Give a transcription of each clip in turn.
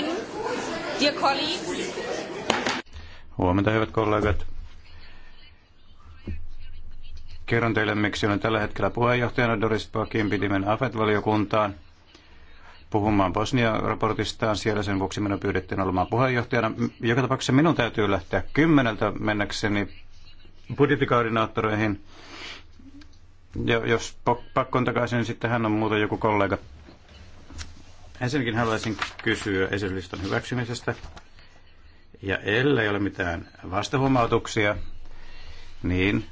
morning, dear colleagues. Huomenta, hyvät kollegat. Kerron teille, miksi olen tällä hetkellä puheenjohtajana Doris Pakin pitimen AFET-valiokuntaan puhumaan Bosnia-raportistaan. Siellä sen vuoksi minua pyydettiin olemaan puheenjohtajana. Joka tapauksessa minun täytyy lähteä kymmeneltä mennäkseni budjettikoordinaattoreihin. Ja jos pakko on takaisin, niin sitten hän on muuten joku kollega. Ensinnäkin haluaisin kysyä esityslistan hyväksymisestä. Ja ellei ole mitään vastahuomautuksia, niin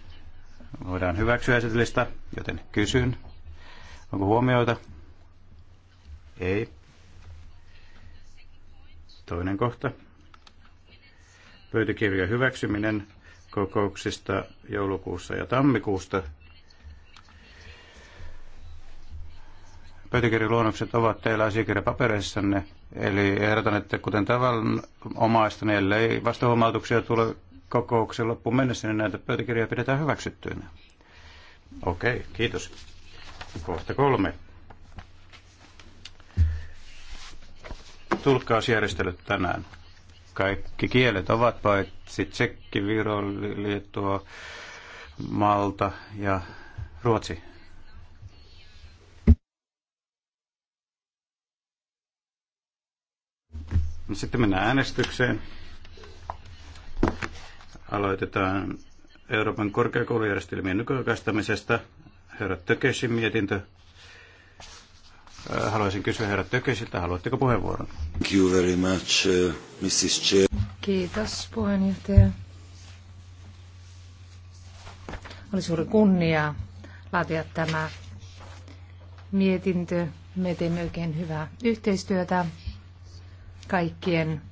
voidaan hyväksyä esityslista, joten kysyn. Onko huomioita? Ei. Toinen kohta. Pöytäkirjan hyväksyminen kokouksista joulukuussa ja tammikuusta Pöytäkirjaluonnokset ovat teillä asiakirjapapereissanne, eli ehdotan, että kuten tavanomaista, niin ellei vastahuomautuksia tule kokouksen loppuun mennessä, niin näitä pöytäkirjoja pidetään hyväksyttyinä. Okei, kiitos. Kohta kolme. Tulkkausjärjestelyt tänään. Kaikki kielet ovat paitsi tsekki, viro, liettua, malta ja ruotsi. No sitten mennään äänestykseen. Aloitetaan Euroopan korkeakoulujärjestelmien nykyaikaistamisesta. Herra Tökesin mietintö. Äh, haluaisin kysyä herra Tökesiltä, haluatteko puheenvuoron? Thank you very much, uh, Mrs. Chair. Kiitos puheenjohtaja. Oli suuri kunnia laatia tämä mietintö. Me teimme oikein hyvää yhteistyötä kaikkien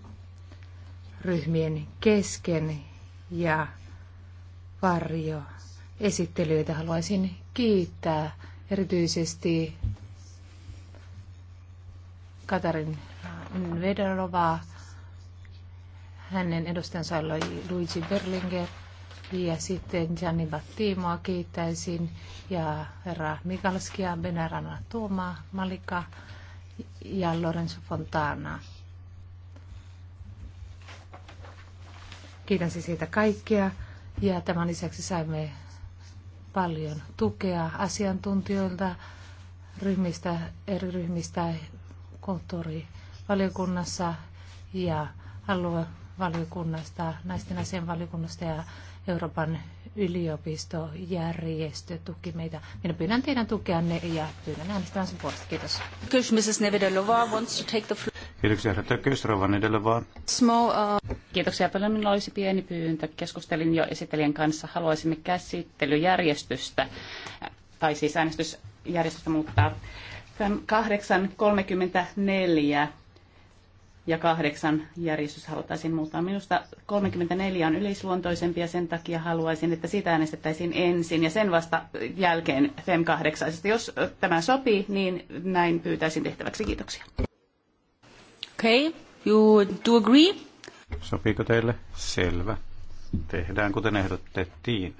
ryhmien kesken ja varjo esittelyitä haluaisin kiittää erityisesti Katarin Vedorovaa, hänen edustajansa oli Luigi Berlinger ja sitten Gianni Battimoa kiittäisin ja herra Mikalskia, Benarana Tuoma, Malika ja Lorenzo Fontana. Kiitän siis siitä kaikkea ja tämän lisäksi saimme paljon tukea asiantuntijoilta, ryhmistä, eri ryhmistä, kulttuurivaliokunnassa ja aluevaliokunnasta, naisten asianvaliokunnasta ja Euroopan yliopistojärjestö tuki meitä. Minä pyydän teidän tukeanne ja pyydän äänestämään sen puolesta. Kiitos. wants to take the Kiitoksia, herra Tökkös, Small, uh, Kiitoksia paljon. Minulla olisi pieni pyyntö. Keskustelin jo esittelijän kanssa. Haluaisimme käsittelyjärjestystä, tai siis äänestysjärjestystä muuttaa 8.34 ja kahdeksan järjestys haluttaisiin muuttaa. Minusta 34 on yleisluontoisempi ja sen takia haluaisin, että sitä äänestettäisiin ensin ja sen vasta jälkeen FEM 8. Jos tämä sopii, niin näin pyytäisin tehtäväksi. Kiitoksia. Okay, you do agree? Sopiiko teille? Selvä. Tehdään kuten ehdotettiin.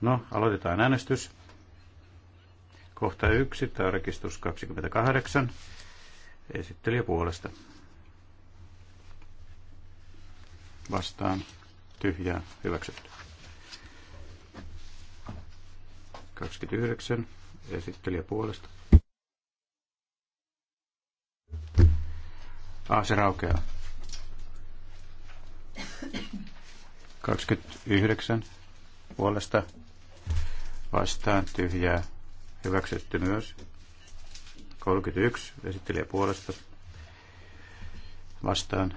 No, aloitetaan äänestys. Kohta yksi, tarkistus 28. Esittelijä puolesta. vastaan tyhjää hyväksytty. 29 esittelijä puolesta. Ah, se raukeaa. 29 puolesta vastaan tyhjää hyväksytty myös. 31 esittelijä puolesta vastaan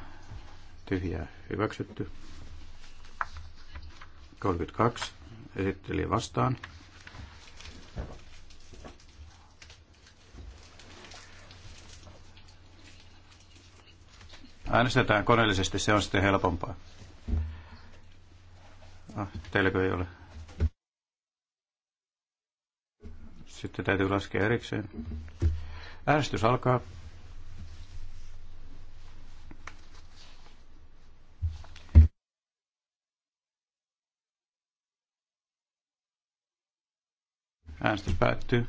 tyhjää hyväksytty. 32 esitteli vastaan. Äänestetään koneellisesti, se on sitten helpompaa. Ah, teilläkö ei ole? Sitten täytyy laskea erikseen. Äänestys alkaa. Äänestys päättyy.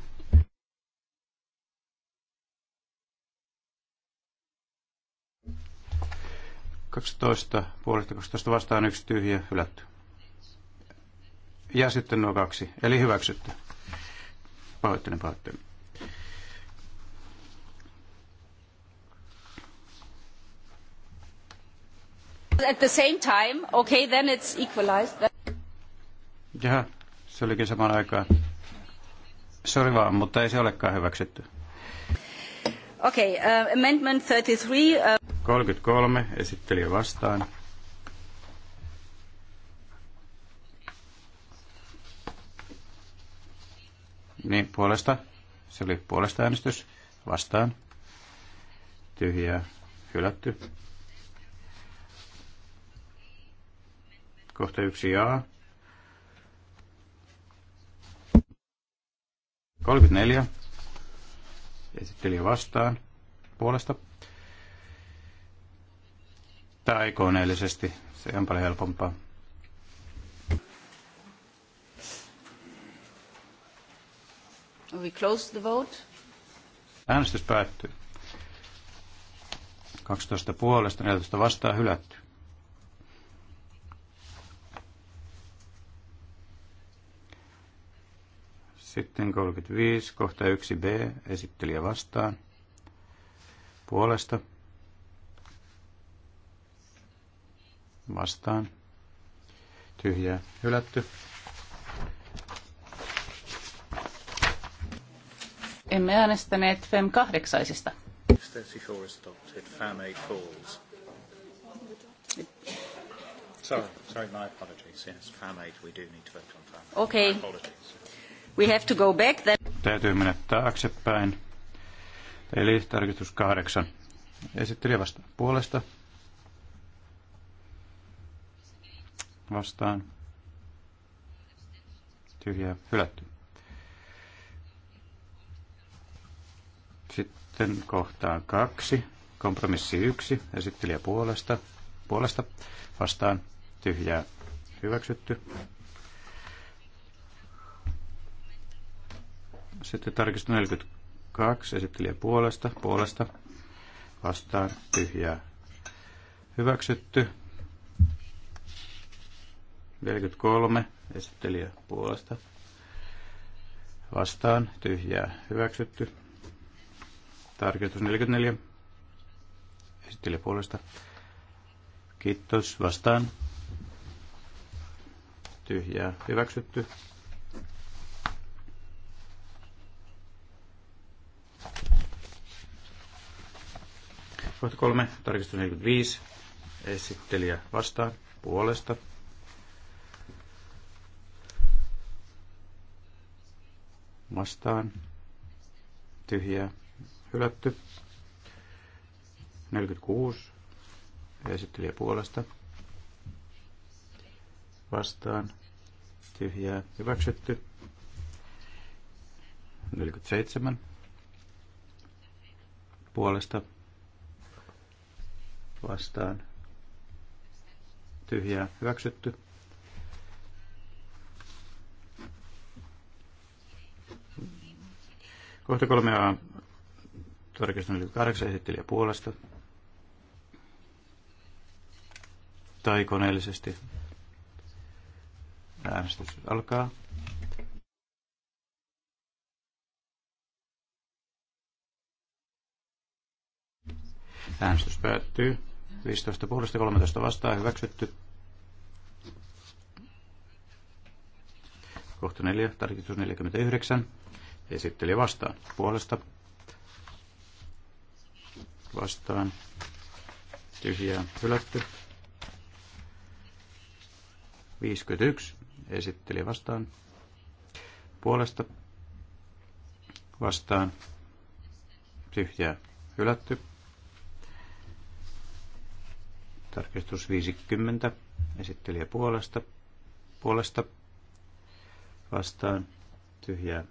Kaksitoista puolesta 12 vastaan yksi tyhjä hylätty. Ja sitten nuo kaksi, eli hyväksytty. Pahoittelen, pahoittelen. At the same time, okay, then it's equalized. Jaha, se olikin samaan aikaan. Sori vaan, mutta ei se olekaan hyväksytty. Okei, okay, uh, amendment 33. Uh... 33, esittelijä vastaan. Niin, puolesta. Se oli puolesta äänestys. Vastaan. Tyhjää. Hylätty. Kohta yksi jaa. 34. Esittelijä vastaan. Puolesta. Tai koneellisesti. Se on paljon helpompaa. We close the vote. Äänestys päättyy. 12 puolesta, 14 vastaan hylätty. Sitten 35, kohta 1b, esittelijä vastaan. Puolesta. Vastaan. Tyhjää. Hylätty. Emme äänestäneet FEM kahdeksaisista. Sorry, sorry, my apologies. Yes, FAM 8, we do need to vote on FAM. Okay. My apologies. We have to go back then. Täytyy mennä taaksepäin. Eli tarkistus kahdeksan. Esittelijä vastaan puolesta. Vastaan. Tyhjää hylätty. Sitten kohtaan kaksi. Kompromissi yksi. Esittelijä puolesta. Puolesta vastaan. Tyhjää hyväksytty. Sitten tarkistus 42 esittelijä puolesta, puolesta vastaan tyhjää hyväksytty. 43 esittelijä puolesta vastaan tyhjää hyväksytty. Tarkistus 44 esittelijä puolesta. Kiitos vastaan. Tyhjää hyväksytty. 2003, tarkistus 45. Esittelijä vastaan puolesta. Vastaan. tyhjä, Hylätty. 46. Esittelijä puolesta. Vastaan. Tyhjää. Hyväksytty. 47. Puolesta vastaan tyhjää hyväksytty. Kohta 3a tarkistus 48 esittelijä puolesta tai koneellisesti. Äänestys alkaa. Äänestys päättyy. 15 puolesta 13 vastaan hyväksytty. Kohta 4, tarkistus 49. Esitteli vastaan. Puolesta vastaan. Tyhjää hylätty. 51. Esitteli vastaan. Puolesta vastaan. Tyhjää hylätty. Tarkistus 50. Esittelijä puolesta. Puolesta. Vastaan. Tyhjää.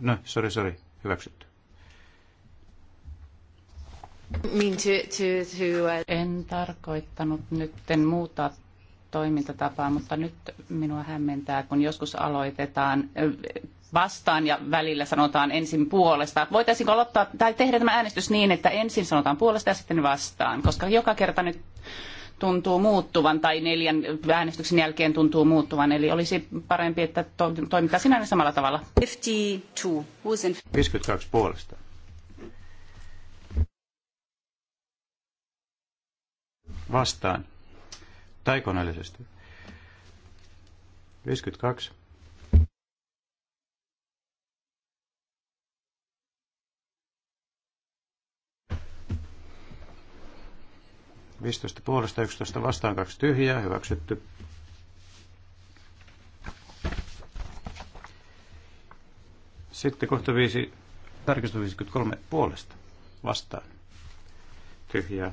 No, sorry, sorry, Hyväksytty. Mean to, to, to, uh... En tarkoittanut nyt muuta toimintatapaa, mutta nyt minua hämmentää, kun joskus aloitetaan vastaan ja välillä sanotaan ensin puolesta. Voitaisiinko aloittaa tai tehdä tämä äänestys niin, että ensin sanotaan puolesta ja sitten vastaan, koska joka kerta nyt tuntuu muuttuvan tai neljän äänestyksen jälkeen tuntuu muuttuvan. Eli olisi parempi, että to, toimittaisiin aina samalla tavalla. 52, in... 52 puolesta. Vastaan. 52. 15 puolesta, 11 vastaan, 2 tyhjää, hyväksytty. Sitten kohta 5, tarkistus 53 puolesta, vastaan, tyhjää,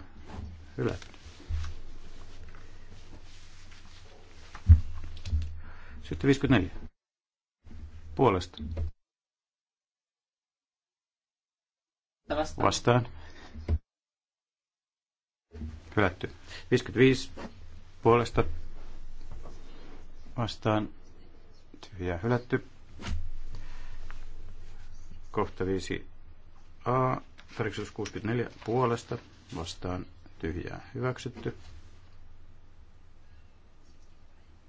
hylätty. Sitten 54. Puolesta. Vastaan. Vastaan. Hylätty. 55 puolesta vastaan tyhjää hylätty. Kohta 5a, tarkistus 64 puolesta vastaan tyhjää hyväksytty.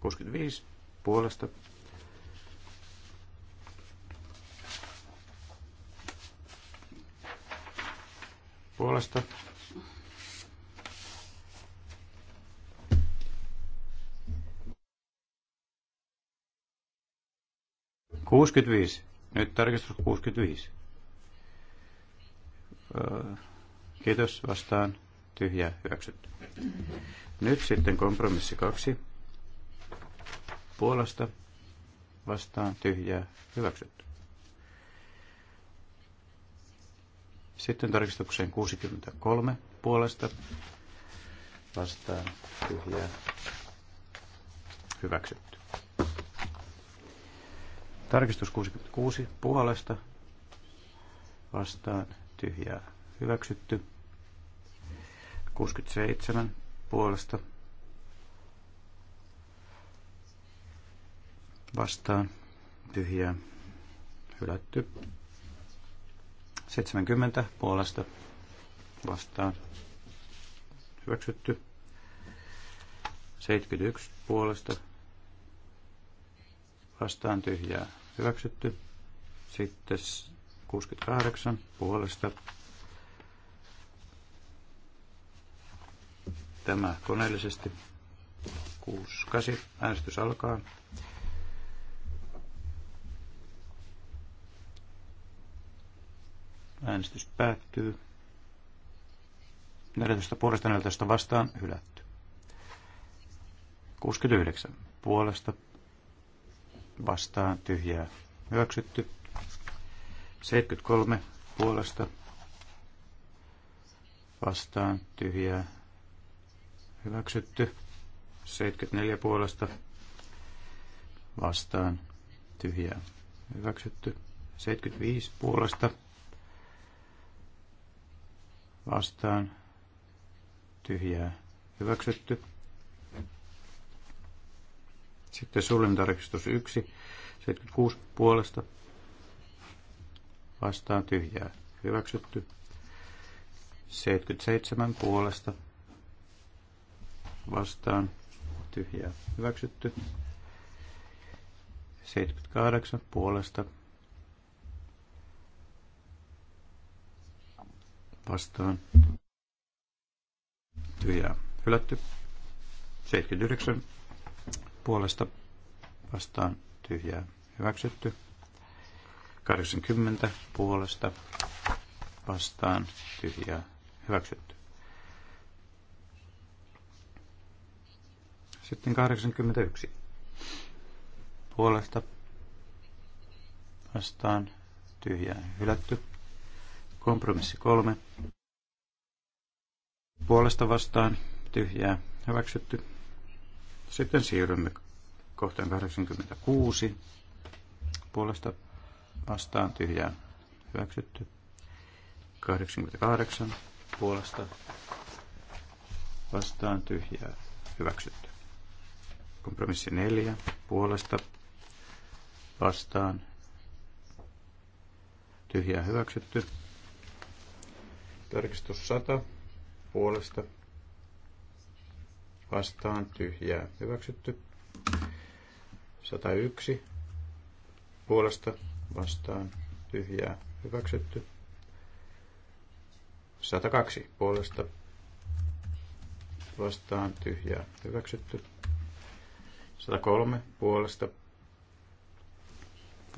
65 puolesta puolesta 65. Nyt tarkistus 65. Öö, kiitos vastaan. Tyhjä hyväksytty. Nyt sitten kompromissi 2. Puolesta vastaan tyhjä, hyväksytty. Sitten tarkistukseen 63 puolesta vastaan tyhjä, hyväksytty. Tarkistus 66 puolesta vastaan tyhjää hyväksytty. 67 puolesta vastaan tyhjää hylätty. 70 puolesta vastaan hyväksytty. 71 puolesta vastaan tyhjää hyväksytty. Sitten 68 puolesta. Tämä koneellisesti 68 äänestys alkaa. Äänestys päättyy. 14 puolesta 14 vastaan hylätty. 69 puolesta vastaan tyhjää hyväksytty. 73 puolesta vastaan tyhjää hyväksytty. 74 puolesta vastaan tyhjää hyväksytty. 75 puolesta vastaan tyhjää hyväksytty. Sitten suullinen tarkistus 1, 76 puolesta vastaan tyhjää hyväksytty. 77 puolesta vastaan tyhjää hyväksytty. 78 puolesta vastaan tyhjää hylätty. 79 puolesta vastaan tyhjää hyväksytty. 80 puolesta vastaan tyhjää hyväksytty. Sitten 81 puolesta vastaan tyhjää hylätty. Kompromissi 3 puolesta vastaan tyhjää hyväksytty. Sitten siirrymme kohtaan 86 puolesta vastaan tyhjään hyväksytty. 88 puolesta vastaan tyhjää hyväksytty. Kompromissi 4 puolesta vastaan tyhjää hyväksytty. Tarkistus 100 puolesta vastaan tyhjää hyväksytty. 101 puolesta vastaan tyhjää hyväksytty. 102 puolesta vastaan tyhjää hyväksytty. 103 puolesta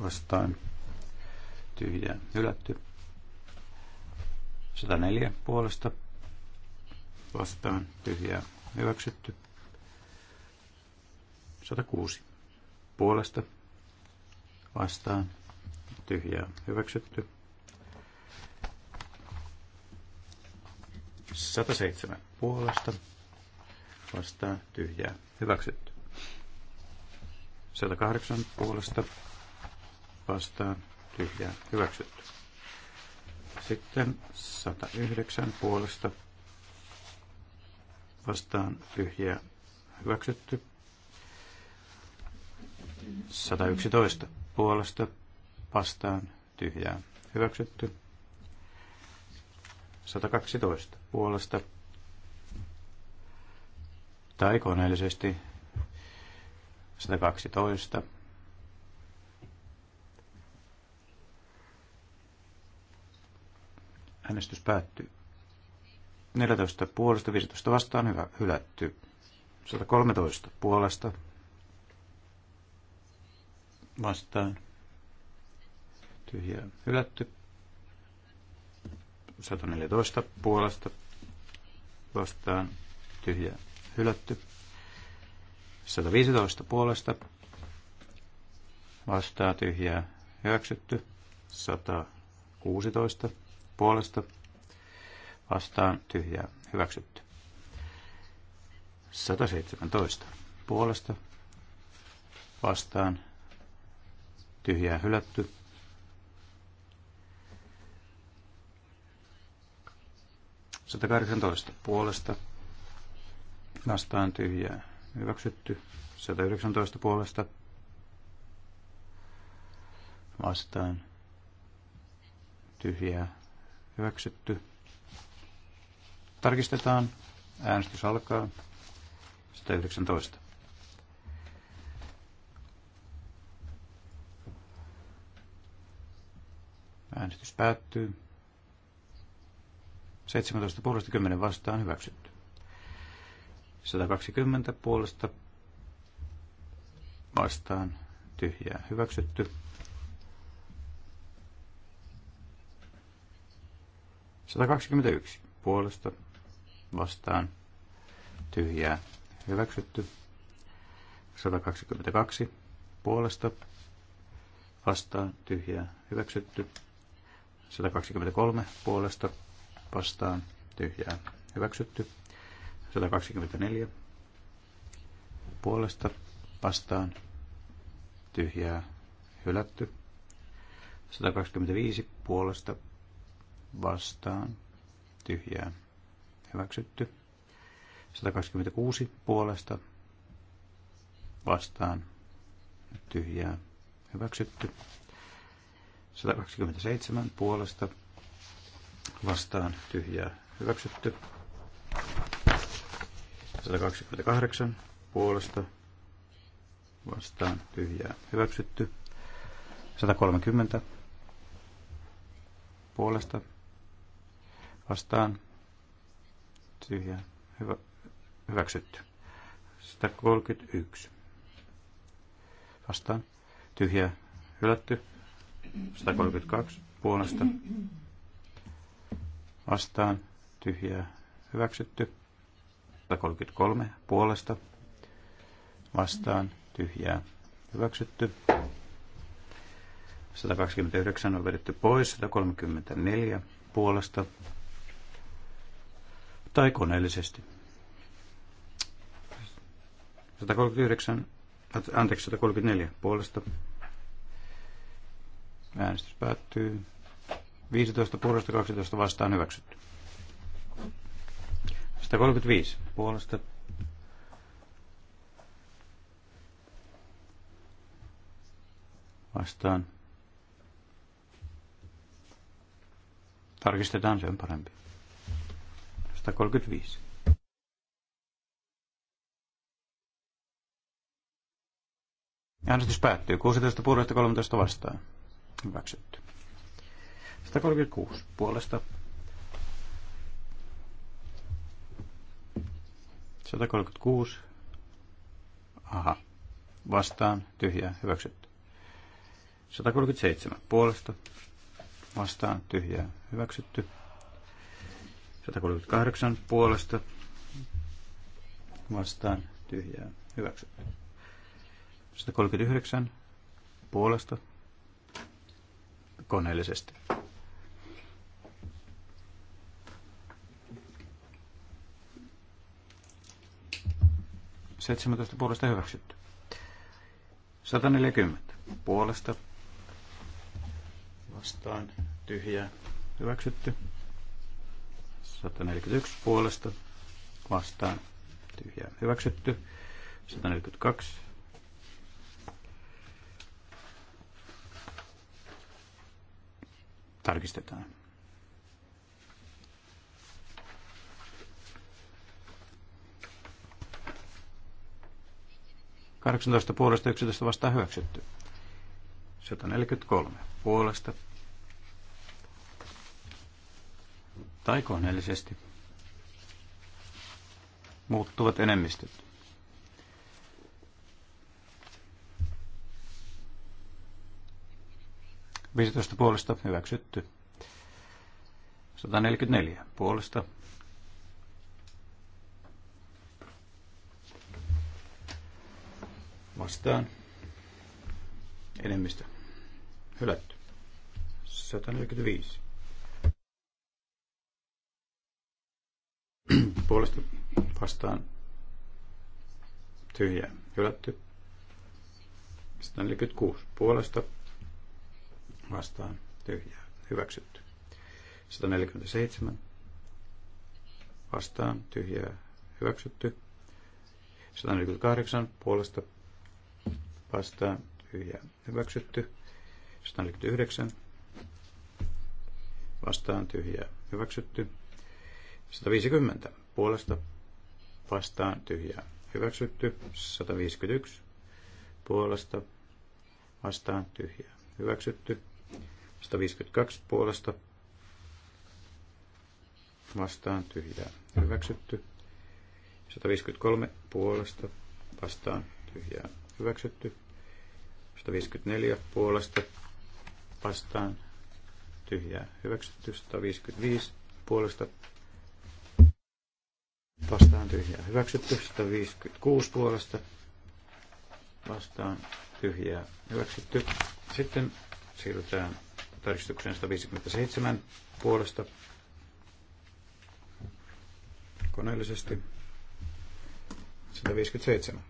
vastaan tyhjää hylätty. 104 puolesta vastaan tyhjää hyväksytty. 106 puolesta vastaan tyhjää hyväksytty. 107 puolesta vastaan tyhjää hyväksytty. 108 puolesta vastaan tyhjää hyväksytty. Sitten 109 puolesta vastaan tyhjää hyväksytty. 111 puolesta vastaan tyhjää hyväksytty. 112 puolesta tai koneellisesti 112 äänestys päättyy. 14 puolesta, 15 vastaan, hyvä, hylätty. 113 puolesta vastaan, tyhjä hylätty. 114 puolesta vastaan, tyhjä hylätty. 115 puolesta vastaan, tyhjä hyväksytty. 116 puolesta vastaan tyhjää hyväksytty. 117 puolesta vastaan tyhjää hylätty. 118 puolesta vastaan tyhjää hyväksytty. 119 puolesta vastaan tyhjää hyväksytty. Tarkistetaan. Äänestys alkaa. 119. Äänestys päättyy. 17 puolesta 10 vastaan hyväksytty. 120 puolesta vastaan tyhjää hyväksytty. 121 puolesta vastaan tyhjää hyväksytty. 122 puolesta vastaan tyhjää hyväksytty. 123 puolesta vastaan tyhjää hyväksytty. 124 puolesta vastaan tyhjää hylätty. 125 puolesta vastaan tyhjää hyväksytty. 126 puolesta vastaan tyhjää hyväksytty. 127 puolesta vastaan tyhjää hyväksytty. 128 puolesta vastaan tyhjää hyväksytty. 130 puolesta vastaan tyhjää hyvä, hyväksytty. 131 vastaan Tyhjä hylätty. 132 puolesta vastaan Tyhjä hyväksytty. 133 puolesta vastaan tyhjää hyväksytty. 129 on vedetty pois, 134 puolesta tai koneellisesti. 139, anteeksi, 134 puolesta. Äänestys päättyy. 15 puolesta 12 vastaan hyväksytty. 135 puolesta. Vastaan. Tarkistetaan, se on parempi. 135. Äänestys päättyy. 16 puolesta 13 vastaan. Hyväksytty. 136 puolesta. 136. Aha. Vastaan. Tyhjä. Hyväksytty. 137 puolesta. Vastaan. Tyhjä. Hyväksytty. 138 puolesta vastaan tyhjää hyväksytty. 139 puolesta koneellisesti. Seitsemäntoista puolesta hyväksytty. 140 puolesta vastaan tyhjää hyväksytty. 141 puolesta vastaan tyhjää hyväksytty. 142 tarkistetaan. Kahdeksantoista puolesta yksitoista vastaan hyväksytty. 143 puolesta tai koneellisesti muuttuvat enemmistöt. Viisitoista puolesta hyväksytty. 144 puolesta vastaan enemmistö hylätty. 145 vastaan tyhjä hylätty. 46 puolesta vastaan tyhjä hyväksytty. 147 vastaan tyhjä hyväksytty. 148 puolesta vastaan tyhjä hyväksytty. 149 vastaan tyhjä hyväksytty. 150 puolesta vastaan tyhjää. Hyväksytty 151 puolesta vastaan tyhjää. Hyväksytty 152 puolesta vastaan tyhjää. Hyväksytty 153 puolesta vastaan tyhjää. Hyväksytty 154 puolesta vastaan tyhjää. Hyväksytty 155 puolesta vastaan tyhjää hyväksytty, 156 puolesta vastaan tyhjää hyväksytty. Sitten siirrytään tarkistukseen 157 puolesta koneellisesti 157.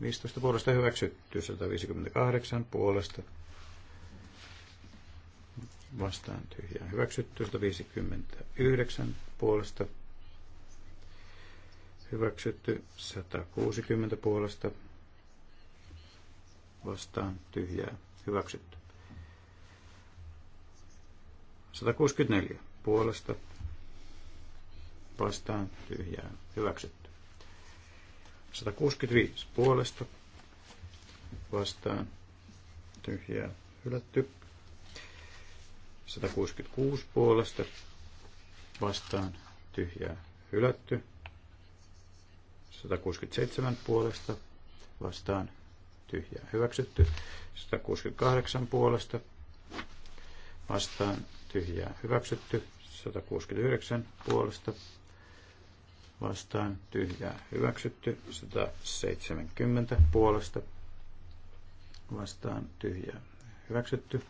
Viisitoista puolesta hyväksytty, 158 puolesta vastaan tyhjää hyväksytty, 159 puolesta hyväksytty, 160 puolesta vastaan tyhjää hyväksytty. 164 puolesta vastaan tyhjää hyväksytty. 165 puolesta vastaan tyhjää hylätty. 166 puolesta vastaan tyhjää hylätty. 167 puolesta vastaan tyhjää hyväksytty. 168 puolesta vastaan tyhjää hyväksytty. 169 puolesta vastaan tyhjää hyväksytty. 170 puolesta vastaan tyhjää hyväksytty.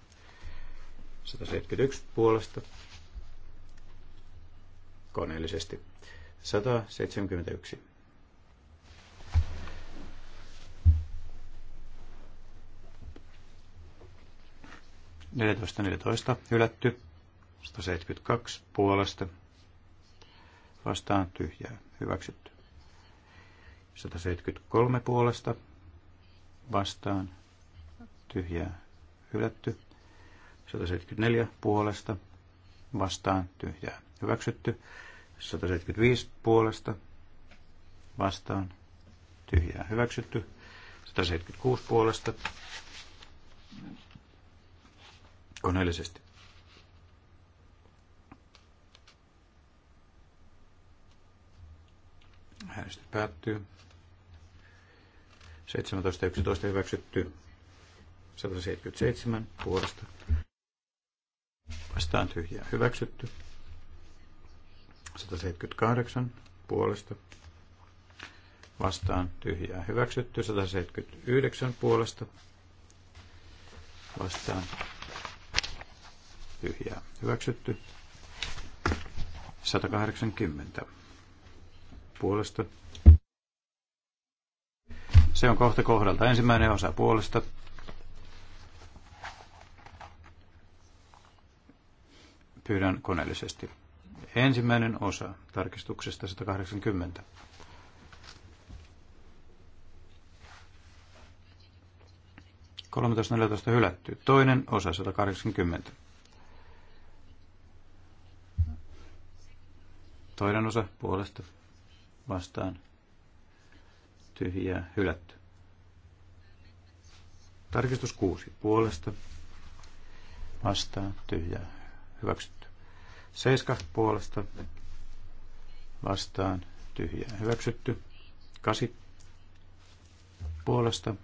171 puolesta koneellisesti. 171. Neljätoista, neljätoista, hylätty. 172 puolesta. Vastaan tyhjää, hyväksytty. 173 puolesta. Vastaan tyhjää, hylätty. 174 puolesta vastaan tyhjää hyväksytty. 175 puolesta vastaan tyhjää hyväksytty. 176 puolesta koneellisesti. Äänestys päättyy. 17.11 hyväksytty. 177 puolesta vastaan tyhjää hyväksytty. 178 puolesta vastaan tyhjää hyväksytty. 179 puolesta vastaan tyhjää hyväksytty. 180 puolesta. Se on kohta kohdalta ensimmäinen osa puolesta Pyydän koneellisesti. Ensimmäinen osa tarkistuksesta 180. Kolmetoista hylätty. Toinen osa 180. Toinen osa puolesta vastaan tyhjää hylätty. Tarkistus 6. Puolesta vastaan tyhjää hyväksytty. 7 puolesta vastaan tyhjää hyväksytty. 8 puolesta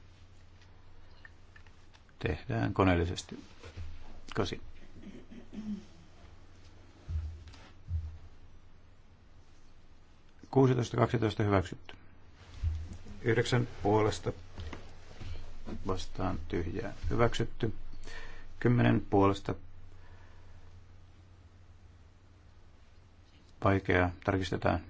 tehdään koneellisesti. 8. Kuusitoista, kaksitoista hyväksytty. Yhdeksän puolesta vastaan tyhjää hyväksytty. Kymmenen puolesta Vaikeaa. Tarkistetaan.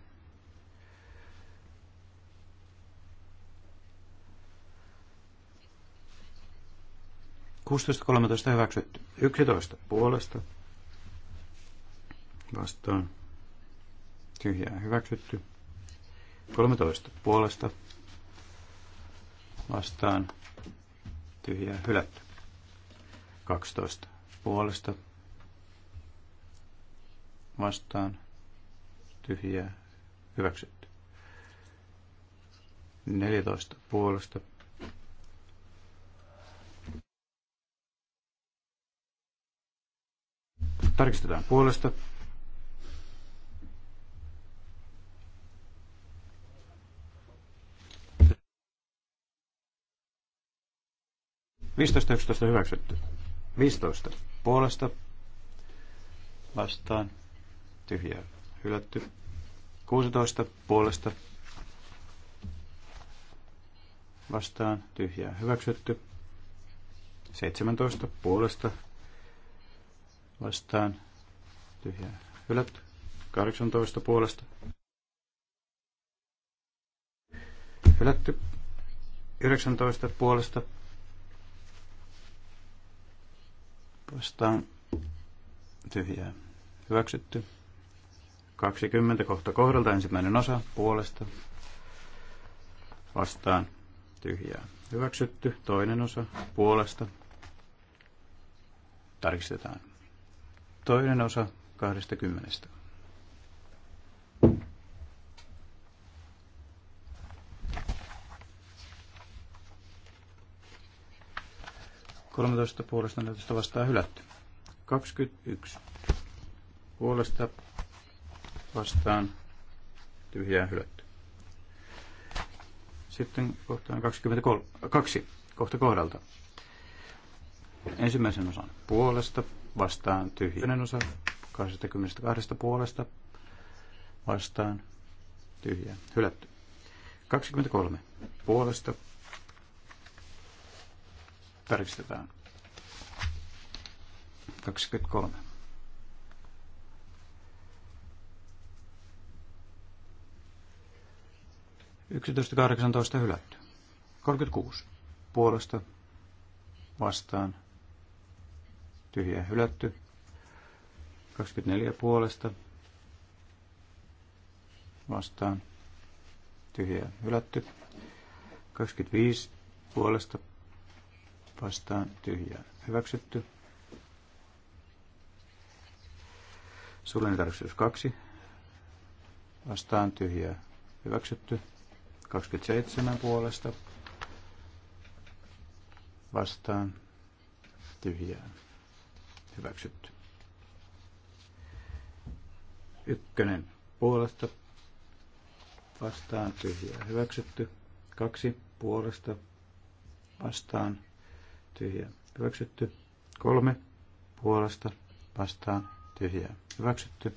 Kuusitoista kolmetoista hyväksytty. Yksitoista puolesta. Vastaan. Tyhjää hyväksytty. kolmetoista puolesta vastaan tyhjää hylätty. Kaksitoista puolesta vastaan tyhjää hyväksytty. 14 puolesta tarkistetaan puolesta. Viistoista yksitoista hyväksytty. 15 puolesta vastaan tyhjää hylätty. 16 puolesta vastaan tyhjää hyväksytty. 17 puolesta vastaan tyhjää hylätty. 18 puolesta hylätty. 19 puolesta vastaan tyhjää hyväksytty. 20 kohta kohdalta ensimmäinen osa puolesta vastaan tyhjää. Hyväksytty toinen osa puolesta. Tarkistetaan. Toinen osa 20. Kolmetoista puolesta näytöstä vastaan hylätty. 21 puolesta vastaan tyhjää hylätty. Sitten kohtaan 22, kohta kohdalta. Ensimmäisen osan puolesta vastaan tyhjäinen osa, 22 puolesta vastaan tyhjää hylätty. 23 puolesta tarkistetaan. 23. 11.18 hylätty. 36. Puolesta vastaan tyhjä hylätty. 24 puolesta vastaan tyhjä hylätty. 25 puolesta vastaan tyhjä hyväksytty. Suullinen tarkistus 2 vastaan tyhjä hyväksytty. 27 puolesta vastaan tyhjää hyväksytty. Ykkönen puolesta vastaan tyhjää hyväksytty. Kaksi puolesta vastaan tyhjää hyväksytty. Kolme puolesta vastaan tyhjää hyväksytty.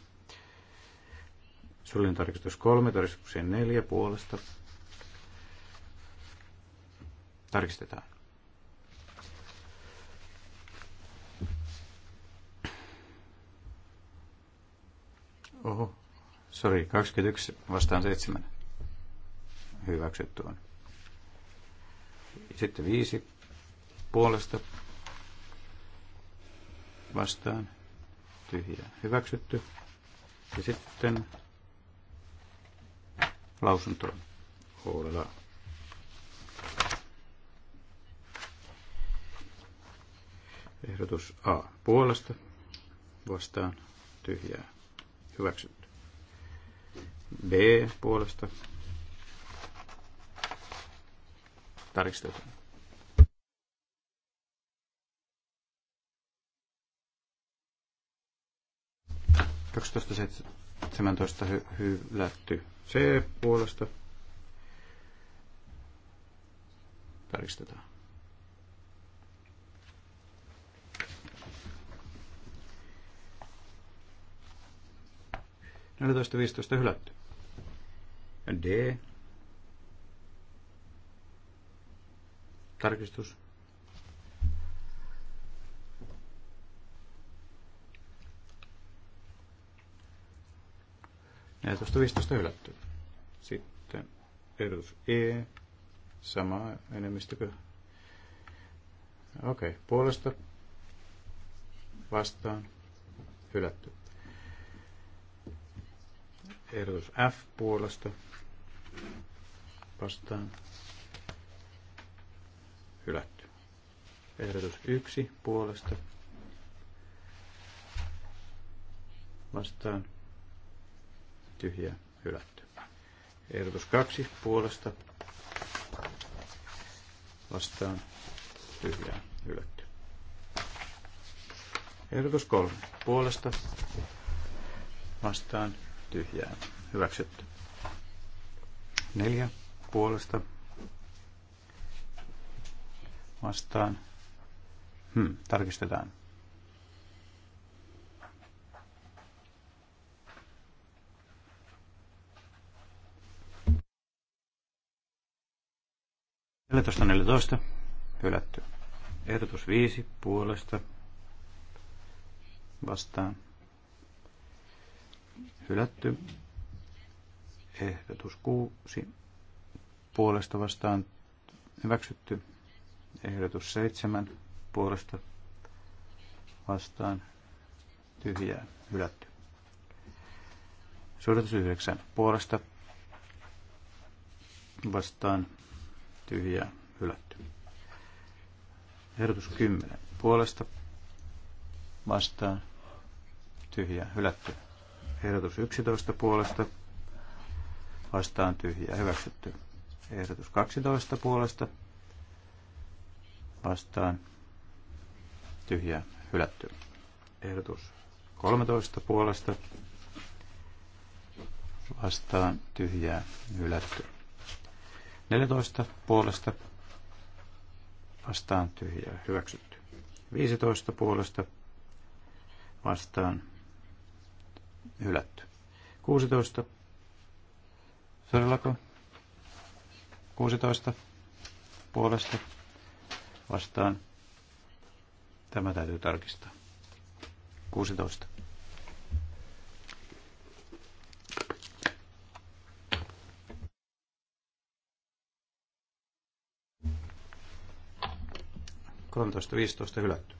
Suullinen tarkistus kolme, tarkistukseen neljä puolesta Tarkistetaan. Oho, sorry, 21 vastaan 7. Hyväksytty on. Sitten 5 puolesta vastaan Tyhjä. hyväksytty. Ja sitten lausuntoon. Huolellaan. Ehdotus A puolesta vastaan tyhjää hyväksytty. B puolesta tarkistetaan. Kaksitoista seitsemäntoista hy- hylätty C puolesta. Tarkistetaan. 14.15 hylätty. D. Tarkistus. Näytöstä 15 hylätty. Sitten ehdotus E. Sama enemmistökö? Okei, okay. puolesta vastaan hylätty. Ehdotus F puolesta vastaan hylätty. Ehdotus 1 puolesta vastaan tyhjä hylätty. Ehdotus 2 puolesta vastaan tyhjä hylätty. Ehdotus 3 puolesta vastaan tyhjää hyväksytty. Neljä puolesta vastaan. Hmm, tarkistetaan. Neljätoista neljätoista. Hylätty. Ehdotus viisi puolesta vastaan hylätty. Ehdotus 6 puolesta vastaan hyväksytty. Ehdotus 7 puolesta vastaan tyhjää hylätty. Suoritus 9 puolesta vastaan tyhjää hylätty. Ehdotus 10 puolesta vastaan tyhjää hylätty. Ehdotus 11 puolesta vastaan tyhjää hyväksytty. Ehdotus 12 puolesta vastaan tyhjää hylätty. Ehdotus 13 puolesta vastaan tyhjää hylätty. 14 puolesta vastaan tyhjää hyväksytty. 15 puolesta vastaan hylätty. 16. Todellako? 16 puolesta vastaan. Tämä täytyy tarkistaa. 16. Kolmetoista, viisitoista hylätty.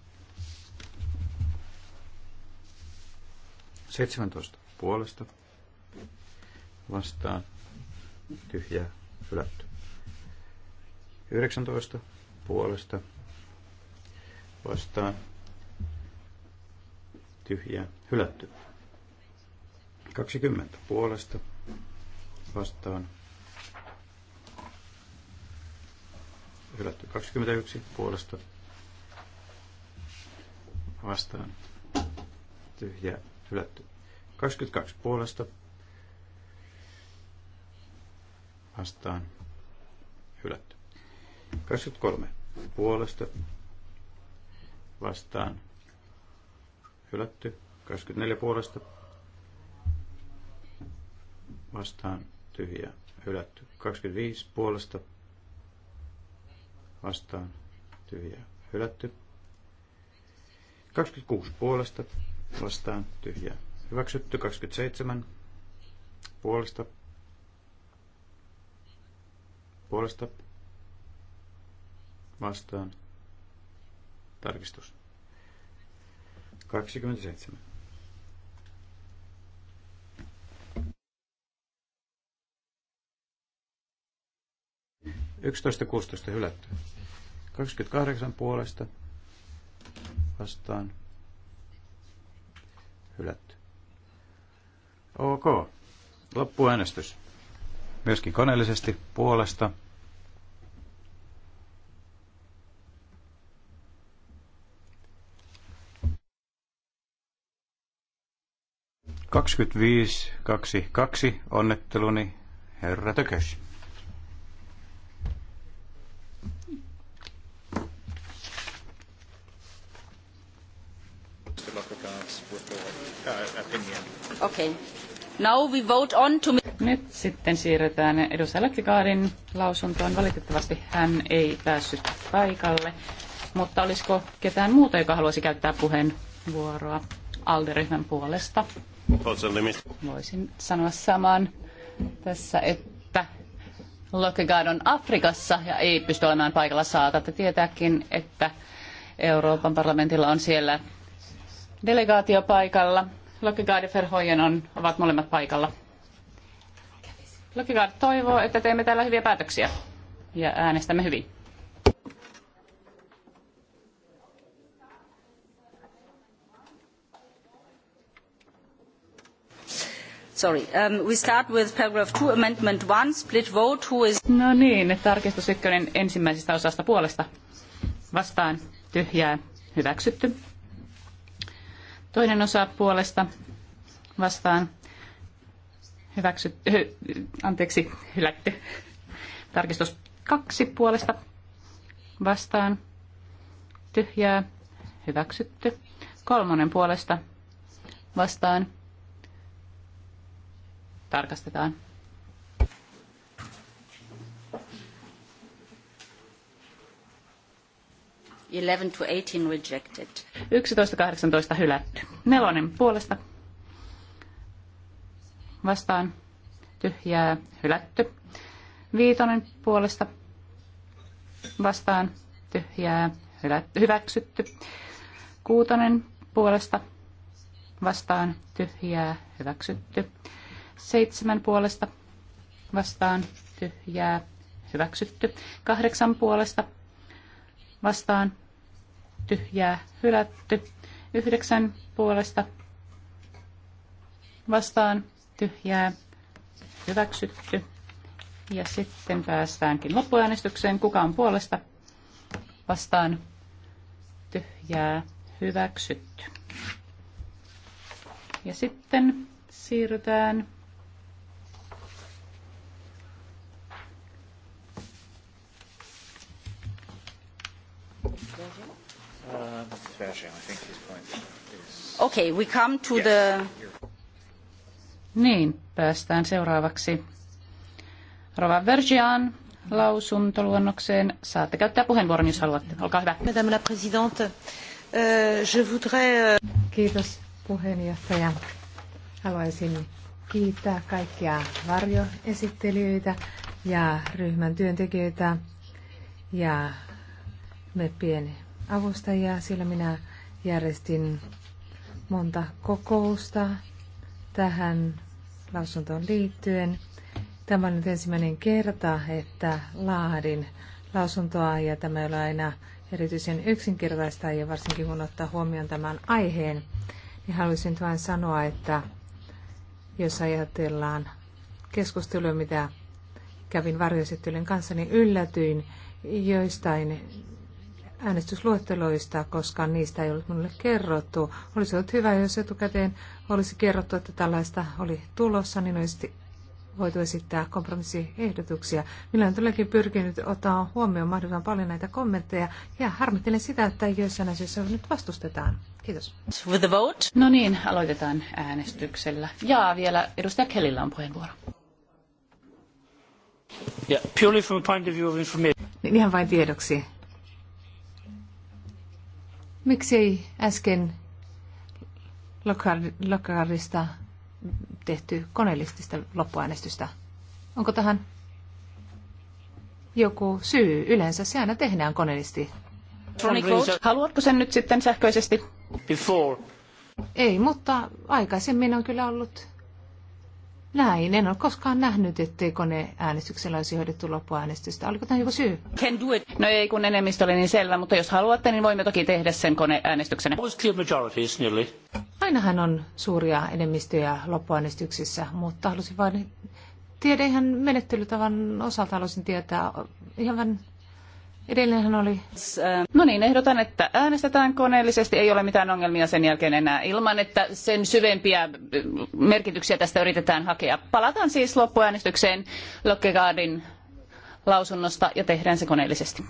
17 puolesta vastaan tyhjää hylätty. 19 puolesta vastaan tyhjää hylätty. 20 puolesta vastaan hylätty. 21 puolesta vastaan tyhjää hylätty. 22 puolesta vastaan hylätty. 23 puolesta vastaan hylätty. 24 puolesta vastaan tyhjä hylätty. 25 puolesta vastaan tyhjä hylätty. 26 puolesta vastaan tyhjää. Hyväksytty 27 puolesta puolesta vastaan tarkistus 27. Yksitoista kuustoista hylätty. 28 puolesta vastaan Hylätty. Ok. Loppuäänestys. Myöskin koneellisesti puolesta. Kaksikymmentäviisi, kaksi, kaksi, onnetteluni, herra Tökös. Okay. Now we vote on to... Nyt sitten siirrytään edustaja Lökkikaadin lausuntoon. Valitettavasti hän ei päässyt paikalle, mutta olisiko ketään muuta, joka haluaisi käyttää puheenvuoroa Alderyhmän puolesta? Voisin sanoa saman tässä, että Lökkikaad on Afrikassa ja ei pysty olemaan paikalla saatatte tietääkin, että Euroopan parlamentilla on siellä delegaatio paikalla Lokigaard ja Verhoyen on, ovat molemmat paikalla. Lokigaard toivoo, että teemme täällä hyviä päätöksiä ja äänestämme hyvin. Sorry. Um, we start with paragraph two, amendment one, split vote. Who is... No niin, tarkistus ykkönen ensimmäisestä osasta puolesta. Vastaan tyhjää hyväksytty. Toinen osa puolesta vastaan hyväksy, hy, anteeksi, hylätty. Tarkistus kaksi puolesta vastaan tyhjää hyväksytty. Kolmonen puolesta vastaan tarkastetaan. 11 18 rejected. 11-18 hylätty. Nelonen puolesta vastaan tyhjää hylätty. Viitonen puolesta vastaan tyhjää hylätty, hyväksytty. Kuutonen puolesta vastaan tyhjää hyväksytty. Seitsemän puolesta vastaan tyhjää hyväksytty. Kahdeksan puolesta vastaan tyhjää hylätty. Yhdeksän puolesta vastaan tyhjää hyväksytty. Ja sitten päästäänkin loppuäänestykseen. Kuka on puolesta vastaan tyhjää hyväksytty. Ja sitten siirrytään Okay, we come to the... Niin, päästään seuraavaksi Rova Vergian lausuntoluonnokseen. Saatte käyttää puheenvuoron, jos haluatte. Olkaa hyvä. Madame la présidente, euh, je voudrais... Euh, Kiitos puheenjohtaja. Haluaisin kiittää kaikkia varjoesittelijöitä ja ryhmän työntekijöitä ja me meppien avustajia, sillä minä järjestin monta kokousta tähän lausuntoon liittyen. Tämä on nyt ensimmäinen kerta, että laadin lausuntoa ja tämä ei ole aina erityisen yksinkertaista ja varsinkin kun ottaa huomioon tämän aiheen, niin haluaisin nyt vain sanoa, että jos ajatellaan keskustelua, mitä kävin varjoesittelyn kanssa, niin yllätyin joistain äänestysluetteloista, koska niistä ei ollut minulle kerrottu. Olisi ollut hyvä, jos etukäteen olisi kerrottu, että tällaista oli tulossa, niin olisi voitu esittää kompromissiehdotuksia. Minä olen todellakin pyrkinyt ottaa huomioon mahdollisimman paljon näitä kommentteja ja harmittelen sitä, että joissain asioissa nyt vastustetaan. Kiitos. With the vote. No niin, aloitetaan äänestyksellä. Ja vielä edustaja Kellillä on puheenvuoro. Yeah, purely from a point of view of information. Niin ihan vain tiedoksi Miksei äsken Lokarista tehty koneellistista loppuäänestystä? Onko tähän joku syy? Yleensä se aina tehdään koneellisesti. Haluatko sen nyt sitten sähköisesti? Before. Ei, mutta aikaisemmin on kyllä ollut näin. En ole koskaan nähnyt, ettei koneäänestyksellä olisi hoidettu loppuäänestystä. Oliko tämä joku syy? Can do it. No ei, kun enemmistö oli niin selvä, mutta jos haluatte, niin voimme toki tehdä sen koneäänestyksenä. Ainahan on suuria enemmistöjä loppuäänestyksissä, mutta halusin vain tiedä ihan menettelytavan osalta halusin tietää ihan Edellinenhän oli. No niin, ehdotan, että äänestetään koneellisesti. Ei ole mitään ongelmia sen jälkeen enää ilman, että sen syvempiä äh, merkityksiä tästä yritetään hakea. Palataan siis loppuäänestykseen Lokkegaardin lausunnosta ja tehdään se koneellisesti.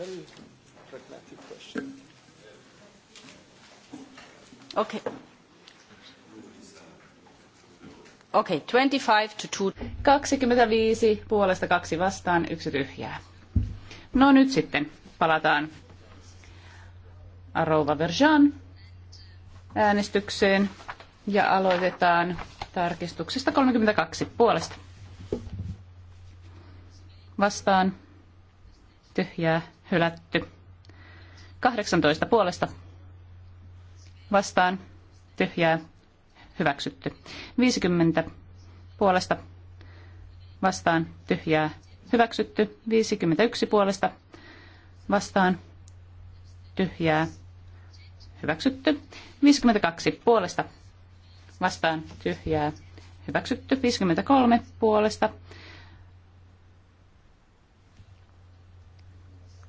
very pragmatic question. Okay. Okay, 25 to 2. 25 puolesta kaksi vastaan, yksi tyhjää. No nyt sitten palataan Arova Verjan äänestykseen ja aloitetaan tarkistuksesta 32 puolesta. Vastaan tyhjää hylätty. 18 puolesta vastaan tyhjää hyväksytty. 50 puolesta vastaan tyhjää hyväksytty. 51 puolesta vastaan tyhjää hyväksytty. 52 puolesta vastaan tyhjää hyväksytty. 53 puolesta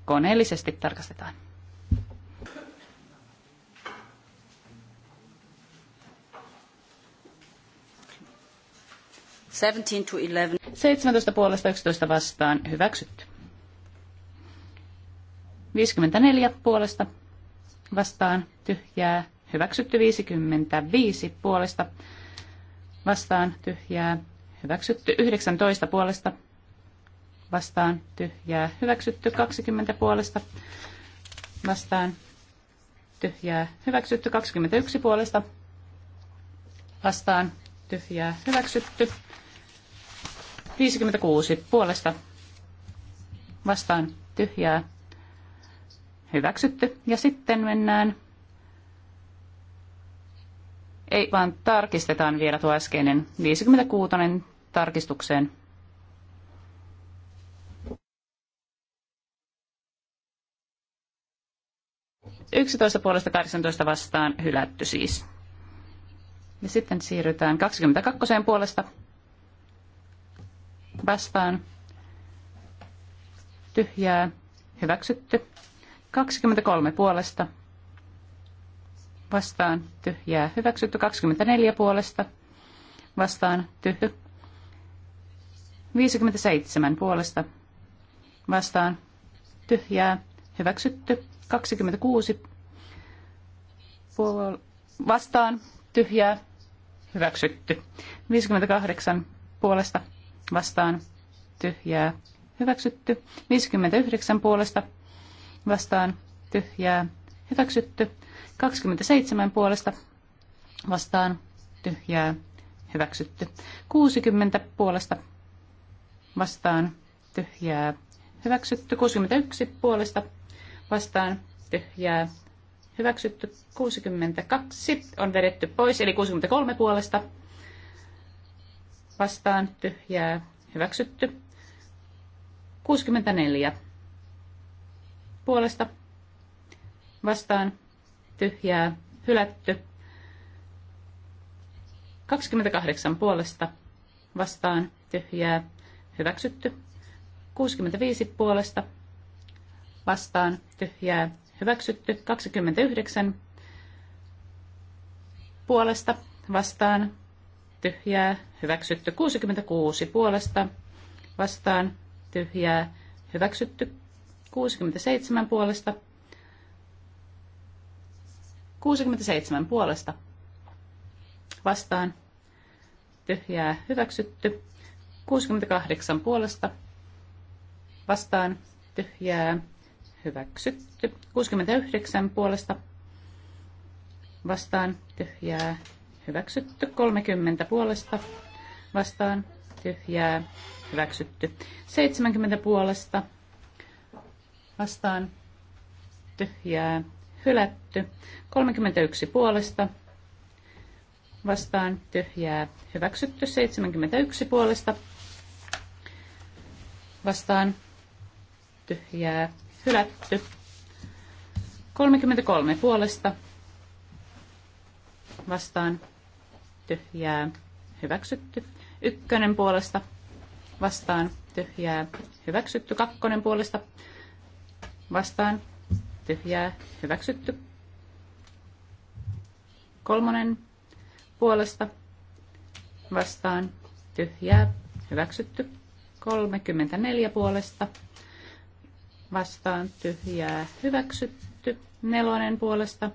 koneellisesti tarkastetaan. 17 puolesta 11 vastaan hyväksytty. 54 puolesta vastaan tyhjää hyväksytty 55 puolesta vastaan tyhjää hyväksytty 19 puolesta vastaan tyhjää hyväksytty 20 puolesta vastaan tyhjää hyväksytty 21 puolesta vastaan tyhjää hyväksytty 56 puolesta vastaan tyhjää hyväksytty. Ja sitten mennään, ei vaan tarkistetaan vielä tuo äskeinen 56 tarkistukseen. Yksitoista puolesta 18 vastaan hylätty siis. Ja sitten siirrytään 22 puolesta vastaan tyhjää hyväksytty. 23 puolesta vastaan tyhjää hyväksytty. 24 puolesta vastaan tyhjä. 57 puolesta vastaan tyhjää hyväksytty. 26 puol- vastaan tyhjää hyväksytty. 58 puolesta vastaan tyhjää hyväksytty. 59 puolesta vastaan tyhjää hyväksytty. 27 puolesta vastaan tyhjää hyväksytty. 60 puolesta vastaan tyhjää hyväksytty. 61 puolesta vastaan tyhjää hyväksytty. 62 on vedetty pois, eli 63 puolesta vastaan tyhjää hyväksytty. 64 puolesta vastaan tyhjää hylätty. 28 puolesta vastaan tyhjää hyväksytty. 65 puolesta vastaan tyhjää hyväksytty. 29 puolesta vastaan tyhjää, hyväksytty 66 puolesta, vastaan tyhjää, hyväksytty 67 puolesta, 67 puolesta, vastaan tyhjää, hyväksytty 68 puolesta, vastaan tyhjää, hyväksytty 69 puolesta, vastaan tyhjää, Hyväksytty 30 puolesta vastaan tyhjää. Hyväksytty 70 puolesta vastaan tyhjää. Hylätty 31 puolesta vastaan tyhjää. Hyväksytty 71 puolesta vastaan tyhjää. Hylätty 33 puolesta vastaan tyhjää, hyväksytty. Ykkönen puolesta vastaan tyhjää, hyväksytty. Kakkonen puolesta vastaan tyhjää, hyväksytty. Kolmonen puolesta vastaan tyhjää, hyväksytty. 34 puolesta vastaan tyhjää, hyväksytty. Nelonen puolesta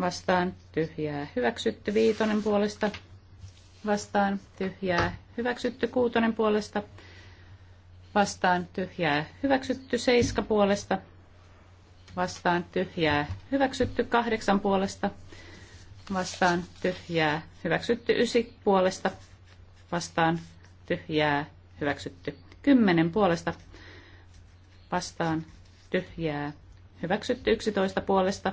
vastaan tyhjää hyväksytty viitonen puolesta vastaan tyhjää hyväksytty kuutonen puolesta vastaan tyhjää hyväksytty seiska puolesta vastaan tyhjää hyväksytty kahdeksan puolesta vastaan tyhjää hyväksytty ysi puolesta vastaan tyhjää hyväksytty kymmenen puolesta vastaan tyhjää hyväksytty yksitoista puolesta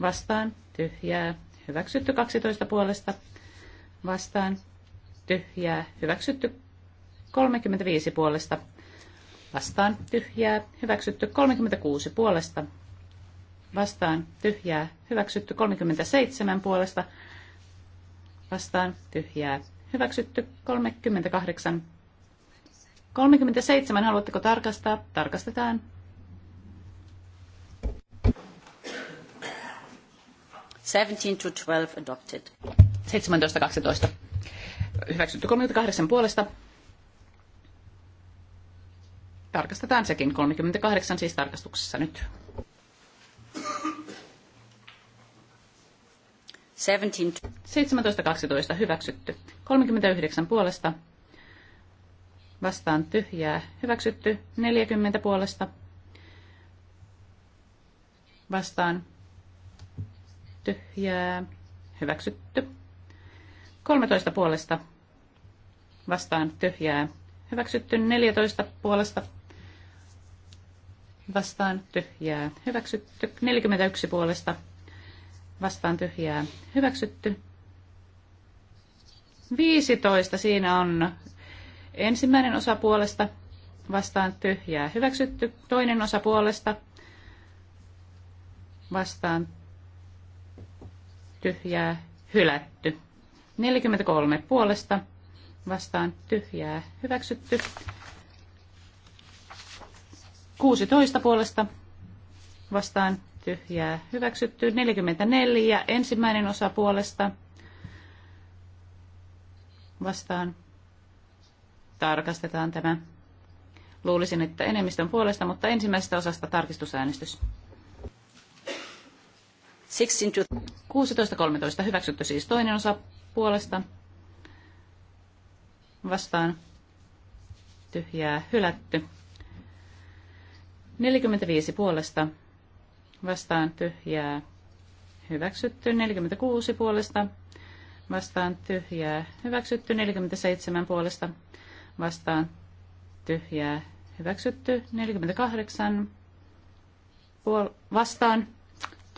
vastaan tyhjää hyväksytty 12 puolesta vastaan tyhjää hyväksytty 35 puolesta vastaan tyhjää hyväksytty 36 puolesta vastaan tyhjää hyväksytty 37 puolesta vastaan tyhjää hyväksytty 38 37 haluatteko tarkastaa tarkastetaan 17 to 12 adopted. 12 Hyväksytty 38 puolesta. Tarkastetaan sekin. 38 siis tarkastuksessa nyt. 17–12 Hyväksytty. 39 puolesta. Vastaan tyhjää. Hyväksytty. 40 puolesta. Vastaan tyhjää, hyväksytty. 13 puolesta vastaan tyhjää, hyväksytty. 14 puolesta vastaan tyhjää, hyväksytty. 41 puolesta vastaan tyhjää, hyväksytty. 15 siinä on ensimmäinen osa puolesta vastaan tyhjää, hyväksytty. Toinen osa puolesta vastaan tyhjää, hylätty. 43 puolesta vastaan tyhjää, hyväksytty. 16 puolesta vastaan tyhjää, hyväksytty. 44 ensimmäinen osa puolesta vastaan tarkastetaan tämä. Luulisin, että enemmistön puolesta, mutta ensimmäisestä osasta tarkistusäänestys. 16.13 hyväksytty siis toinen osa puolesta vastaan tyhjää hylätty. 45 puolesta vastaan tyhjää hyväksytty. 46 puolesta vastaan tyhjää hyväksytty. 47 puolesta vastaan tyhjää hyväksytty. 48 puol- vastaan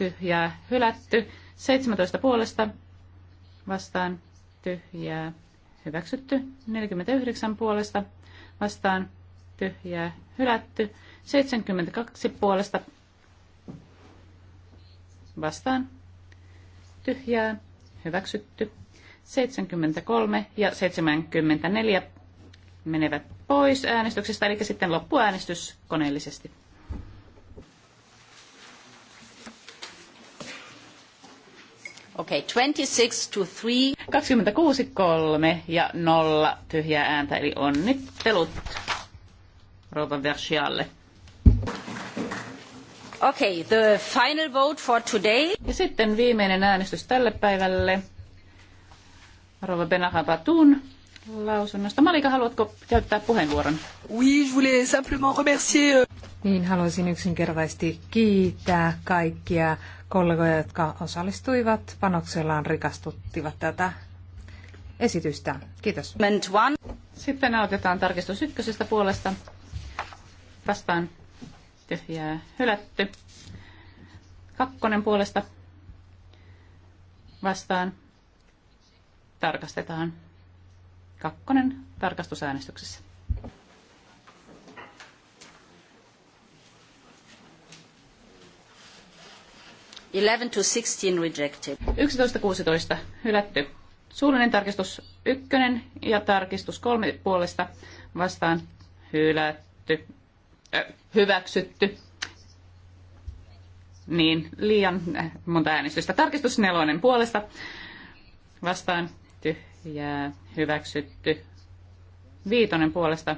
tyhjää hylätty. 17 puolesta vastaan tyhjää hyväksytty. 49 puolesta vastaan tyhjää hylätty. 72 puolesta vastaan tyhjää hyväksytty. 73 ja 74 menevät pois äänestyksestä, eli sitten loppuäänestys koneellisesti. Okay, 26 to 3. 26, 3 ja 0 tyhjää ääntä, eli onnittelut Rouva Versialle. Okay, the final vote for today. Ja sitten viimeinen äänestys tälle päivälle. Rouva Benahabatun lausunnosta. Malika, haluatko käyttää puheenvuoron? Oui, je voulais simplement remercier. Euh, niin, haluaisin yksinkertaisesti kiittää kaikkia kollegoja, jotka osallistuivat panoksellaan, rikastuttivat tätä esitystä. Kiitos. Sitten aloitetaan tarkistus ykkösestä puolesta. Vastaan tyhjää hylätty. Kakkonen puolesta vastaan tarkastetaan. Kakkonen tarkastusäänestyksessä. 11 16 rejected. 11-16 hylätty. Suullinen tarkistus 1 ja tarkistus 3 puolesta vastaan hylätty, äh, hyväksytty. Niin, liian äh, monta äänestystä. Tarkistus nelonen puolesta vastaan tyhjää, hyväksytty. Viitonen puolesta.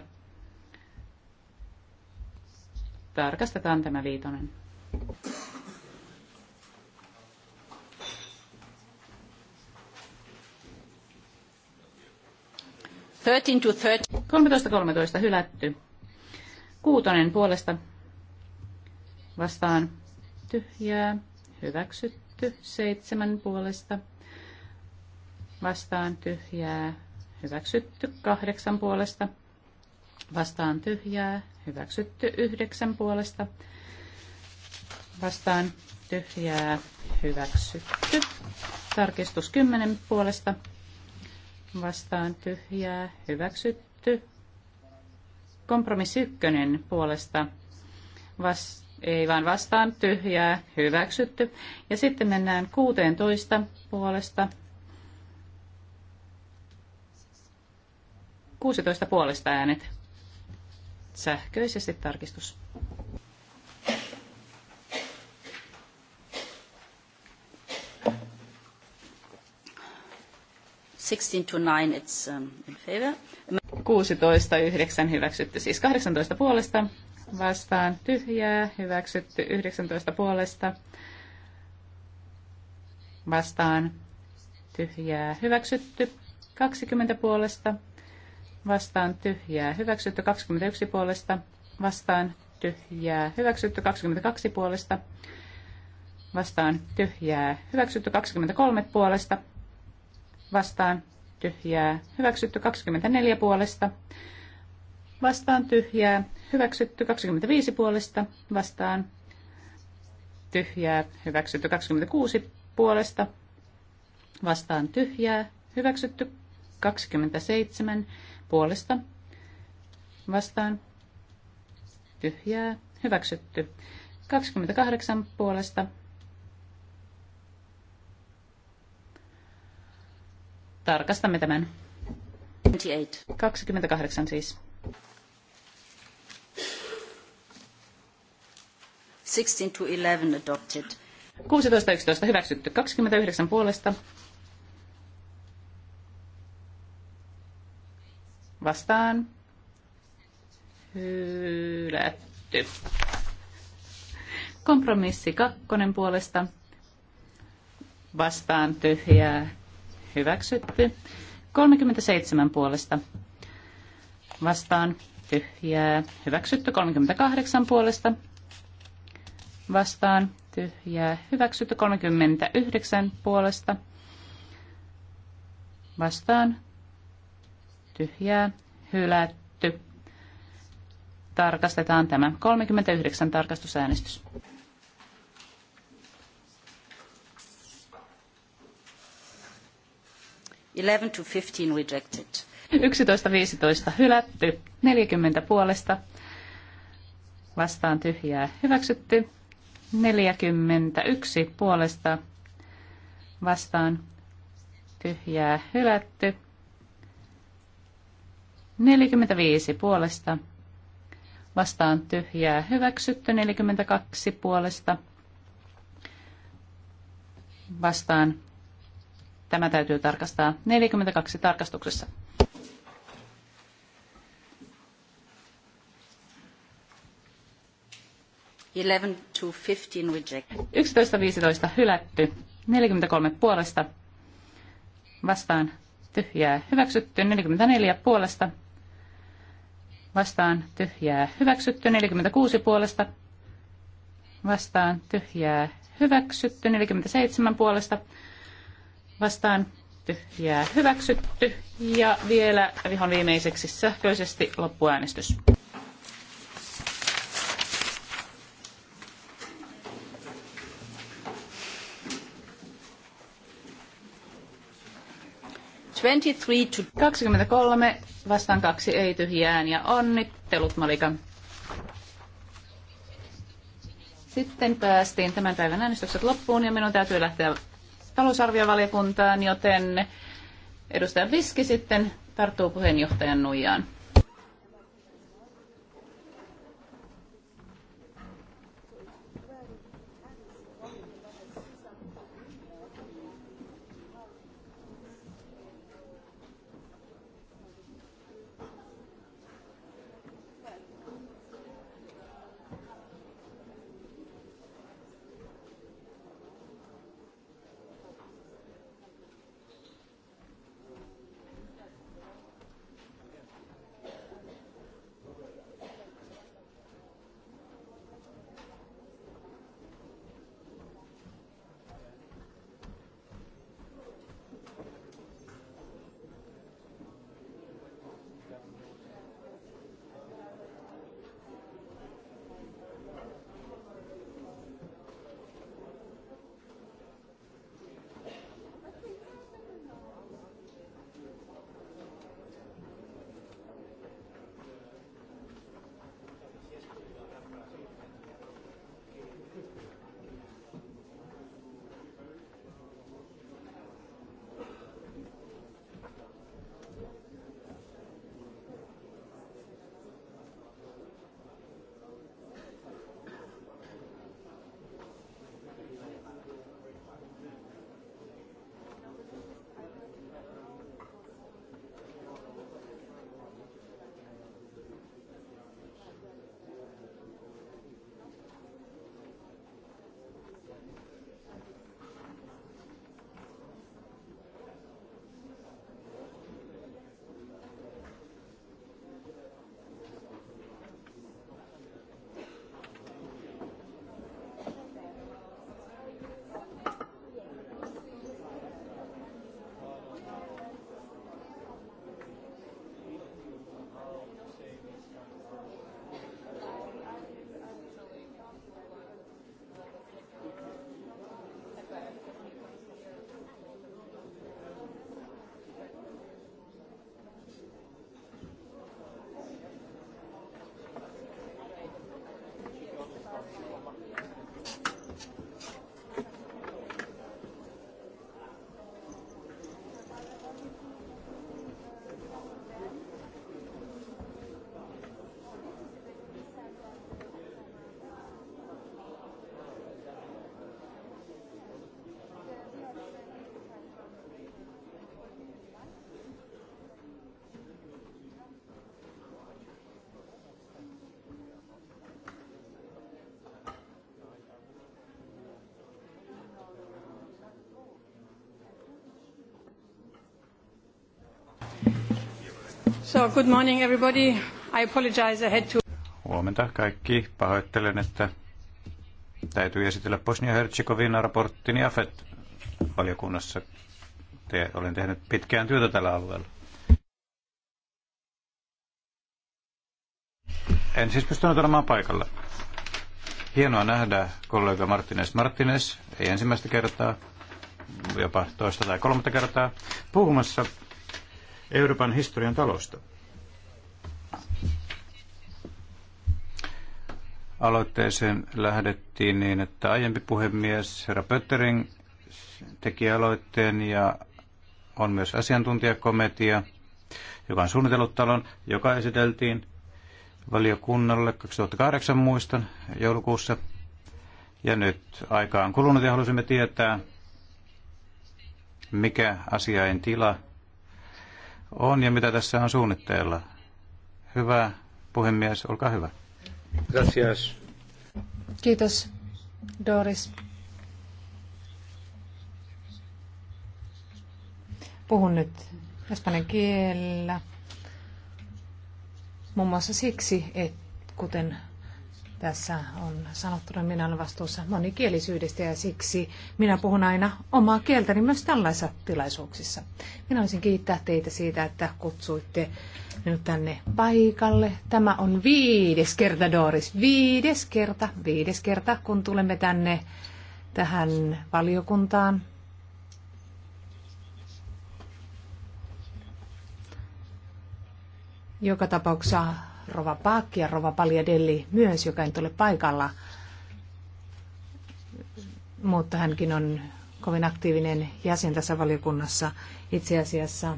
Tarkastetaan tämä viitonen. 13 to 13. 13 13 hylätty. Kuutonen puolesta vastaan tyhjää. Hyväksytty. Seitsemän puolesta vastaan tyhjää. Hyväksytty. Kahdeksan puolesta vastaan tyhjää. Hyväksytty. Yhdeksän puolesta vastaan tyhjää. Hyväksytty. Tarkistus kymmenen puolesta vastaan tyhjää hyväksytty. Kompromissi ykkönen puolesta vas, ei vaan vastaan tyhjää hyväksytty. Ja sitten mennään 16 puolesta 16 puolesta äänet. Sähköisesti tarkistus. 16 to 9 it's um, in favor. 16, 9 hyväksytty, siis 18 puolesta vastaan tyhjää, hyväksytty 19 puolesta vastaan tyhjää, hyväksytty 20 puolesta vastaan tyhjää, hyväksytty 21 puolesta vastaan tyhjää, hyväksytty 22 puolesta vastaan tyhjää, hyväksytty 23 puolesta vastaan tyhjää, hyväksytty 24 puolesta, vastaan tyhjää, hyväksytty 25 puolesta, vastaan tyhjää, hyväksytty 26 puolesta, vastaan tyhjää, hyväksytty 27 puolesta, vastaan tyhjää, hyväksytty 28 puolesta, Tarkastamme tämän. 28, 28 siis. 16 to 11 adopted. 16.11 hyväksytty. 29 puolesta. Vastaan. Hylätty. Kompromissi kakkonen puolesta. Vastaan tyhjää hyväksytty. 37 puolesta vastaan tyhjää, hyväksytty 38 puolesta vastaan tyhjää, hyväksytty 39 puolesta vastaan tyhjää, hylätty. Tarkastetaan tämä 39 tarkastusäänestys. 11 to 15 rejected. 11-15 hylätty, 40 puolesta vastaan tyhjää hyväksytty, 41 puolesta vastaan tyhjää hylätty, 45 puolesta vastaan tyhjää hyväksytty, 42 puolesta vastaan Tämä täytyy tarkastaa 42 tarkastuksessa. 11-15 hylätty, 43 puolesta, vastaan tyhjää hyväksytty, 44 puolesta, vastaan tyhjää hyväksytty, 46 puolesta, vastaan tyhjää hyväksytty, 47 puolesta, vastaan tyhjää hyväksytty. Ja vielä vihon viimeiseksi sähköisesti loppuäänestys. To... 23 vastaan kaksi ei tyhjään ja onnittelut Malika. Sitten päästiin tämän päivän äänestykset loppuun ja minun täytyy lähteä talousarviovaliokuntaan, joten edustaja Viski sitten tarttuu puheenjohtajan nuijaan. good morning everybody. I apologize, to... Huomenta kaikki. Pahoittelen, että täytyy esitellä Bosnia-Herzegovina raporttini AFET valiokunnassa. Te, olen tehnyt pitkään työtä tällä alueella. En siis pystynyt olemaan paikalla. Hienoa nähdä kollega Martinez Martinez, ei ensimmäistä kertaa, jopa toista tai kolmatta kertaa, puhumassa Euroopan historian talosta. Aloitteeseen lähdettiin niin, että aiempi puhemies herra Pöttering teki aloitteen ja on myös asiantuntijakomitea, joka on suunnitellut talon, joka esiteltiin valiokunnalle 2008 muistan joulukuussa. Ja nyt aika on kulunut ja halusimme tietää, mikä asiain tila on ja mitä tässä on suunnitteilla. Hyvä puhemies, olkaa hyvä. Gracias. Kiitos, Doris. Puhun nyt espanjan kielellä muun muassa siksi, että kuten tässä on sanottuna, minä olen vastuussa monikielisyydestä ja siksi minä puhun aina omaa kieltäni myös tällaisissa tilaisuuksissa. Minä olisin kiittää teitä siitä, että kutsuitte minut tänne paikalle. Tämä on viides kerta, Doris. Viides kerta, viides kerta, kun tulemme tänne tähän valiokuntaan. Joka tapauksessa Rova Paakki ja Rova Paljadelli myös, joka ei ole paikalla. Mutta hänkin on kovin aktiivinen jäsen tässä valiokunnassa. Itse asiassa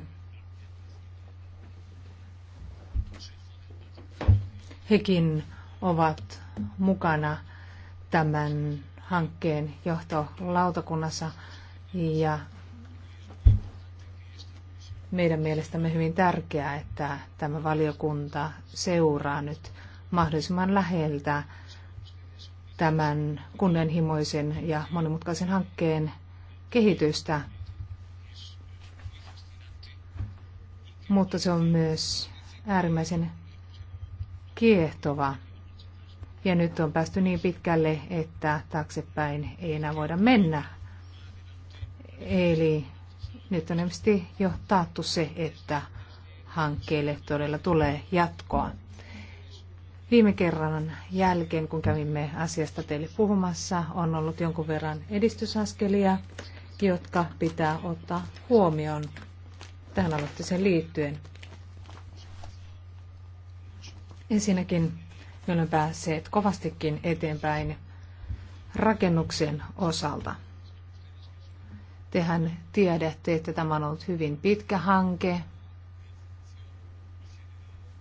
hekin ovat mukana tämän hankkeen johtolautakunnassa ja meidän mielestämme hyvin tärkeää, että tämä valiokunta seuraa nyt mahdollisimman läheltä tämän kunnianhimoisen ja monimutkaisen hankkeen kehitystä. Mutta se on myös äärimmäisen kiehtova. Ja nyt on päästy niin pitkälle, että taaksepäin ei enää voida mennä. Eli nyt on jo taattu se, että hankkeelle todella tulee jatkoa. Viime kerran jälkeen, kun kävimme asiasta teille puhumassa, on ollut jonkun verran edistysaskelia, jotka pitää ottaa huomioon tähän aloitteeseen liittyen. Ensinnäkin me olemme päässeet kovastikin eteenpäin rakennuksen osalta. Tehän tiedätte, että tämä on ollut hyvin pitkä hanke.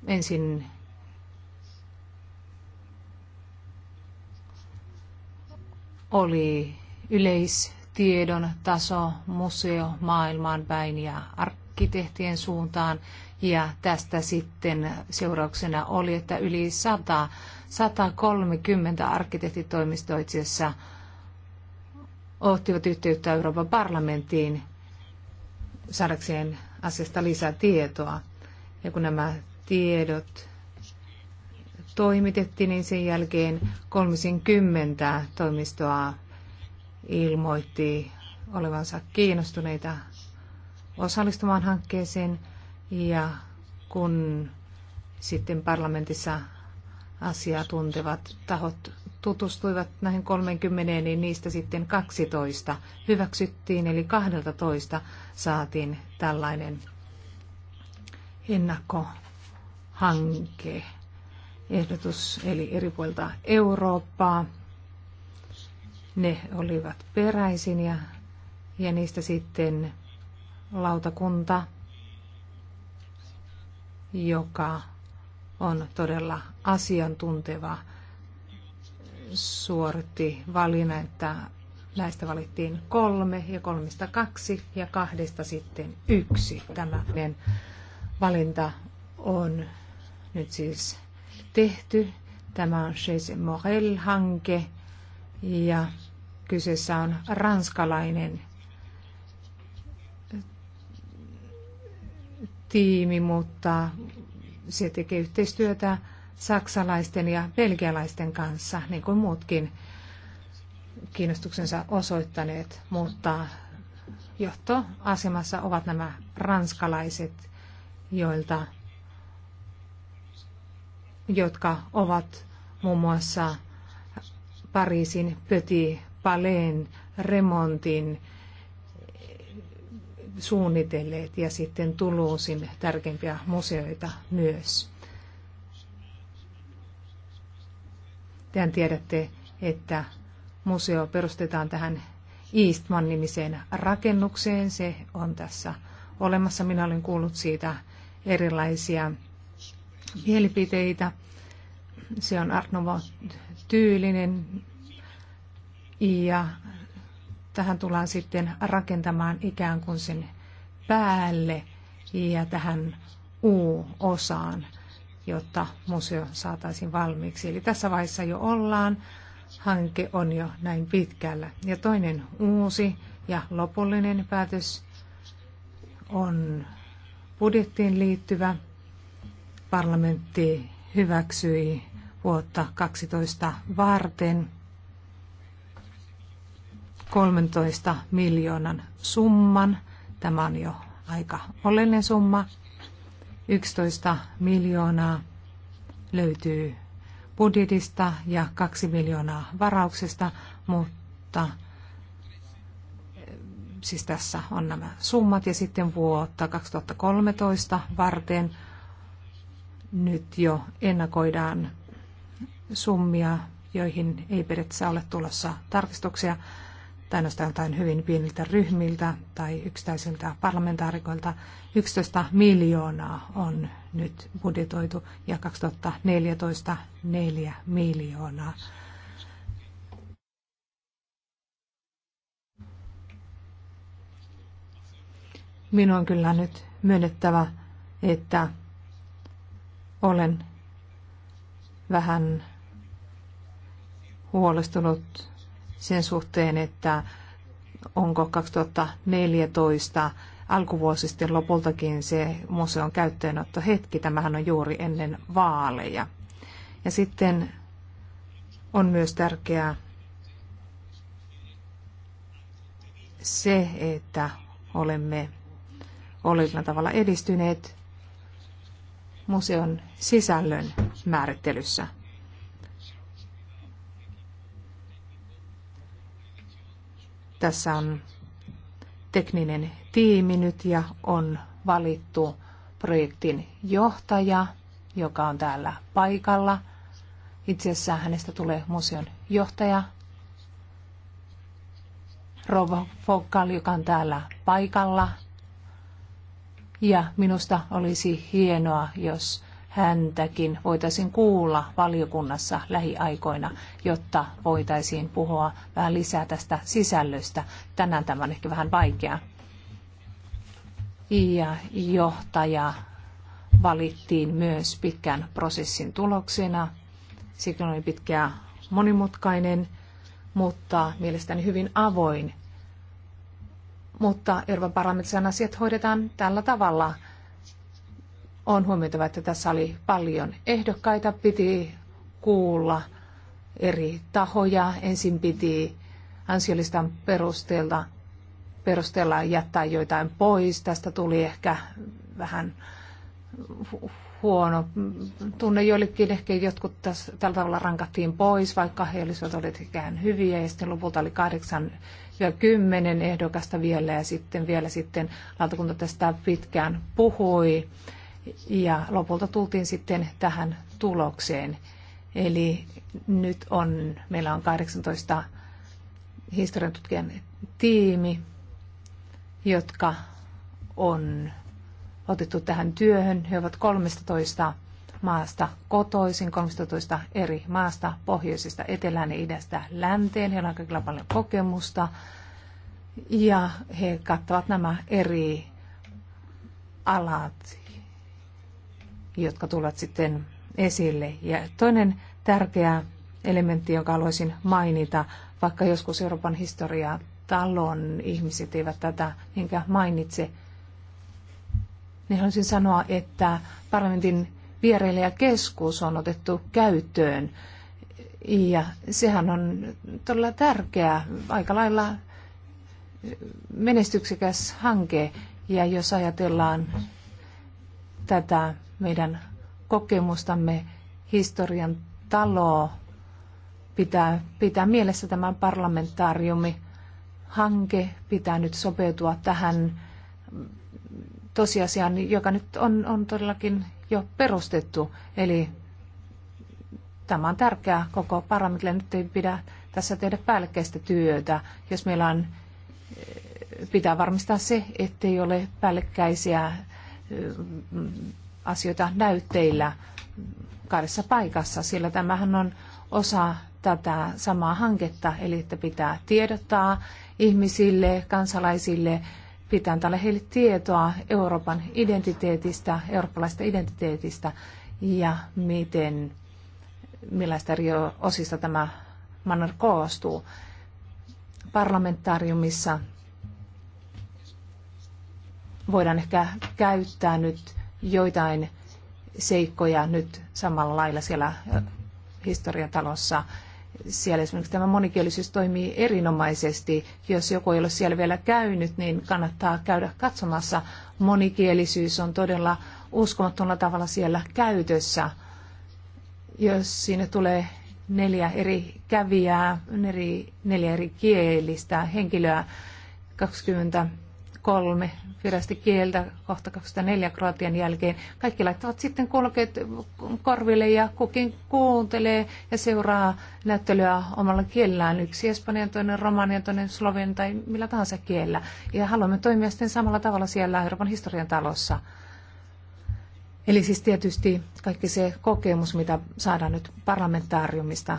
Ensin oli yleistiedon taso museo maailmaan päin ja arkkitehtien suuntaan. Ja tästä sitten seurauksena oli, että yli 100, 130 arkkitehtitoimistoa itse asiassa ottivat yhteyttä Euroopan parlamenttiin saadakseen asiasta lisätietoa. Ja kun nämä tiedot toimitettiin, niin sen jälkeen 30 toimistoa ilmoitti olevansa kiinnostuneita osallistumaan hankkeeseen. Ja kun sitten parlamentissa asiaa tuntevat tahot tutustuivat näihin 30, niin niistä sitten 12 hyväksyttiin, eli 12 saatiin tällainen ennakkohanke, ehdotus, eli eri puolilta Eurooppaa. Ne olivat peräisin ja, ja niistä sitten lautakunta, joka on todella asiantunteva suoritti valinnan, että näistä valittiin kolme ja kolmesta kaksi ja kahdesta sitten yksi. Tämä valinta on nyt siis tehty. Tämä on Chaise Morel-hanke ja kyseessä on ranskalainen tiimi, mutta se tekee yhteistyötä saksalaisten ja belgialaisten kanssa, niin kuin muutkin kiinnostuksensa osoittaneet, mutta johtoasemassa ovat nämä ranskalaiset, joilta, jotka ovat muun muassa Pariisin Petit Palen, remontin suunnitelleet ja sitten Tuluusin tärkeimpiä museoita myös. Tehän tiedätte, että museo perustetaan tähän Eastman-nimiseen rakennukseen. Se on tässä olemassa. Minä olen kuullut siitä erilaisia mielipiteitä. Se on Art Nouveau-tyylinen ja tähän tullaan sitten rakentamaan ikään kuin sen päälle ja tähän U-osaan jotta museo saataisiin valmiiksi. Eli tässä vaiheessa jo ollaan, hanke on jo näin pitkällä. Ja toinen uusi ja lopullinen päätös on budjettiin liittyvä. Parlamentti hyväksyi vuotta 12 varten 13 miljoonan summan. Tämä on jo aika oleellinen summa 11 miljoonaa löytyy budjetista ja 2 miljoonaa varauksesta, mutta eh, siis tässä on nämä summat ja sitten vuotta 2013 varten nyt jo ennakoidaan summia, joihin ei periaatteessa ole tulossa tarkistuksia, tai ainoastaan jotain hyvin pieniltä ryhmiltä tai yksittäisiltä parlamentaarikoilta. 11 miljoonaa on nyt budjetoitu ja 2014 4 miljoonaa. Minun on kyllä nyt myönnettävä, että olen vähän huolestunut sen suhteen, että onko 2014 alkuvuosi sitten lopultakin se museon käyttöönotto hetki. Tämähän on juuri ennen vaaleja. Ja sitten on myös tärkeää se, että olemme olilla tavalla edistyneet museon sisällön määrittelyssä. Tässä on tekninen tiimi nyt ja on valittu projektin johtaja, joka on täällä paikalla. Itse asiassa hänestä tulee museon johtaja, Rova Fokkal, joka on täällä paikalla. Ja minusta olisi hienoa, jos häntäkin voitaisiin kuulla valiokunnassa lähiaikoina, jotta voitaisiin puhua vähän lisää tästä sisällöstä. Tänään tämä on ehkä vähän vaikeaa. Ja johtaja valittiin myös pitkän prosessin tuloksena. Sekin oli pitkä monimutkainen, mutta mielestäni hyvin avoin. Mutta Euroopan parlamentissa asiat hoidetaan tällä tavalla – on huomioitava, että tässä oli paljon ehdokkaita, piti kuulla eri tahoja. Ensin piti ansiolistan perusteella, perusteella jättää joitain pois. Tästä tuli ehkä vähän huono tunne joillekin. Ehkä jotkut tässä, tällä tavalla rankattiin pois, vaikka he olisivat olleet ikään hyviä. Ja sitten lopulta oli kahdeksan ja kymmenen ehdokasta vielä ja sitten vielä sitten lautakunta tästä pitkään puhui ja lopulta tultiin sitten tähän tulokseen. Eli nyt on, meillä on 18 historiantutkijan tiimi, jotka on otettu tähän työhön. He ovat 13 maasta kotoisin, 13 eri maasta, pohjoisesta, etelään ja idästä länteen. Heillä on kaikilla paljon kokemusta ja he kattavat nämä eri alat jotka tulevat sitten esille. Ja toinen tärkeä elementti, jonka haluaisin mainita, vaikka joskus Euroopan historiaa talon ihmiset eivät tätä enkä mainitse, niin haluaisin sanoa, että parlamentin viereille ja keskus on otettu käyttöön. Ja sehän on todella tärkeä, aika lailla menestyksekäs hanke. Ja jos ajatellaan tätä meidän kokemustamme historian talo pitää, pitää mielessä tämän parlamentaariumi hanke pitää nyt sopeutua tähän tosiasiaan, joka nyt on, on todellakin jo perustettu. Eli tämä on tärkeää koko parlamentille. Nyt ei pidä tässä tehdä päällekkäistä työtä, jos meillä on, pitää varmistaa se, ettei ole päällekkäisiä asioita näytteillä kahdessa paikassa, sillä tämähän on osa tätä samaa hanketta, eli että pitää tiedottaa ihmisille, kansalaisille, pitää antaa heille tietoa Euroopan identiteetistä, eurooppalaisesta identiteetistä ja miten, millaista eri osista tämä manner koostuu. Parlamentaariumissa voidaan ehkä käyttää nyt joitain seikkoja nyt samalla lailla siellä historiatalossa. Siellä esimerkiksi tämä monikielisyys toimii erinomaisesti. Jos joku ei ole siellä vielä käynyt, niin kannattaa käydä katsomassa. Monikielisyys on todella uskomattomalla tavalla siellä käytössä. Jos sinne tulee neljä eri kävijää, neljä eri kielistä henkilöä, 20 23 virasti kieltä, kohta 24 Kroatian jälkeen. Kaikki laittavat sitten kulkeet korville ja kukin kuuntelee ja seuraa näyttelyä omalla kielellään. Yksi espanjan, toinen romanian, toinen slovenian tai millä tahansa kielellä. Ja haluamme toimia sitten samalla tavalla siellä Euroopan historian talossa. Eli siis tietysti kaikki se kokemus, mitä saadaan nyt parlamentaariumista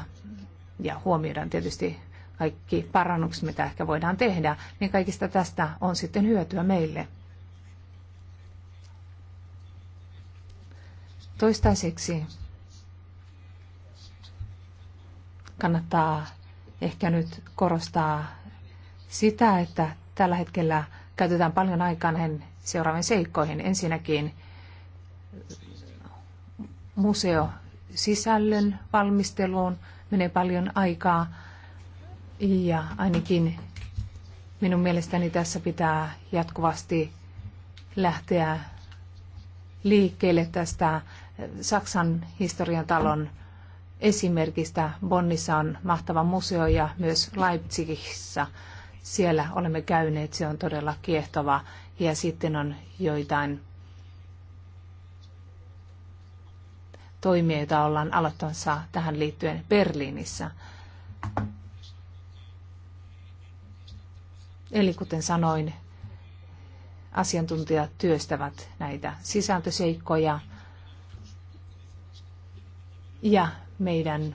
ja huomioidaan tietysti kaikki parannukset, mitä ehkä voidaan tehdä, niin kaikista tästä on sitten hyötyä meille. Toistaiseksi kannattaa ehkä nyt korostaa sitä, että tällä hetkellä käytetään paljon aikaa näihin seuraaviin seikkoihin. Ensinnäkin museo sisällön valmisteluun menee paljon aikaa ja ainakin minun mielestäni tässä pitää jatkuvasti lähteä liikkeelle tästä Saksan historian talon esimerkistä. Bonnissa on mahtava museo ja myös Leipzigissä siellä olemme käyneet. Se on todella kiehtova. Ja sitten on joitain toimia, joita ollaan aloittamassa tähän liittyen Berliinissä. Eli kuten sanoin, asiantuntijat työstävät näitä sisältöseikkoja ja meidän,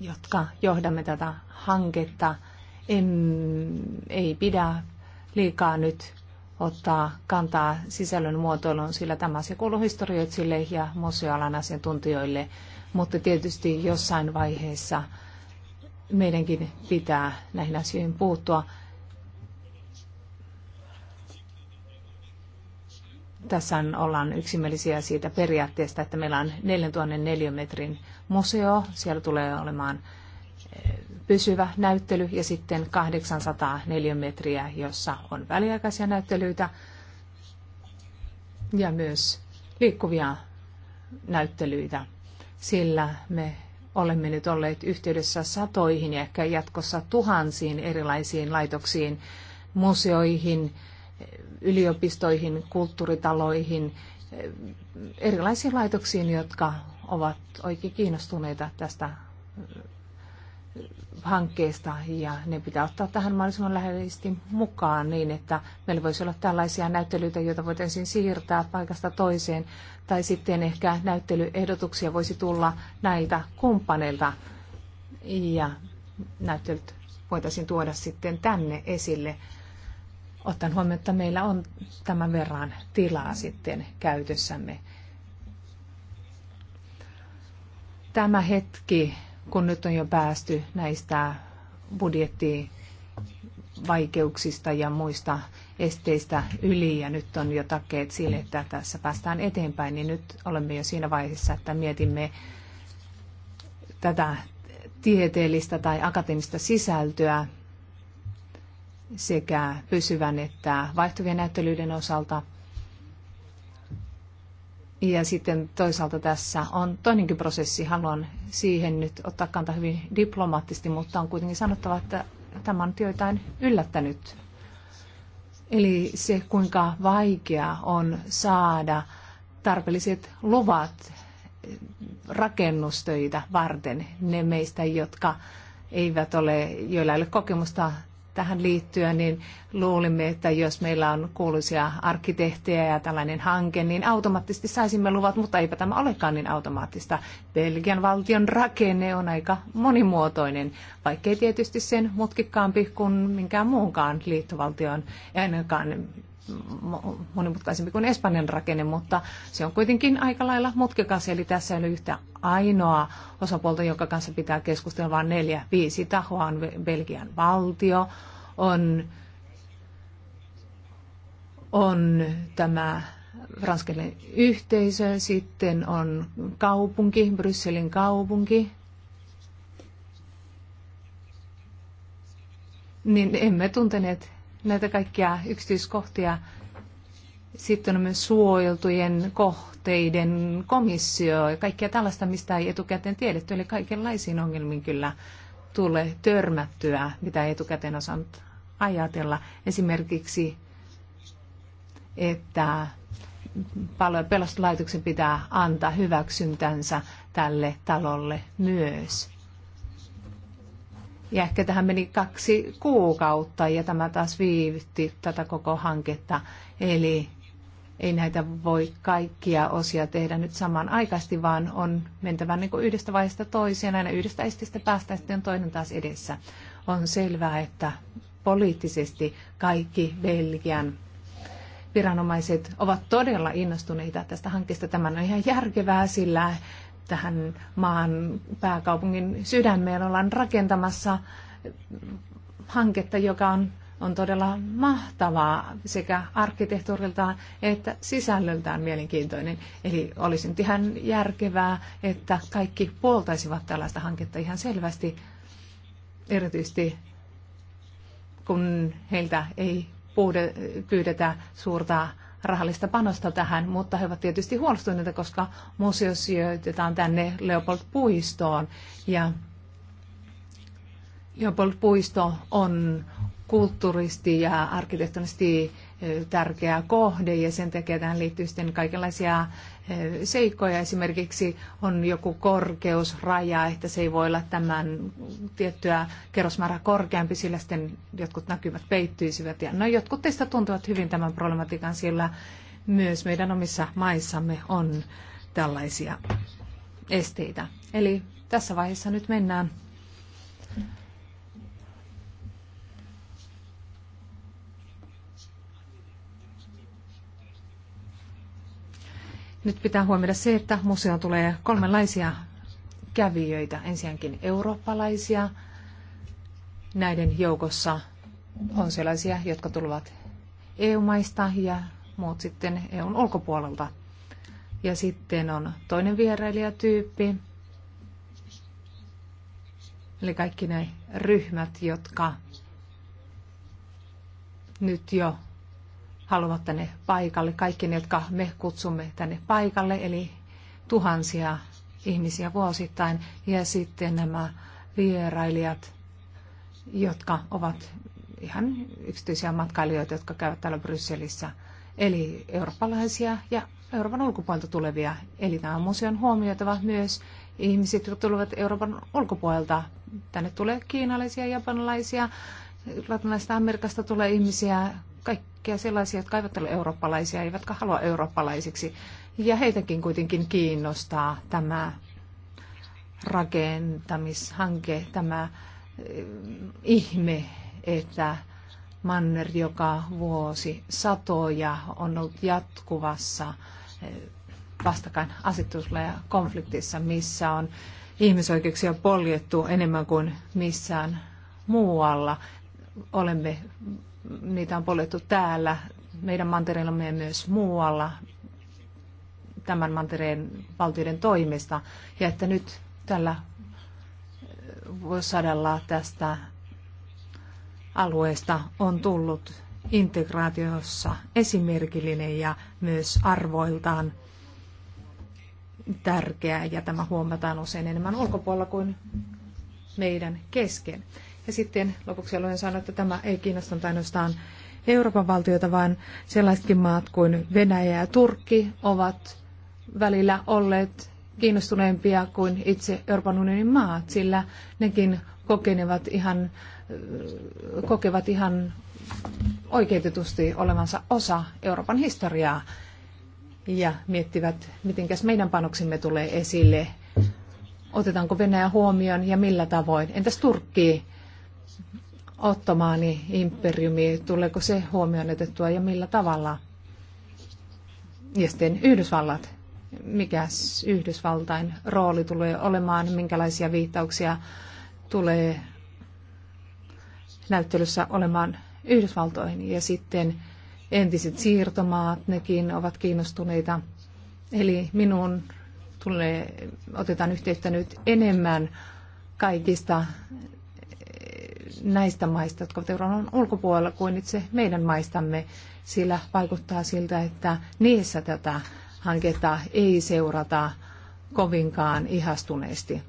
jotka johdamme tätä hanketta, en, ei pidä liikaa nyt ottaa kantaa sisällön muotoiluun, sillä tämä asia kuuluu historioitsille ja museoalan asiantuntijoille, mutta tietysti jossain vaiheessa – meidänkin pitää näihin asioihin puuttua. Tässä ollaan yksimielisiä siitä periaatteesta, että meillä on 4004 metrin museo. Siellä tulee olemaan eh, pysyvä näyttely ja sitten 804 metriä, jossa on väliaikaisia näyttelyitä ja myös liikkuvia näyttelyitä, sillä me Olemme nyt olleet yhteydessä satoihin ja ehkä jatkossa tuhansiin erilaisiin laitoksiin, museoihin, yliopistoihin, kulttuuritaloihin, erilaisiin laitoksiin, jotka ovat oikein kiinnostuneita tästä hankkeesta ja ne pitää ottaa tähän mahdollisimman läheisesti mukaan niin, että meillä voisi olla tällaisia näyttelyitä, joita voitaisiin siirtää paikasta toiseen tai sitten ehkä näyttelyehdotuksia voisi tulla näiltä kumppaneilta ja näyttelyt voitaisiin tuoda sitten tänne esille Ottan huomioon, että meillä on tämän verran tilaa sitten käytössämme. Tämä hetki kun nyt on jo päästy näistä budjettivaikeuksista ja muista esteistä yli ja nyt on jo takkeet sille, että tässä päästään eteenpäin, niin nyt olemme jo siinä vaiheessa, että mietimme tätä tieteellistä tai akateemista sisältöä sekä pysyvän että vaihtuvien näyttelyiden osalta – ja sitten toisaalta tässä on toinenkin prosessi. Haluan siihen nyt ottaa kantaa hyvin diplomaattisesti, mutta on kuitenkin sanottava, että tämä on joitain yllättänyt. Eli se, kuinka vaikea on saada tarpeelliset luvat eh, rakennustöitä varten, ne meistä, jotka eivät ole, joilla ei ole kokemusta tähän liittyen, niin luulimme, että jos meillä on kuuluisia arkkitehtejä ja tällainen hanke, niin automaattisesti saisimme luvat, mutta eipä tämä olekaan niin automaattista. Belgian valtion rakenne on aika monimuotoinen, vaikkei tietysti sen mutkikkaampi kuin minkään muunkaan liittovaltion, ja ennenkaan monimutkaisempi kuin Espanjan rakenne, mutta se on kuitenkin aika lailla mutkikas, eli tässä ei ole yhtä ainoa osapuolta, jonka kanssa pitää keskustella, vaan neljä, viisi tahoa on Belgian valtio, on, on tämä ranskalainen yhteisö, sitten on kaupunki, Brysselin kaupunki, niin emme tunteneet näitä kaikkia yksityiskohtia. Sitten on myös suojeltujen kohteiden komissio ja kaikkea tällaista, mistä ei etukäteen tiedetty. Eli kaikenlaisiin ongelmiin kyllä tulee törmättyä, mitä ei etukäteen osannut ajatella. Esimerkiksi, että palo- ja pelastuslaitoksen pitää antaa hyväksyntänsä tälle talolle myös. Ja ehkä tähän meni kaksi kuukautta ja tämä taas viivytti tätä koko hanketta. Eli ei näitä voi kaikkia osia tehdä nyt samanaikaisesti, vaan on mentävä niin yhdestä vaiheesta toiseen, aina yhdestä esteestä päästään sitten toinen taas edessä. On selvää, että poliittisesti kaikki Belgian viranomaiset ovat todella innostuneita tästä hankkeesta. Tämä on ihan järkevää, sillä tähän maan pääkaupungin sydämeen ollaan rakentamassa hanketta, joka on, on todella mahtavaa sekä arkkitehtuuriltaan että sisällöltään mielenkiintoinen. Eli olisi nyt ihan järkevää, että kaikki puoltaisivat tällaista hanketta ihan selvästi, erityisesti kun heiltä ei pyydetä suurta rahallista panosta tähän, mutta he ovat tietysti huolestuneita, koska museo sijoitetaan tänne Leopold-puistoon. Ja Leopold-puisto on kulttuuristi ja arkkitehtonisesti tärkeä kohde ja sen takia tähän liittyy sitten kaikenlaisia seikkoja. Esimerkiksi on joku korkeusraja, että se ei voi olla tämän tiettyä kerrosmäärää korkeampi, sillä sitten jotkut näkymät peittyisivät. Ja no, jotkut teistä tuntuvat hyvin tämän problematiikan, sillä myös meidän omissa maissamme on tällaisia esteitä. Eli tässä vaiheessa nyt mennään Nyt pitää huomioida se, että museoon tulee kolmenlaisia kävijöitä. Ensinnäkin eurooppalaisia. Näiden joukossa on sellaisia, jotka tulevat EU-maista ja muut sitten EUn ulkopuolelta. Ja sitten on toinen vierailijatyyppi, eli kaikki ne ryhmät, jotka nyt jo haluavat tänne paikalle, kaikki ne, jotka me kutsumme tänne paikalle, eli tuhansia ihmisiä vuosittain, ja sitten nämä vierailijat, jotka ovat ihan yksityisiä matkailijoita, jotka käyvät täällä Brysselissä, eli eurooppalaisia ja Euroopan ulkopuolelta tulevia. Eli tämä museon huomioitava myös ihmiset, jotka tulevat Euroopan ulkopuolelta. Tänne tulee kiinalaisia, japanilaisia, latinalaisesta Amerikasta tulee ihmisiä, kaikki kaikkia sellaisia, jotka eivät ole eurooppalaisia, eivätkä halua eurooppalaisiksi. Ja heitäkin kuitenkin kiinnostaa tämä rakentamishanke, tämä eh, ihme, että manner joka vuosi satoja on ollut jatkuvassa eh, asetusla ja konfliktissa, missä on ihmisoikeuksia poljettu enemmän kuin missään muualla. Olemme niitä on poljettu täällä, meidän mantereillamme ja myös muualla tämän mantereen valtioiden toimesta. Ja että nyt tällä vuosisadalla tästä alueesta on tullut integraatiossa esimerkillinen ja myös arvoiltaan tärkeä ja tämä huomataan usein enemmän ulkopuolella kuin meidän kesken. Ja sitten lopuksi haluan sanoa, että tämä ei kiinnostanut ainoastaan Euroopan valtioita, vaan sellaisetkin maat kuin Venäjä ja Turkki ovat välillä olleet kiinnostuneempia kuin itse Euroopan unionin maat, sillä nekin kokenevat ihan, kokevat ihan oikeutetusti olevansa osa Euroopan historiaa ja miettivät, mitenkäs meidän panoksimme tulee esille, otetaanko Venäjä huomioon ja millä tavoin. Entäs Turkki? ottomaani imperiumi, tuleeko se huomioon otettua ja millä tavalla? Ja sitten Yhdysvallat, mikä Yhdysvaltain rooli tulee olemaan, minkälaisia viittauksia tulee näyttelyssä olemaan Yhdysvaltoihin. Ja sitten entiset siirtomaat, nekin ovat kiinnostuneita. Eli minun tulee, otetaan yhteyttä nyt enemmän kaikista näistä maista, jotka ovat euron ulkopuolella kuin itse meidän maistamme, sillä vaikuttaa siltä, että niissä tätä hanketta ei seurata kovinkaan ihastuneesti.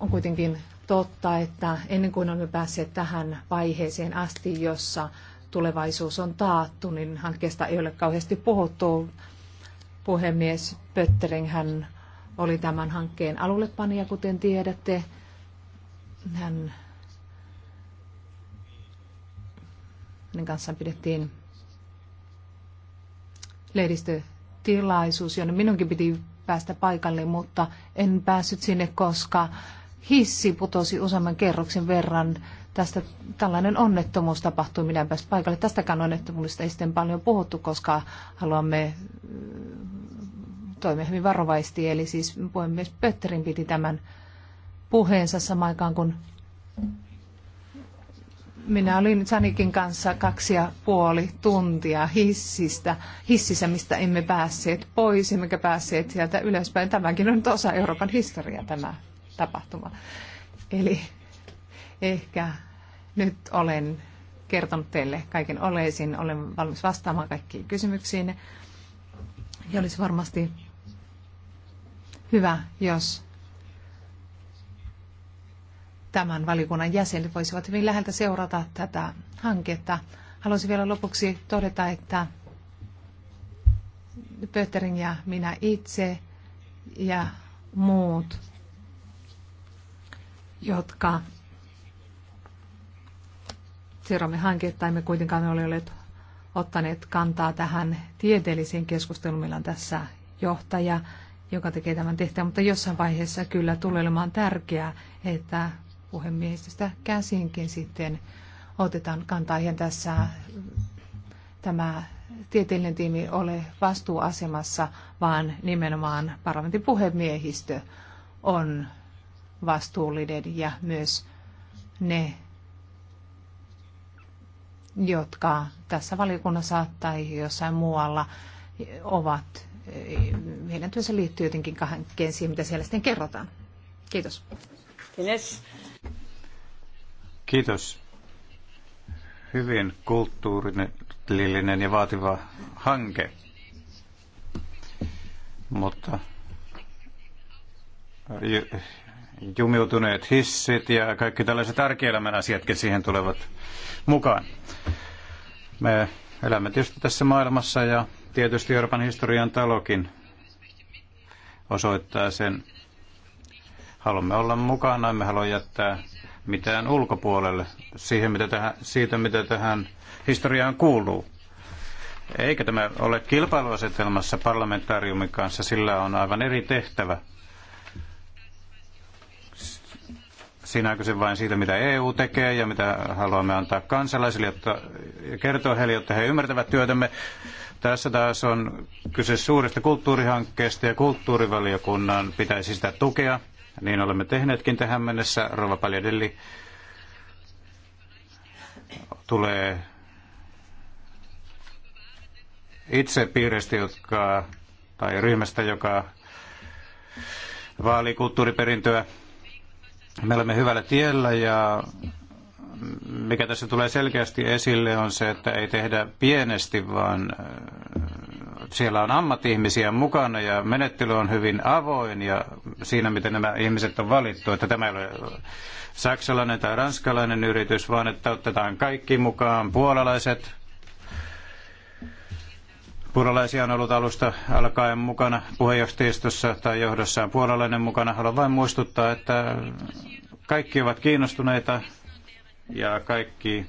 On kuitenkin totta, että ennen kuin olemme päässeet tähän vaiheeseen asti, jossa tulevaisuus on taattu, niin hankkeesta ei ole kauheasti puhuttu. Puhemies Pöttering hän oli tämän hankkeen alullepanija, kuten tiedätte, hän hänen kanssaan pidettiin lehdistötilaisuus, jonne minunkin piti päästä paikalle, mutta en päässyt sinne, koska hissi putosi useamman kerroksen verran. Tästä tällainen onnettomuus tapahtui, minä en päässyt paikalle. Tästäkään onnettomuudesta ei sitten paljon puhuttu, koska haluamme toimia hyvin varovaisesti. Eli siis puhemies Pötterin piti tämän puheensa samaan aikaan, kun minä olin Sanikin kanssa kaksi ja puoli tuntia hissistä, hississä, mistä emme päässeet pois, emmekä päässeet sieltä ylöspäin. Tämäkin on nyt osa Euroopan historiaa tämä tapahtuma. Eli ehkä nyt olen kertonut teille kaiken oleisin. Olen valmis vastaamaan kaikkiin kysymyksiin. Ja olisi varmasti hyvä, jos tämän valiokunnan jäsenet voisivat hyvin läheltä seurata tätä hanketta. Haluaisin vielä lopuksi todeta, että Pöterin ja minä itse ja muut, jotka seuraamme hanketta, emme kuitenkaan ole olleet ottaneet kantaa tähän tieteelliseen keskusteluun. Meillä on tässä johtaja, joka tekee tämän tehtävän, mutta jossain vaiheessa kyllä tulee olemaan tärkeää, että puhemiehistöstä käsinkin sitten otetaan kantaa. Eihän tässä tämä tieteellinen tiimi ole vastuuasemassa, vaan nimenomaan parlamentin puhemiehistö on vastuullinen ja myös ne, jotka tässä valiokunnassa tai jossain muualla ovat, Meidän työssä liittyy jotenkin kahden siihen, mitä siellä sitten kerrotaan. Kiitos. Kiitos. Kiitos. Hyvin kulttuurillinen ja vaativa hanke. Mutta äh, jumiutuneet hissit ja kaikki tällaiset arkielämän asiatkin siihen tulevat mukaan. Me elämme tietysti tässä maailmassa ja tietysti Euroopan historian talokin osoittaa sen. Haluamme olla mukana, emme halua jättää mitään ulkopuolelle siihen, mitä tähän, siitä, mitä tähän historiaan kuuluu. Eikä tämä ole kilpailuasetelmassa parlamentaariumin kanssa, sillä on aivan eri tehtävä. Siinä on kyse vain siitä, mitä EU tekee ja mitä haluamme antaa kansalaisille, jotta kertoo heille, jotta he ymmärtävät työtämme. Tässä taas on kyse suurista kulttuurihankkeista ja kulttuurivaliokunnan pitäisi sitä tukea niin olemme tehneetkin tähän mennessä. Rova Paljadelli tulee itse piiristä, jotka, tai ryhmästä, joka vaalii kulttuuriperintöä. Me olemme hyvällä tiellä ja mikä tässä tulee selkeästi esille on se, että ei tehdä pienesti, vaan siellä on ammattiihmisiä mukana ja menettely on hyvin avoin ja siinä, miten nämä ihmiset on valittu, että tämä ei ole saksalainen tai ranskalainen yritys, vaan että otetaan kaikki mukaan puolalaiset. Puolalaisia on ollut alusta alkaen mukana puheenjohtajistossa tai johdossaan puolalainen mukana. Haluan vain muistuttaa, että kaikki ovat kiinnostuneita ja kaikki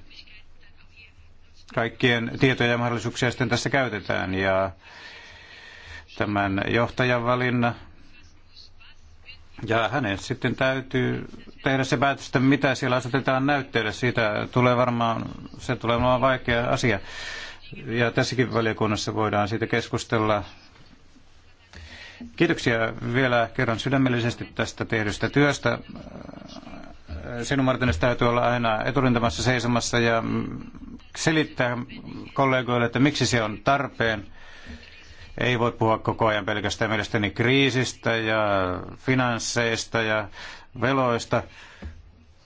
kaikkien tietoja ja mahdollisuuksia sitten tässä käytetään. Ja tämän johtajan valinna ja hänen sitten täytyy tehdä se päätös, että mitä siellä asetetaan näytteelle. Siitä tulee varmaan, se tulee olemaan vaikea asia. Ja tässäkin valiokunnassa voidaan siitä keskustella. Kiitoksia vielä kerran sydämellisesti tästä tehdystä työstä sinun Martines täytyy olla aina eturintamassa seisomassa ja mm, selittää kollegoille, että miksi se on tarpeen. Ei voi puhua koko ajan pelkästään mielestäni kriisistä ja finansseista ja veloista.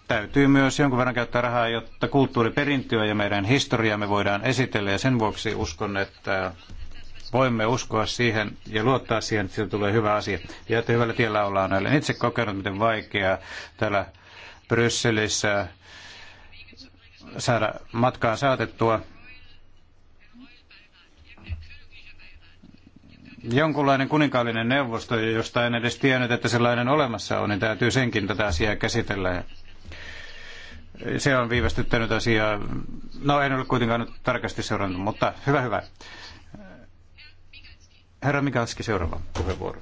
Täytyy myös jonkun verran käyttää rahaa, jotta kulttuuriperintöä ja meidän historiaamme voidaan esitellä ja sen vuoksi uskon, että voimme uskoa siihen ja luottaa siihen, että siitä tulee hyvä asia. Ja että hyvällä tiellä ollaan Olen itse kokenut, miten vaikeaa täällä Brysselissä saada matkaan saatettua. Jonkunlainen kuninkaallinen neuvosto, josta en edes tiennyt, että sellainen olemassa on, niin täytyy senkin tätä asiaa käsitellä. Se on viivästyttänyt asiaa. No en ole kuitenkaan nyt tarkasti seurannut, mutta hyvä hyvä. Herra Mikalski, seuraava puheenvuoro.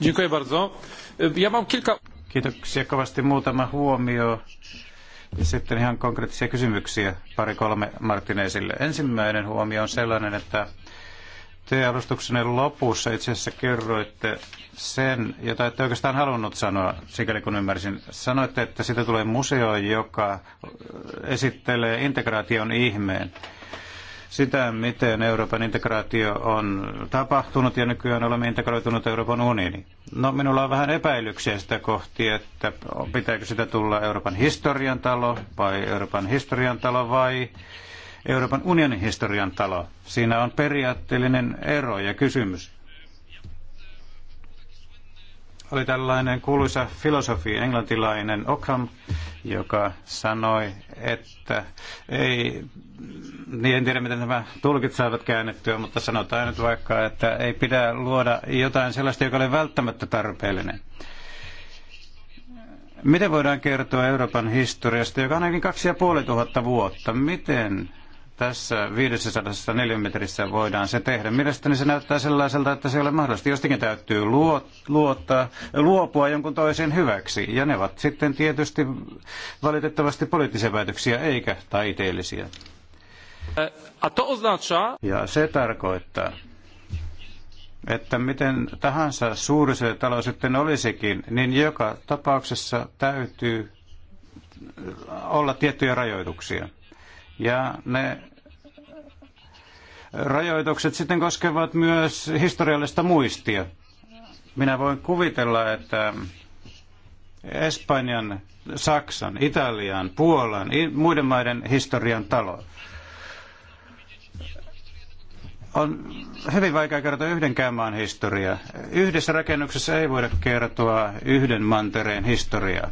Dziękuję bardzo. Ja kilka... Kiitoksia kovasti. Muutama huomio ja sitten ihan konkreettisia kysymyksiä pari-kolme Martinezille. Ensimmäinen huomio on sellainen, että te alustuksenne lopussa itse asiassa kerroitte sen, jota ette oikeastaan halunnut sanoa, sikäli kun ymmärsin. Sanoitte, että siitä tulee museo, joka esittelee integraation ihmeen sitä, miten Euroopan integraatio on tapahtunut ja nykyään olemme integroitunut Euroopan unioni. No, minulla on vähän epäilyksiä sitä kohti, että pitääkö sitä tulla Euroopan historian talo vai Euroopan historian talo vai Euroopan unionin historian talo. Siinä on periaatteellinen ero ja kysymys oli tällainen kuuluisa filosofi, englantilainen Ockham, joka sanoi, että ei, niin en tiedä miten nämä tulkit saavat käännettyä, mutta sanotaan nyt vaikka, että ei pidä luoda jotain sellaista, joka ole välttämättä tarpeellinen. Miten voidaan kertoa Euroopan historiasta, joka on ainakin kaksi ja puoli tuhatta vuotta? Miten tässä 504 metrissä voidaan se tehdä. Mielestäni se näyttää sellaiselta, että se ei ole mahdollista. Jostakin täytyy luottaa, luopua jonkun toisen hyväksi. Ja ne ovat sitten tietysti valitettavasti poliittisia päätöksiä eikä taiteellisia. Eh, ja se tarkoittaa, että miten tahansa suuri se talo sitten olisikin, niin joka tapauksessa täytyy olla tiettyjä rajoituksia. Ja ne rajoitukset sitten koskevat myös historiallista muistia. Minä voin kuvitella, että Espanjan, Saksan, Italian, Puolan, muiden maiden historian talo on hyvin vaikea kertoa yhdenkään maan historiaa. Yhdessä rakennuksessa ei voida kertoa yhden mantereen historiaa.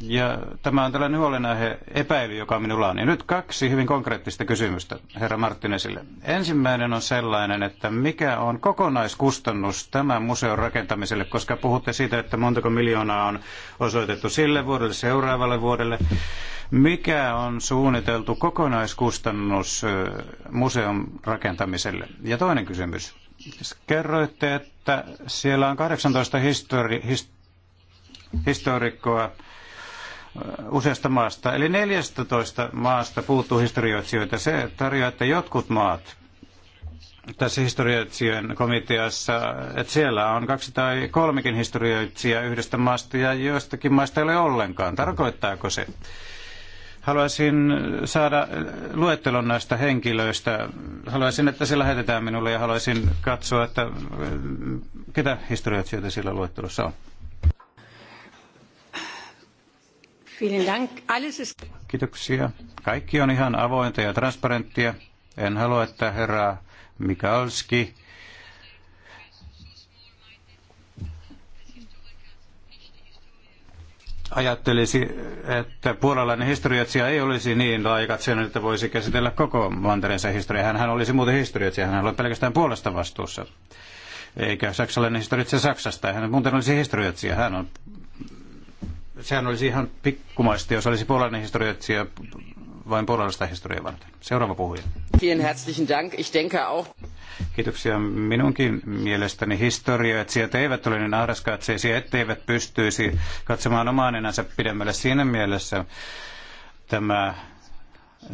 Ja tämä on tällainen huolenaihe epäily, joka minulla on. Ja nyt kaksi hyvin konkreettista kysymystä herra Marttinesille. Ensimmäinen on sellainen, että mikä on kokonaiskustannus tämän museon rakentamiselle, koska puhutte siitä, että montako miljoonaa on osoitettu sille vuodelle, seuraavalle vuodelle. Mikä on suunniteltu kokonaiskustannus museon rakentamiselle? Ja toinen kysymys. Kerroitte, että siellä on 18 histori- hist- historikkoa useasta maasta. Eli 14 maasta puuttuu historioitsijoita. Se tarjoaa, että jotkut maat tässä historioitsijoiden komiteassa, että siellä on kaksi tai kolmekin historioitsijaa yhdestä maasta ja joistakin maista ei ole ollenkaan. Tarkoittaako se? Haluaisin saada luettelon näistä henkilöistä. Haluaisin, että se lähetetään minulle ja haluaisin katsoa, että mm, ketä historioitsijoita sillä luettelossa on. Kiitoksia. Kaikki on ihan avointa ja transparenttia. En halua, että herra Mikalski ajattelisi, että puolalainen historiatsija ei olisi niin laajakatseinen, että voisi käsitellä koko mantereensa historiaa. Hän olisi muuten historiatsija, hän oli pelkästään puolesta vastuussa. Eikä saksalainen historiatsija Saksasta, hän muuten olisi historiatsija, hän on sehän olisi ihan pikkumaista, jos olisi puolalainen historioitsija vain puolalaista historiaa varten. Seuraava puhuja. Vielen herzlichen Dank. Ich denke auch. Kiitoksia. Minunkin mielestäni historioitsijat eivät ole niin ahdaskatseisia, etteivät pystyisi katsomaan omaa nenänsä pidemmälle siinä mielessä tämä,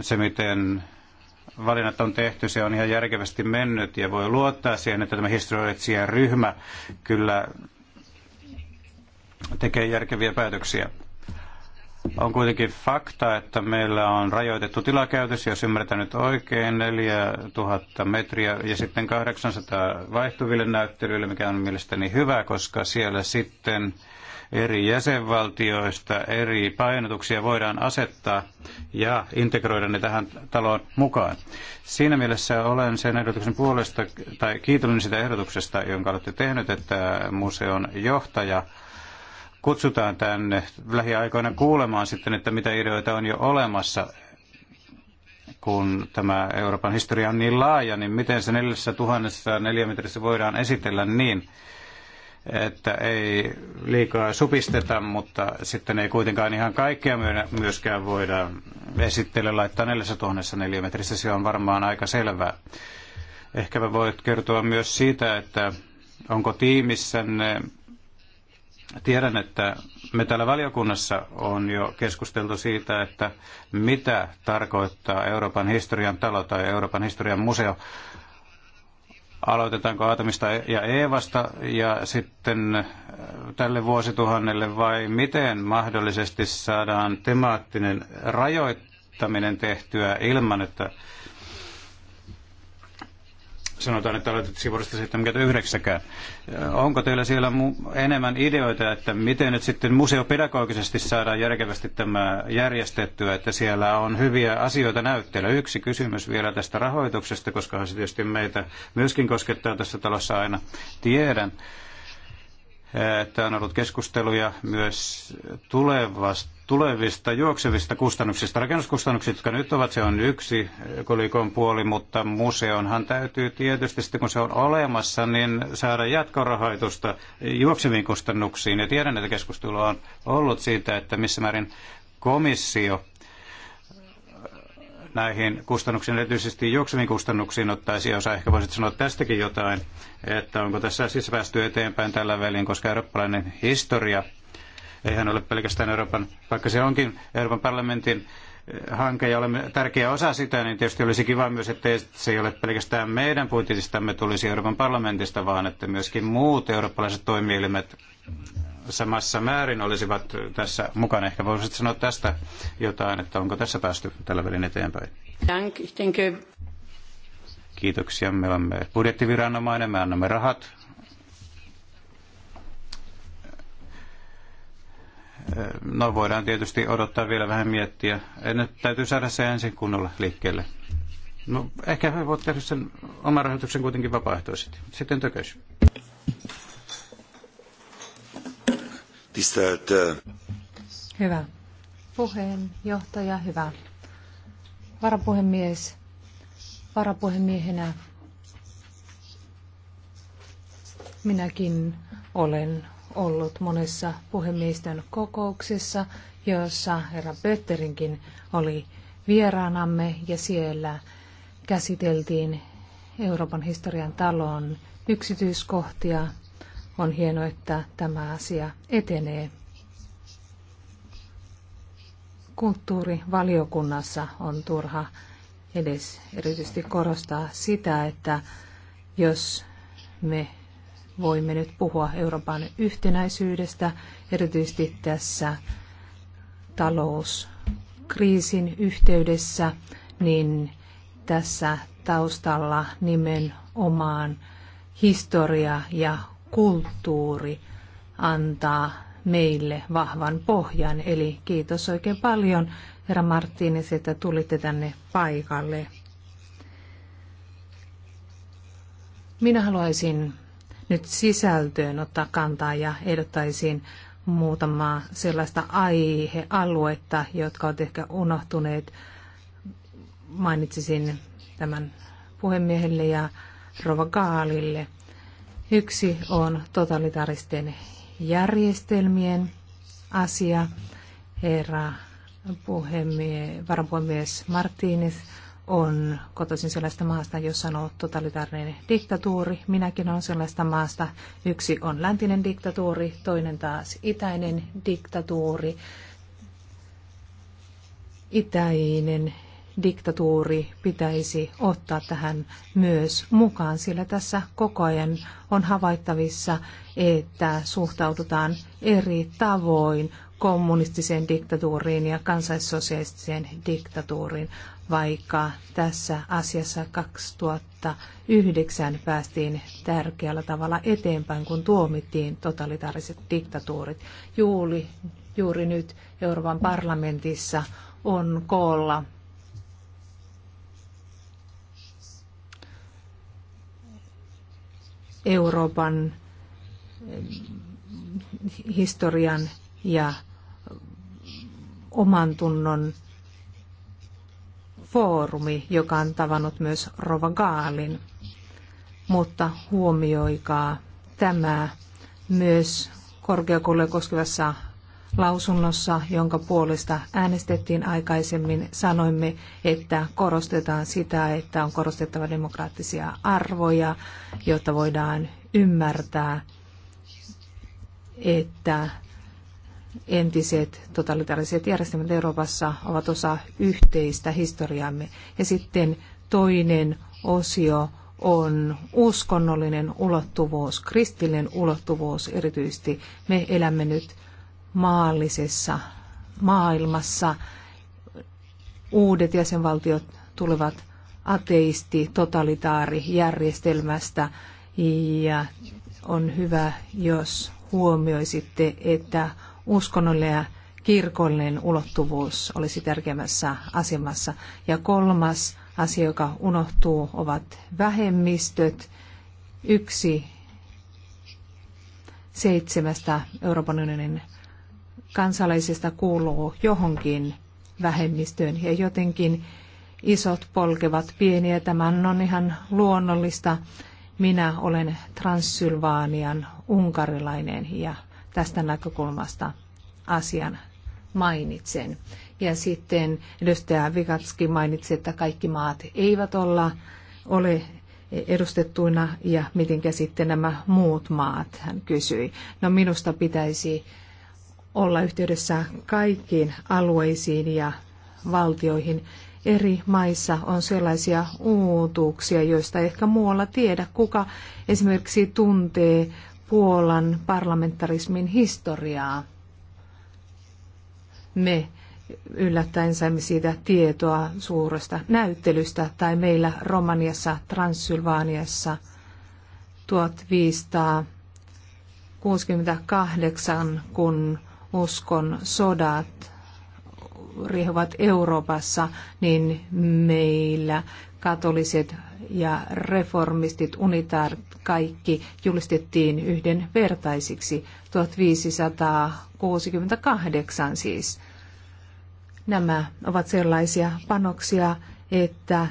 se miten valinnat on tehty, se on ihan järkevästi mennyt ja voi luottaa siihen, että tämä historioitsijaryhmä kyllä tekee järkeviä päätöksiä. On kuitenkin fakta, että meillä on rajoitettu tilakäytös, jos ymmärtän nyt oikein, 4000 metriä ja sitten 800 vaihtuville näyttelyille, mikä on mielestäni hyvä, koska siellä sitten eri jäsenvaltioista eri painotuksia voidaan asettaa ja integroida ne tähän taloon mukaan. Siinä mielessä olen sen ehdotuksen puolesta, tai kiitollinen sitä ehdotuksesta, jonka olette tehnyt, että museon johtaja – kutsutaan tänne lähiaikoina kuulemaan sitten, että mitä ideoita on jo olemassa, kun tämä Euroopan historia on niin laaja, niin miten se 4000 neliömetrissä voidaan esitellä niin, että ei liikaa supisteta, mutta sitten ei kuitenkaan ihan kaikkea myöskään voida esitellä, laittaa 4000 neliömetrissä. Se on varmaan aika selvää. Ehkä voit kertoa myös siitä, että onko tiimissänne Tiedän, että me täällä valiokunnassa on jo keskusteltu siitä, että mitä tarkoittaa Euroopan historian talo tai Euroopan historian museo. Aloitetaanko Aatamista ja Eevasta ja sitten äh, tälle vuosituhannelle vai miten mahdollisesti saadaan temaattinen rajoittaminen tehtyä ilman, että sanotaan, että aloitat sivuudesta 79. Onko teillä siellä enemmän ideoita, että miten nyt sitten museopedagogisesti saadaan järkevästi tämä järjestettyä, että siellä on hyviä asioita näytteillä? Yksi kysymys vielä tästä rahoituksesta, koska se tietysti meitä myöskin koskettaa tässä talossa aina. Tiedän, että on ollut keskusteluja myös tulevasta tulevista juoksevista kustannuksista. Rakennuskustannukset, jotka nyt ovat, se on yksi kolikon puoli, mutta museonhan täytyy tietysti sitten, kun se on olemassa, niin saada jatkorahoitusta juokseviin kustannuksiin. Ja tiedän, että keskustelua on ollut siitä, että missä määrin komissio näihin kustannuksiin, erityisesti juokseviin kustannuksiin ottaisi osa. Ehkä voisit sanoa tästäkin jotain, että onko tässä siis päästy eteenpäin tällä välin, koska eurooppalainen historia – Eihän ole pelkästään Euroopan, vaikka se onkin Euroopan parlamentin eh, hanke ja olemme tärkeä osa sitä, niin tietysti olisi kiva myös, että se ei ole pelkästään meidän budjetistamme tulisi Euroopan parlamentista, vaan että myöskin muut eurooppalaiset toimielimet samassa määrin olisivat tässä mukana. Ehkä voisit sanoa tästä jotain, että onko tässä päästy tällä välin eteenpäin. Kiitoksia. Me olemme budjettiviranomainen, me annamme rahat, No voidaan tietysti odottaa vielä vähän miettiä. Nyt täytyy saada se ensin kunnolla liikkeelle. No ehkä he voivat tehdä sen oman rahoituksen kuitenkin vapaaehtoisesti. Sitten tökös. Tisztelt. Hyvä. Puheenjohtaja, hyvä. Varapuhemies, varapuhemiehenä minäkin olen ollut monessa puhemiesten kokouksessa, jossa herra Pötterinkin oli vieraanamme ja siellä käsiteltiin Euroopan historian talon yksityiskohtia. On hienoa, että tämä asia etenee. Kulttuurivaliokunnassa on turha edes erityisesti korostaa sitä, että jos me voimme nyt puhua Euroopan yhtenäisyydestä, erityisesti tässä talouskriisin yhteydessä, niin tässä taustalla nimenomaan historia ja kulttuuri antaa meille vahvan pohjan. Eli kiitos oikein paljon, herra Marttiines, että tulitte tänne paikalle. Minä haluaisin nyt sisältöön ottaa kantaa ja ehdottaisin muutamaa sellaista aihealuetta, jotka ovat ehkä unohtuneet. Mainitsisin tämän puhemiehelle ja Rova Gaalille. Yksi on totalitaristen järjestelmien asia. Herra puhemie, varapuhemies Martínez on kotoisin sellaista maasta, jossa on ollut totalitaarinen diktatuuri. Minäkin olen sellaista maasta. Yksi on läntinen diktatuuri, toinen taas itäinen diktatuuri. Itäinen diktatuuri pitäisi ottaa tähän myös mukaan, sillä tässä koko ajan on havaittavissa, että suhtaudutaan eri tavoin kommunistiseen diktatuuriin ja kansallissosialistiseen diktatuuriin, vaikka tässä asiassa 2009 päästiin tärkeällä tavalla eteenpäin, kun tuomittiin totalitaariset diktatuurit. juuli juuri nyt Euroopan parlamentissa on koolla Euroopan historian ja omantunnon foorumi, joka on tavannut myös Rova Gaalin. Mutta huomioikaa tämä myös korkeakouluja koskevassa lausunnossa, jonka puolesta äänestettiin aikaisemmin, sanoimme, että korostetaan sitä, että on korostettava demokraattisia arvoja, jotta voidaan ymmärtää, että entiset totalitaariset järjestelmät Euroopassa ovat osa yhteistä historiaamme. Ja sitten toinen osio on uskonnollinen ulottuvuus, kristillinen ulottuvuus erityisesti. Me elämme nyt maallisessa maailmassa. Uudet jäsenvaltiot tulevat ateisti, totalitaarijärjestelmästä ja on hyvä, jos huomioisitte, että uskonnolle ja kirkollinen ulottuvuus olisi tärkeämmässä asemassa. Ja kolmas asia, joka unohtuu, ovat vähemmistöt. Yksi seitsemästä Euroopan unionin kansalaisista kuuluu johonkin vähemmistöön ja jotenkin isot polkevat pieniä. Tämän on ihan luonnollista. Minä olen Transsylvanian unkarilainen ja tästä näkökulmasta asian mainitsen. Ja sitten edustaja Vigatski mainitsi, että kaikki maat eivät olla, ole edustettuina ja mitenkä sitten nämä muut maat, hän kysyi. No minusta pitäisi olla yhteydessä kaikkiin alueisiin ja valtioihin. Eri maissa on sellaisia uutuuksia, joista ehkä muualla tiedä, kuka esimerkiksi tuntee Puolan parlamentarismin historiaa. Me yllättäen saimme siitä tietoa suuresta näyttelystä, tai meillä Romaniassa, Transsylvaaniassa 1568, kun uskon sodat riehuvat Euroopassa, niin meillä katoliset ja reformistit, unitar, kaikki julistettiin yhdenvertaisiksi 1568 siis. Nämä ovat sellaisia panoksia, että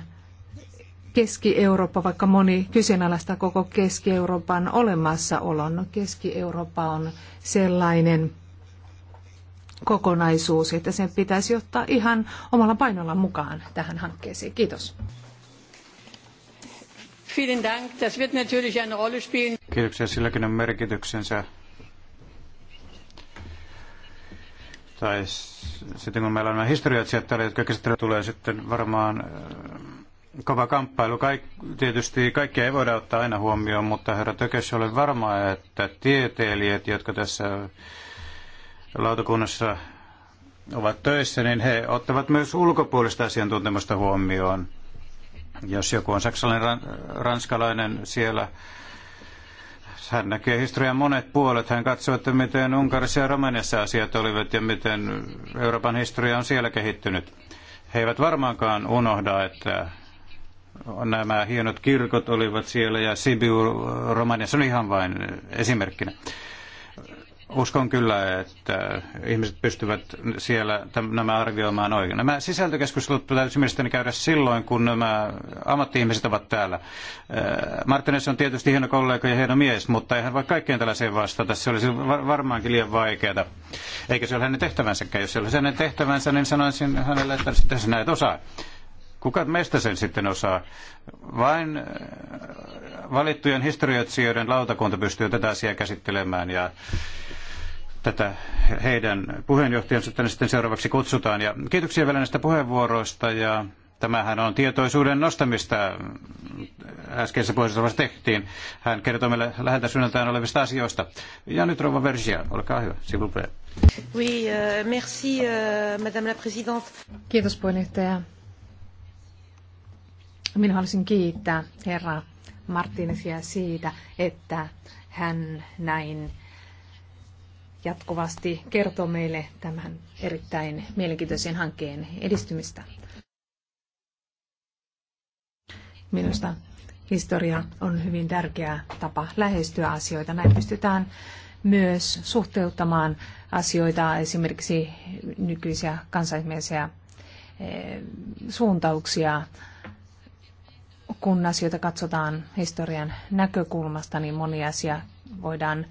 Keski-Eurooppa, vaikka moni kyseenalaistaa koko Keski-Euroopan olemassaolon, Keski-Eurooppa on sellainen kokonaisuus, että sen pitäisi ottaa ihan omalla painolla mukaan tähän hankkeeseen. Kiitos. Vielen Dank. Das wird natürlich eine Rolle spielen. Kiitoksia silläkin on merkityksensä. Tai sitten kun meillä on nämä historioitsijat täällä, jotka käsittelevät, tulee sitten varmaan äh, kova kamppailu. Kaik, tietysti kaikkea ei voida ottaa aina huomioon, mutta herra Tökes, olen varma, että tieteilijät, jotka tässä lautakunnassa ovat töissä, niin he ottavat myös ulkopuolista asiantuntemusta huomioon jos joku on saksalainen, ranskalainen siellä, hän näkee historian monet puolet. Hän katsoo, että miten Unkarissa ja Romaniassa asiat olivat ja miten Euroopan historia on siellä kehittynyt. He eivät varmaankaan unohda, että nämä hienot kirkot olivat siellä ja Sibiu Romaniassa on ihan vain esimerkkinä uskon kyllä, että ihmiset pystyvät siellä nämä arvioimaan oikein. Nämä sisältökeskustelut täytyy mielestäni käydä silloin, kun nämä ammatti-ihmiset ovat täällä. Äh, Martinez on tietysti hieno kollega ja hieno mies, mutta eihän voi kaikkeen tällaiseen vastata. Se olisi varmaankin liian vaikeaa. Eikä se ole hänen tehtävänsäkään. Jos se olisi hänen tehtävänsä, niin sanoisin hänelle, että sitten sinä et osaa. Kuka meistä sen sitten osaa? Vain äh, valittujen historioitsijoiden lautakunta pystyy tätä asiaa käsittelemään ja tätä heidän puheenjohtajansa tänne sitten seuraavaksi kutsutaan. Ja kiitoksia vielä näistä puheenvuoroista ja tämähän on tietoisuuden nostamista äskeisessä puheenvuorossa tehtiin. Hän kertoi meille läheltä sydäntään olevista asioista. Ja nyt rouva Versia, olkaa hyvä, sivu Oui, euh, merci, euh, madame la présidente. Kiitos puheenjohtaja. Minä haluaisin kiittää herra Martinezia siitä, että hän näin jatkuvasti kertoo meille tämän erittäin mielenkiintoisen hankkeen edistymistä. Minusta historia on hyvin tärkeä tapa lähestyä asioita. Näin pystytään myös suhteuttamaan asioita, esimerkiksi nykyisiä kansainvälisiä eh, suuntauksia. Kun asioita katsotaan historian näkökulmasta, niin moni asia voidaan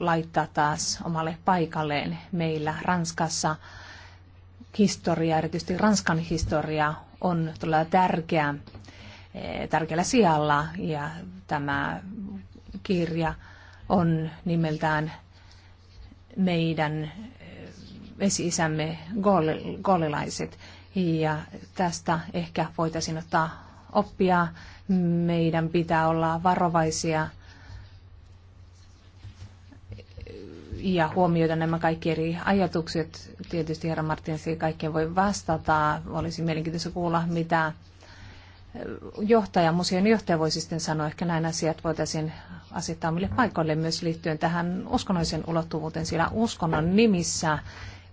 laittaa taas omalle paikalleen. Meillä Ranskassa historia, erityisesti Ranskan historia, on todella tärkeä, eh, tärkeällä sijalla ja tämä kirja on nimeltään meidän eh, esi-isämme goolilaiset. Ja tästä ehkä voitaisiin ottaa oppia. Meidän pitää olla varovaisia ja huomioida nämä kaikki eri ajatukset. Tietysti herra Martinsi kaikkeen voi vastata. Olisi mielenkiintoista kuulla, mitä eh, johtaja, museon johtaja voisi sitten sanoa, ehkä näin asiat voitaisiin asettaa omille paikoille myös liittyen tähän uskonnollisen ulottuvuuteen, sillä uskonnon nimissä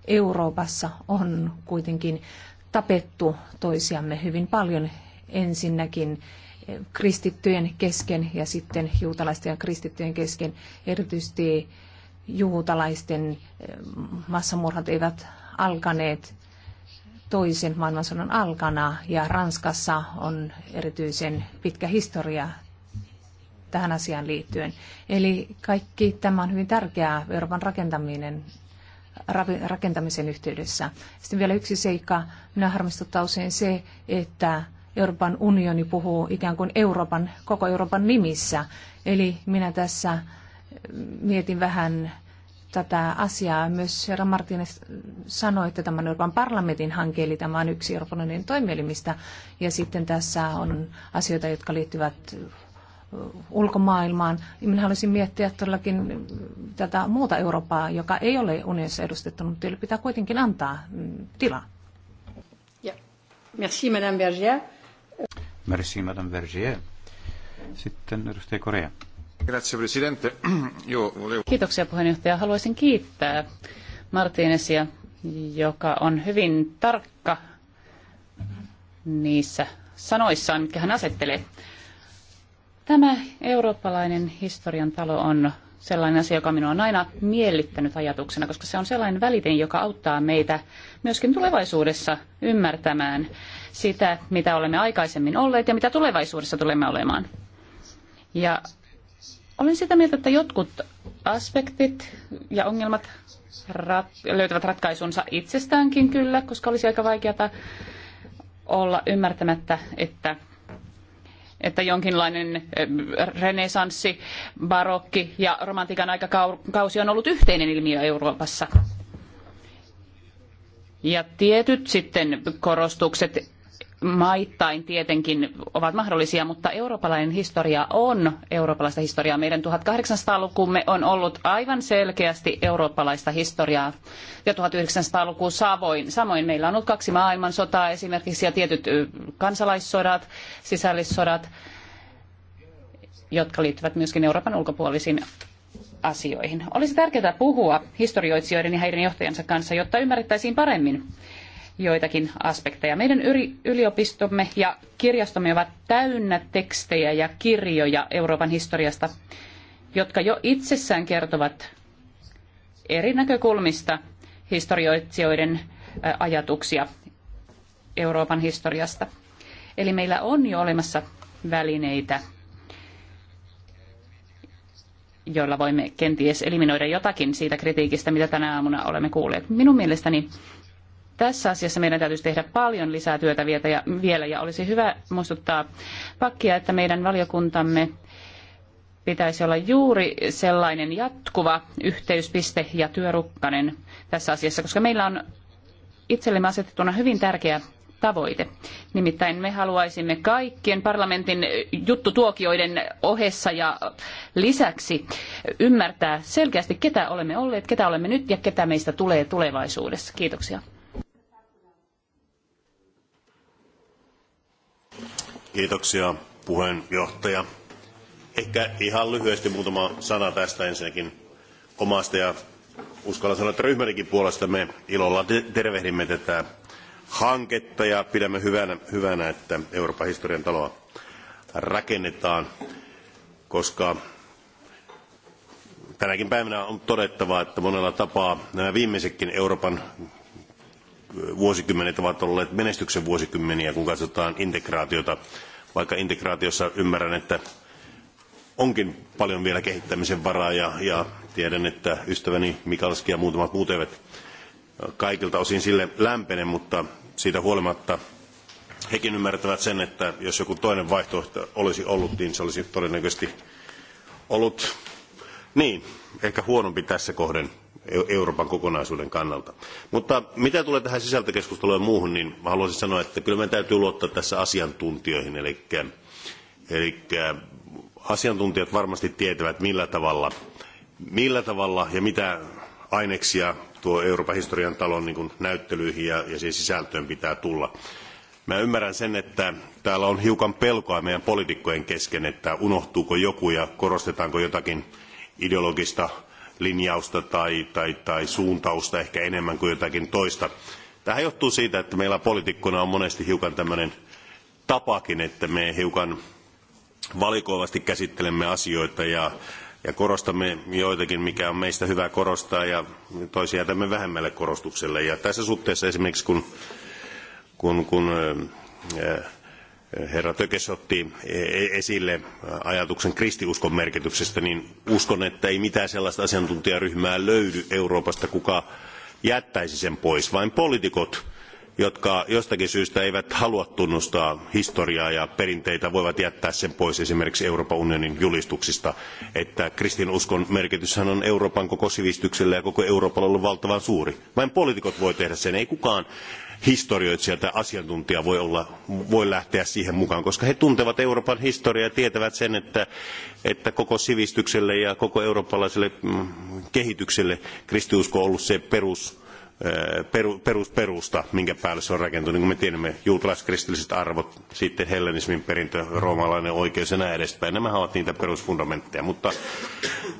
Euroopassa on kuitenkin tapettu toisiamme hyvin paljon ensinnäkin eh, kristittyjen kesken ja sitten juutalaisten ja kristittyjen kesken. Erityisesti juutalaisten eh, massamurhat eivät alkaneet toisen maailmansodan alkana ja Ranskassa on erityisen pitkä historia tähän asiaan liittyen. Eli kaikki tämä on hyvin tärkeää Euroopan rakentaminen, rakentamisen yhteydessä. Sitten vielä yksi seikka. Minä harmistuttaa usein se, että Euroopan unioni puhuu ikään kuin Euroopan, koko Euroopan nimissä. Eli minä tässä mietin vähän tätä asiaa. Myös herra Martínez sanoi, että tämä on Euroopan parlamentin hanke, eli tämä on yksi Euroopan unionin toimielimistä. Ja sitten tässä on asioita, jotka liittyvät ulkomaailmaan. Minä haluaisin miettiä todellakin tätä muuta Eurooppaa, joka ei ole unionissa edustettuna, mutta jolle pitää kuitenkin antaa mm, tilaa. Ja. Merci, Madame Vergier. Merci, Madame Vergier. Sitten edustaja Korea. Kiitoksia puheenjohtaja. Haluaisin kiittää Martinesia, joka on hyvin tarkka niissä sanoissaan, mitkä hän asettelee. Tämä eurooppalainen historian talo on sellainen asia, joka minua on aina miellyttänyt ajatuksena, koska se on sellainen välitin, joka auttaa meitä myöskin tulevaisuudessa ymmärtämään sitä, mitä olemme aikaisemmin olleet ja mitä tulevaisuudessa tulemme olemaan. Ja olen sitä mieltä, että jotkut aspektit ja ongelmat rat- löytävät ratkaisunsa itsestäänkin kyllä, koska olisi aika vaikeata olla ymmärtämättä, että että jonkinlainen eh, renesanssi, barokki ja romantiikan aikakausi on ollut yhteinen ilmiö Euroopassa. Ja tietyt sitten korostukset maittain tietenkin ovat mahdollisia, mutta eurooppalainen historia on eurooppalaista historiaa. Meidän 1800-lukumme on ollut aivan selkeästi eurooppalaista historiaa. Ja 1900-luku samoin, samoin meillä on ollut kaksi maailmansotaa esimerkiksi ja tietyt kansalaissodat, sisällissodat, jotka liittyvät myöskin Euroopan ulkopuolisiin asioihin. Olisi tärkeää puhua historioitsijoiden ja heidän johtajansa kanssa, jotta ymmärrettäisiin paremmin joitakin aspekteja. Meidän yliopistomme ja kirjastomme ovat täynnä tekstejä ja kirjoja Euroopan historiasta, jotka jo itsessään kertovat eri näkökulmista historioitsijoiden ajatuksia Euroopan historiasta. Eli meillä on jo olemassa välineitä, joilla voimme kenties eliminoida jotakin siitä kritiikistä, mitä tänä aamuna olemme kuulleet. Minun mielestäni tässä asiassa meidän täytyisi tehdä paljon lisää työtä vielä ja olisi hyvä muistuttaa pakkia, että meidän valiokuntamme pitäisi olla juuri sellainen jatkuva yhteyspiste ja työrukkanen tässä asiassa, koska meillä on itsellemme asetettuna hyvin tärkeä tavoite. Nimittäin me haluaisimme kaikkien parlamentin juttutuokioiden ohessa ja lisäksi ymmärtää selkeästi, ketä olemme olleet, ketä olemme nyt ja ketä meistä tulee tulevaisuudessa. Kiitoksia. Kiitoksia puheenjohtaja. Ehkä ihan lyhyesti muutama sana tästä ensinnäkin omasta ja uskallan sanoa, että ryhmänikin puolesta me ilolla tervehdimme tätä hanketta ja pidämme hyvänä, hyvänä että Euroopan historian taloa rakennetaan, koska tänäkin päivänä on todettava, että monella tapaa nämä viimeisetkin Euroopan vuosikymmenet ovat olleet menestyksen vuosikymmeniä, kun katsotaan integraatiota, vaikka integraatiossa ymmärrän, että onkin paljon vielä kehittämisen varaa ja, ja tiedän, että ystäväni Mikalski ja muutamat muut eivät kaikilta osin sille lämpene, mutta siitä huolimatta hekin ymmärtävät sen, että jos joku toinen vaihtoehto olisi ollut, niin se olisi todennäköisesti ollut niin, ehkä huonompi tässä kohden Euroopan kokonaisuuden kannalta. Mutta mitä tulee tähän sisältökeskusteluun ja muuhun, niin haluaisin sanoa, että kyllä meidän täytyy luottaa tässä asiantuntijoihin, eli, eli asiantuntijat varmasti tietävät millä tavalla, millä tavalla ja mitä aineksia tuo Euroopan historian talon niin näyttelyihin ja, ja siihen sisältöön pitää tulla. Mä ymmärrän sen, että täällä on hiukan pelkoa meidän poliitikkojen kesken, että unohtuuko joku ja korostetaanko jotakin ideologista linjausta tai, tai, tai suuntausta ehkä enemmän kuin jotakin toista. Tähän johtuu siitä, että meillä poliitikkoina on monesti hiukan tämmöinen tapakin, että me hiukan valikoivasti käsittelemme asioita ja, ja korostamme joitakin, mikä on meistä hyvä korostaa ja toisia jätämme vähemmälle korostukselle. Ja tässä suhteessa esimerkiksi kun, kun, kun äh, herra Tökes otti e-, e-, esille ajatuksen kristiuskon merkityksestä, niin uskon, että ei mitään sellaista asiantuntijaryhmää löydy Euroopasta, kuka jättäisi sen pois. Vain poliitikot, jotka jostakin syystä eivät halua tunnustaa historiaa ja perinteitä, voivat jättää sen pois esimerkiksi Euroopan unionin julistuksista. Että kristinuskon merkityshän on Euroopan koko sivistykselle ja koko Euroopalla ollut valtavan suuri. Vain poliitikot voi tehdä sen, ei kukaan historioitsija tai asiantuntija voi, olla, voi lähteä siihen mukaan, koska he tuntevat Euroopan historiaa ja tietävät sen, että, että koko sivistykselle ja koko eurooppalaiselle mm, kehitykselle kristiusko on ollut se perus perusperusta, minkä päälle se on rakentunut. Niin kuin me tiedämme, juutalaiskristilliset arvot, sitten hellenismin perintö, roomalainen oikeus ja näin edespäin. Nämä ovat niitä perusfundamentteja. Mutta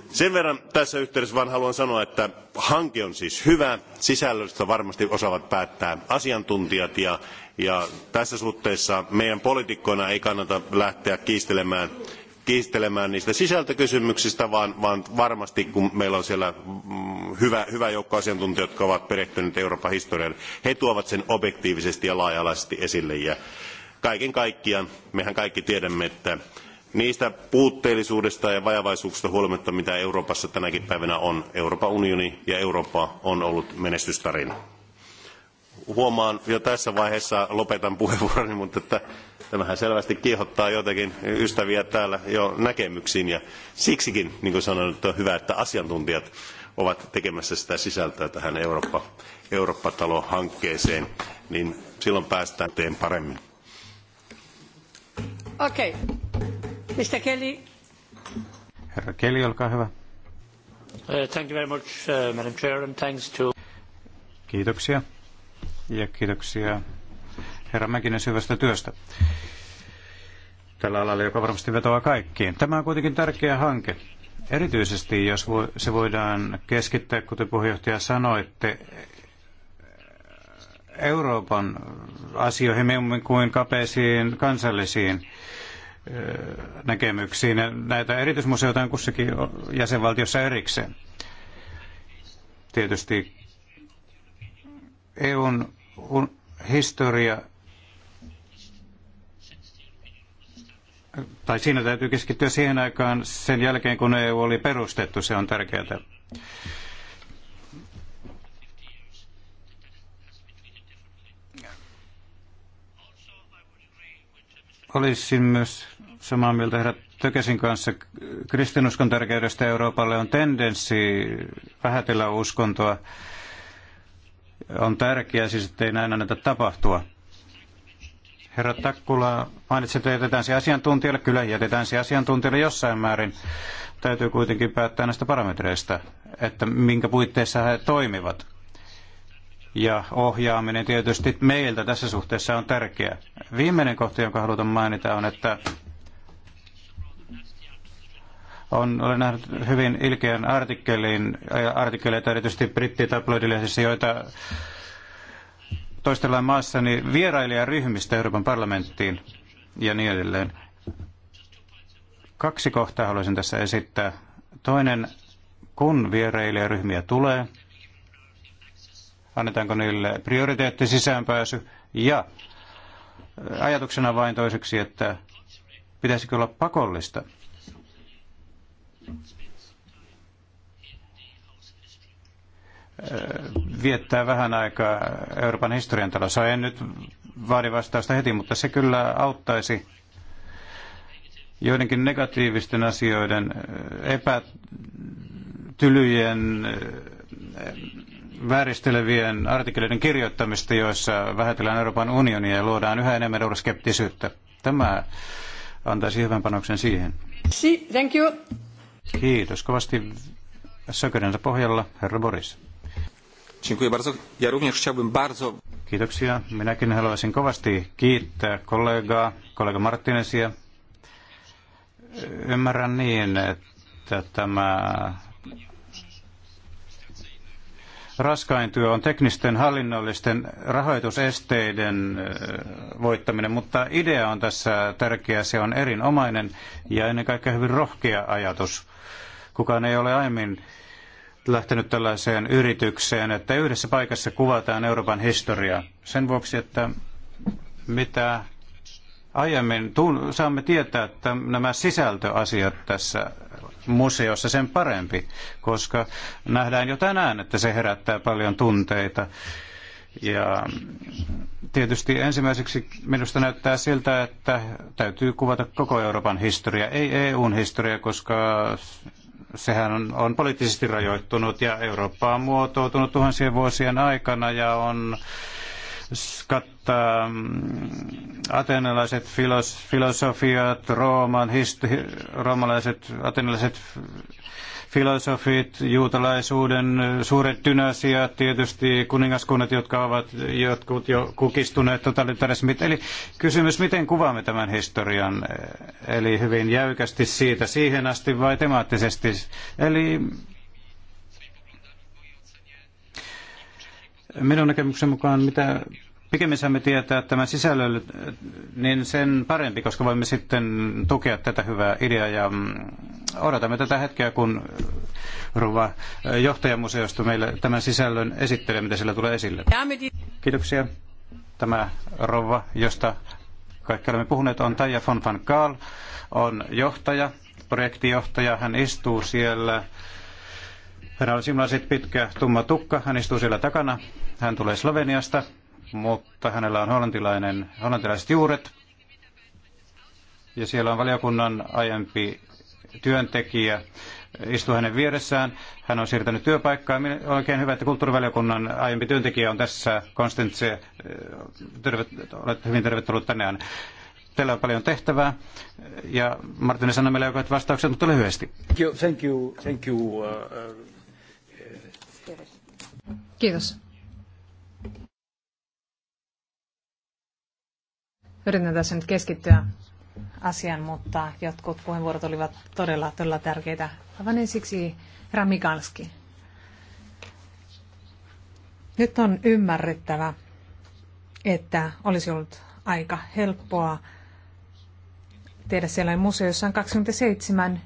sen verran tässä yhteydessä vain haluan sanoa, että hanke on siis hyvä. Sisällöstä varmasti osaavat päättää asiantuntijat ja, ja tässä suhteessa meidän poliitikkoina ei kannata lähteä kiistelemään kiistelemään niistä sisältökysymyksistä, vaan, vaan varmasti kun meillä on siellä mm, hyvä, hyvä joukko asiantuntijoita, jotka ovat perehtyneet Euroopan historiaan, he tuovat sen objektiivisesti ja laaja-alaisesti esille. Ja kaiken kaikkiaan mehän kaikki tiedämme, että niistä puutteellisuudesta ja vajavaisuuksista huolimatta, mitä Euroopassa tänäkin päivänä on, Euroopan unioni ja Eurooppa on ollut menestystarina. Huomaan jo tässä vaiheessa, lopetan puheenvuoroni, mutta että tämähän selvästi kiihottaa jotakin ystäviä täällä jo näkemyksiin ja siksikin, niin kuin sanoin, että on hyvä, että asiantuntijat ovat tekemässä sitä sisältöä tähän Eurooppa, Eurooppa-talo-hankkeeseen, niin silloin päästään teen paremmin. Okei. Mr. Kelly. Herra Kelly, olkaa hyvä. Uh, thank you very much, uh, Madam Chair, and thanks to... Kiitoksia. Ja kiitoksia herra Mäkinen syvästä työstä tällä alalla, joka varmasti vetoaa kaikkiin. Tämä on kuitenkin tärkeä hanke, erityisesti jos se voidaan keskittää, kuten puheenjohtaja sanoitte, Euroopan asioihin mieluummin kuin kapeisiin kansallisiin näkemyksiin. Näitä erityismuseoita on kussakin jäsenvaltiossa erikseen. Tietysti EUn historia tai siinä täytyy keskittyä siihen aikaan sen jälkeen, kun EU oli perustettu. Se on tärkeää. Olisin myös samaa mieltä herra Tökesin kanssa kristinuskon tärkeydestä Euroopalle on tendenssi vähätellä uskontoa. On tärkeää siis, ettei näin anneta tapahtua. Herra Takkula, mainitsin, että jätetään se asiantuntijalle. Kyllä jätetään se asiantuntijalle jossain määrin. Täytyy kuitenkin päättää näistä parametreista, että minkä puitteissa he toimivat. Ja ohjaaminen tietysti meiltä tässä suhteessa on tärkeää. Viimeinen kohta, jonka haluan mainita, on, että on, olen nähnyt hyvin ilkeän artikkelin, artikkeleita erityisesti brittitabloidilehdissä, joita toistellaan maassani vierailijaryhmistä Euroopan parlamenttiin ja niin edelleen. Kaksi kohtaa haluaisin tässä esittää. Toinen, kun vierailijaryhmiä tulee, annetaanko niille prioriteetti sisäänpääsy ja äh, ajatuksena vain toiseksi, että pitäisikö olla pakollista viettää vähän aikaa Euroopan historian talossa. En nyt vaadi vastausta heti, mutta se kyllä auttaisi joidenkin negatiivisten asioiden, epätylyjen, vääristelevien artikkeleiden kirjoittamista, joissa vähätellään Euroopan unionia ja luodaan yhä enemmän euroskeptisyyttä. Tämä antaisi hyvän panoksen siihen. Si, thank you. Kiitos kovasti. Sökönensä pohjalla, herra Boris. Dziękuję bardzo. Ja również chciałbym bardzo... Kiitoksia. Minäkin haluaisin kovasti kiittää kollegaa, kollega Martinesia. Ymmärrän niin, että tämä raskain työ on teknisten hallinnollisten rahoitusesteiden voittaminen, mutta idea on tässä tärkeä, se on erinomainen ja ennen kaikkea hyvin rohkea ajatus. Kukaan ei ole aiemmin lähtenyt tällaiseen yritykseen, että yhdessä paikassa kuvataan Euroopan historiaa. Sen vuoksi, että mitä aiemmin saamme tietää, että nämä sisältöasiat tässä museossa sen parempi, koska nähdään jo tänään, että se herättää paljon tunteita. Ja tietysti ensimmäiseksi minusta näyttää siltä, että täytyy kuvata koko Euroopan historia, ei EUn historia, koska sehän on, on poliittisesti rajoittunut ja Eurooppa on muotoutunut tuhansien vuosien aikana ja on kattaa mm, atenalaiset filos, filosofiat, Rooman, roomalaiset, atenalaiset filosofit, juutalaisuuden suuret dynastiat, tietysti kuningaskunnat, jotka ovat jotkut jo kukistuneet totalitarismit. Eli kysymys, miten kuvaamme tämän historian, eli hyvin jäykästi siitä siihen asti vai temaattisesti. Eli minun näkemyksen mukaan mitä pikemmin saamme tietää tämän sisällön, niin sen parempi, koska voimme sitten tukea tätä hyvää ideaa ja mm, odotamme tätä hetkeä, kun Ruva johtajamuseosta meille tämän sisällön esittelee, mitä sillä tulee esille. Kiitoksia. Tämä rouva, josta kaikki olemme puhuneet, on Taija von van Kaal, on johtaja, projektijohtaja. Hän istuu siellä Hänellä on silmälasit pitkä tumma tukka, hän istuu siellä takana. Hän tulee Sloveniasta mutta hänellä on hollantilainen, hollantilaiset juuret. Ja siellä on valiokunnan aiempi työntekijä, istuu hänen vieressään. Hän on siirtänyt työpaikkaa. Oikein hyvä, että kulttuurivaliokunnan aiempi työntekijä on tässä. Konstantse, äh, tervet, olette hyvin tervetullut tänne. Teillä on paljon tehtävää. Ja Martin sanoi meille jokaiset vastaukset, mutta lyhyesti. Thank you, thank you, uh, uh, Kiitos. Yritän tässä nyt keskittyä asiaan, mutta jotkut puheenvuorot olivat todella, todella tärkeitä. Aivan ensiksi Ramikalski. Nyt on ymmärrettävä, että olisi ollut aika helppoa tehdä sellainen museossa on 27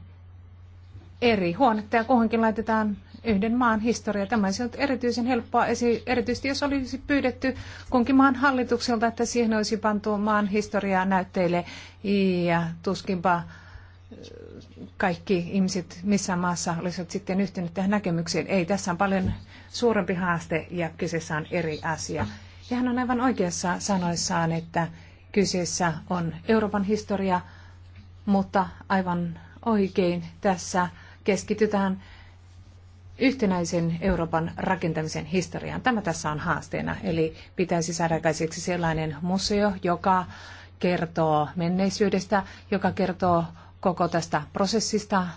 eri huonetta ja kuhunkin laitetaan yhden maan historia. Tämä olisi ollut erityisen helppoa, erityisesti jos olisi pyydetty kunkin maan hallitukselta, että siihen olisi pantu maan historiaa näytteille ja tuskinpa äh, kaikki ihmiset missä maassa olisivat sitten yhtyneet tähän näkemykseen. Ei, tässä on paljon suurempi haaste ja kyseessä on eri asia. Ja hän on aivan oikeassa sanoissaan, että kyseessä on Euroopan historia, mutta aivan oikein tässä keskitytään yhtenäisen Euroopan rakentamisen historiaan. Tämä tässä on haasteena, eli pitäisi saada aikaiseksi sellainen museo, joka kertoo menneisyydestä, joka kertoo koko tästä prosessista.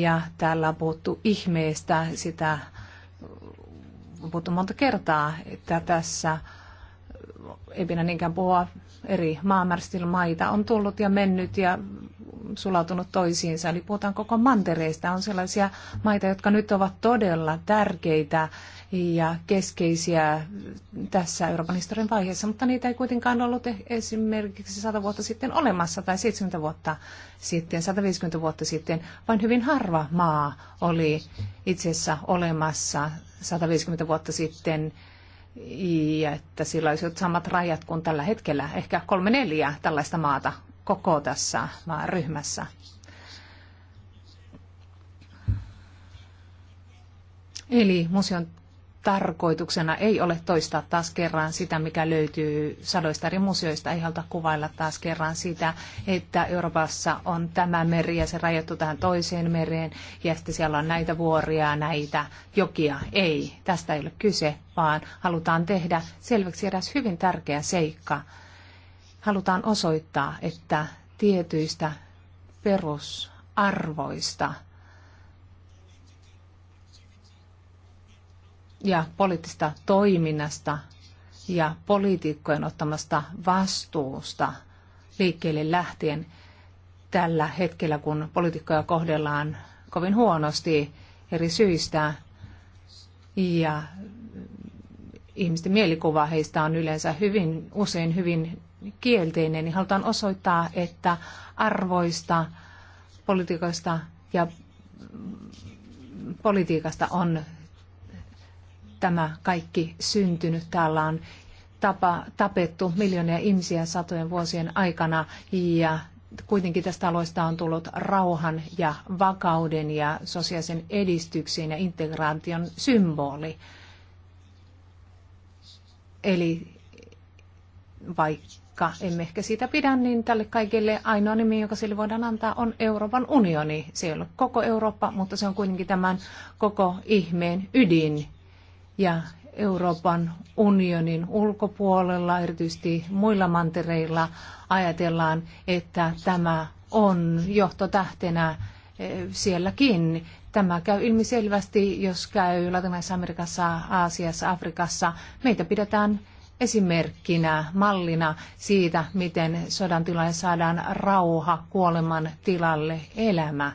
Ja täällä on puhuttu ihmeestä, sitä on puhuttu monta kertaa, että tässä ei pidä niinkään puhua eri maamärstilmaita on tullut ja mennyt ja sulautunut toisiinsa. Eli puhutaan koko mantereesta. On sellaisia maita, jotka nyt ovat todella tärkeitä ja keskeisiä tässä Euroopan historian vaiheessa, mutta niitä ei kuitenkaan ollut e- esimerkiksi 100 vuotta sitten olemassa tai 70 vuotta sitten, 150 vuotta sitten, vain hyvin harva maa oli itse asiassa olemassa 150 vuotta sitten ja että sillä olisi samat rajat kuin tällä hetkellä, ehkä kolme neljä tällaista maata koko tässä vaan ryhmässä. Eli museon tarkoituksena ei ole toistaa taas kerran sitä, mikä löytyy sadoista eri museoista. Ei haluta kuvailla taas kerran sitä, että Euroopassa on tämä meri ja se rajattu tähän toiseen mereen ja sitten siellä on näitä vuoria, näitä jokia. Ei, tästä ei ole kyse, vaan halutaan tehdä selväksi eräs hyvin tärkeä seikka – halutaan osoittaa, että tietyistä perusarvoista ja poliittista toiminnasta ja poliitikkojen ottamasta vastuusta liikkeelle lähtien tällä hetkellä, kun poliitikkoja kohdellaan kovin huonosti eri syistä ja ihmisten mielikuva heistä on yleensä hyvin, usein hyvin kielteinen, niin halutaan osoittaa, että arvoista, politiikoista ja politiikasta on tämä kaikki syntynyt. Täällä on tapa, tapettu miljoonia ihmisiä satojen vuosien aikana ja kuitenkin tästä aloista on tullut rauhan ja vakauden ja sosiaalisen edistyksen ja integraation symboli. Eli vaikka vaikka emme ehkä siitä pidä, niin tälle kaikille ainoa nimi, joka sille voidaan antaa, on Euroopan unioni. Se ei ole koko Eurooppa, mutta se on kuitenkin tämän koko ihmeen ydin. Ja Euroopan unionin ulkopuolella, erityisesti muilla mantereilla, ajatellaan, että tämä on johtotähtenä eh, sielläkin. Tämä käy ilmi selvästi, jos käy Latinalaisessa Amerikassa, Aasiassa, Afrikassa. Meitä pidetään esimerkkinä, mallina siitä, miten sodan tilalle saadaan rauha kuoleman tilalle elämä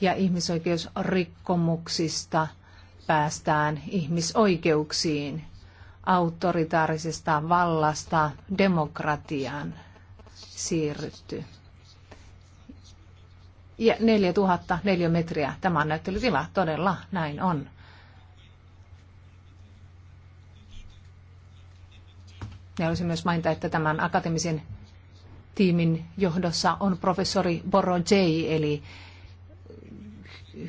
ja ihmisoikeusrikkomuksista päästään ihmisoikeuksiin, autoritaarisesta vallasta demokratiaan siirrytty. Ja 4000 neliömetriä, tämä on näyttelytila, todella näin on. Ja haluaisin myös mainita, että tämän akateemisen tiimin johdossa on professori Boro J, eli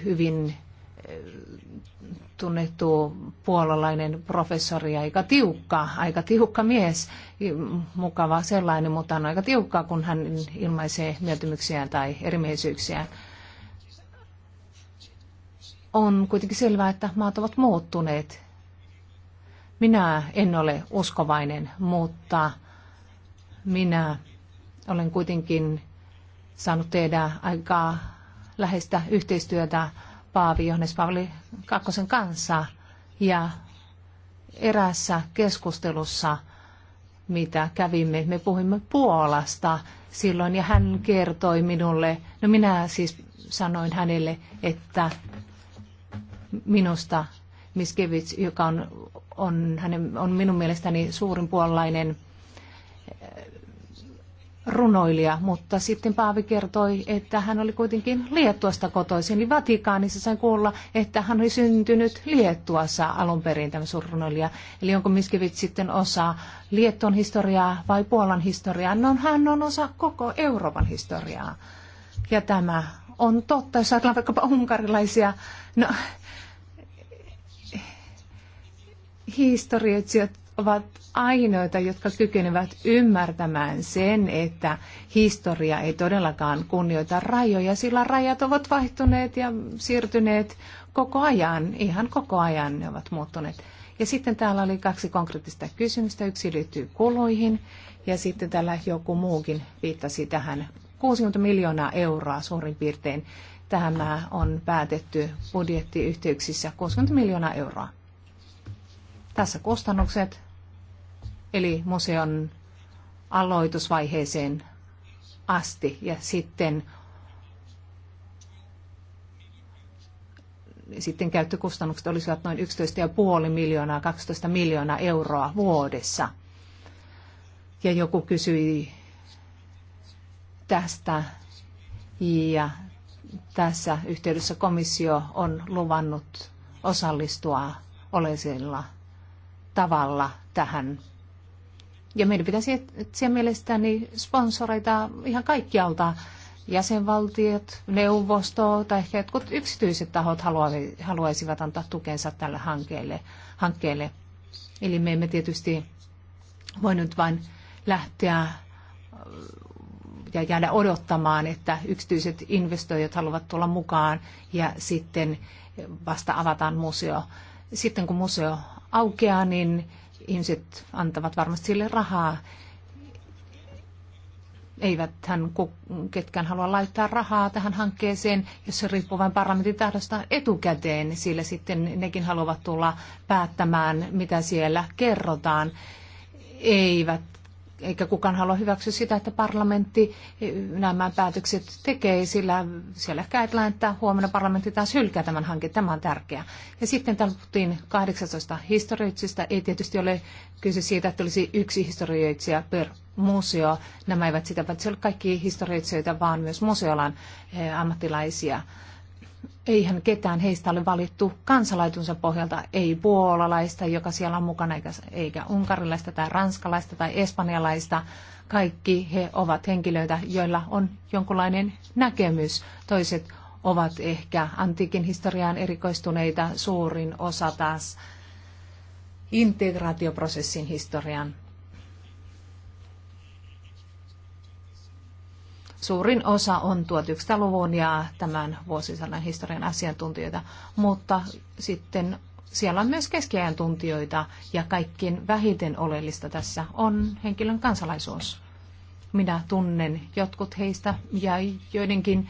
hyvin eh, tunnettu puolalainen professori, aika tiukka, aika tiukka mies, mukava sellainen, mutta on aika tiukka, kun hän ilmaisee mieltymyksiään tai erimielisyyksiään. On kuitenkin selvää, että maat ovat muuttuneet minä en ole uskovainen, mutta minä olen kuitenkin saanut tehdä aika läheistä yhteistyötä Paavi Johannes Paavali II kanssa ja eräässä keskustelussa, mitä kävimme, me puhuimme Puolasta silloin ja hän kertoi minulle, no minä siis sanoin hänelle, että minusta Miskevits, joka on on, hänen, on minun mielestäni suurin puolalainen eh, runoilija, mutta sitten Paavi kertoi, että hän oli kuitenkin Liettuasta kotoisin, eli niin Vatikaanissa sain kuulla, että hän oli syntynyt Liettuassa alun perin tämä suurrunoilija. Eli onko Miskivit sitten osa Liettuan historiaa vai Puolan historiaa? No hän on osa koko Euroopan historiaa. Ja tämä on totta, jos ajatellaan vaikkapa unkarilaisia, no historioitsijat ovat ainoita, jotka kykenevät ymmärtämään sen, että historia ei todellakaan kunnioita rajoja, sillä rajat ovat vaihtuneet ja siirtyneet koko ajan, ihan koko ajan ne ovat muuttuneet. Ja sitten täällä oli kaksi konkreettista kysymystä. Yksi liittyy kuluihin ja sitten täällä joku muukin viittasi tähän 60 miljoonaa euroa suurin piirtein. Tämä on päätetty budjettiyhteyksissä 60 miljoonaa euroa. Tässä kustannukset, eli museon aloitusvaiheeseen asti ja sitten, sitten käyttökustannukset olisivat noin 11,5 miljoonaa, 12 miljoonaa euroa vuodessa. Ja joku kysyi tästä ja tässä yhteydessä komissio on luvannut osallistua oleellisilla tavalla tähän. Ja meidän pitäisi etsiä mielestäni sponsoreita ihan kaikkialta. Jäsenvaltiot, neuvosto tai ehkä jotkut yksityiset tahot haluaisivat antaa tukensa tälle hankkeelle. hankkeelle. Eli me emme tietysti voi nyt vain lähteä ja jäädä odottamaan, että yksityiset investoijat haluavat tulla mukaan ja sitten vasta avataan museo. Sitten kun museo aukeaa, niin ihmiset antavat varmasti sille rahaa. Eivät hän ketkään halua laittaa rahaa tähän hankkeeseen, jos se riippuu vain parlamentin tahdosta etukäteen, sillä sitten nekin haluavat tulla päättämään, mitä siellä kerrotaan. Eivät eikä kukaan halua hyväksyä sitä, että parlamentti eh, nämä päätökset tekee, sillä siellä ehkä ajatellaan, että huomenna parlamentti taas hylkää tämän hankkeen. Tämä on tärkeää. Ja sitten täällä puhuttiin 18 historioitsijasta. Ei tietysti ole kyse siitä, että olisi yksi historioitsija per museo. Nämä eivät sitä, vaan se kaikki historioitsijoita, vaan myös museoalan eh, ammattilaisia eihän ketään heistä ole valittu kansalaitunsa pohjalta, ei puolalaista, joka siellä on mukana, eikä, eikä unkarilaista tai ranskalaista tai espanjalaista. Kaikki he ovat henkilöitä, joilla on jonkunlainen näkemys. Toiset ovat ehkä antiikin historiaan erikoistuneita, suurin osa taas integraatioprosessin historian Suurin osa on 1900-luvun ja tämän vuosisadan historian asiantuntijoita, mutta sitten siellä on myös keskiajan tuntijoita ja kaikkien vähiten oleellista tässä on henkilön kansalaisuus. Minä tunnen jotkut heistä ja joidenkin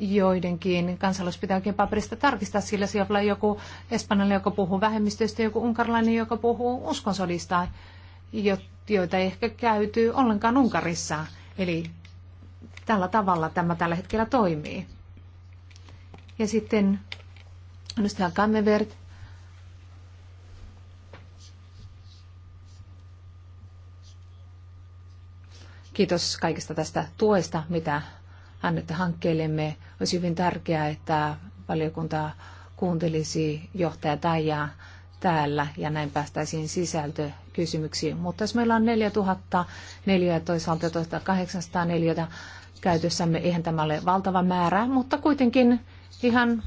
joidenkin kansalaisuus pitää oikein paperista tarkistaa, sillä siellä on joku espanjalainen, joka puhuu vähemmistöistä, joku unkarlainen, joka puhuu uskonsodista joita ei ehkä käyty ollenkaan Unkarissa. Eli tällä tavalla tämä tällä hetkellä toimii. Ja sitten Anastasia Kammevert Kiitos kaikesta tästä tuesta, mitä annette hankkeillemme. Olisi hyvin tärkeää, että valiokunta kuuntelisi johtaja Taijaa täällä ja näin päästäisiin sisältökysymyksiin. Mutta jos meillä on 4000 neliöä, toisaalta toista neliötä käytössämme, eihän tämä ole valtava määrä, mutta kuitenkin ihan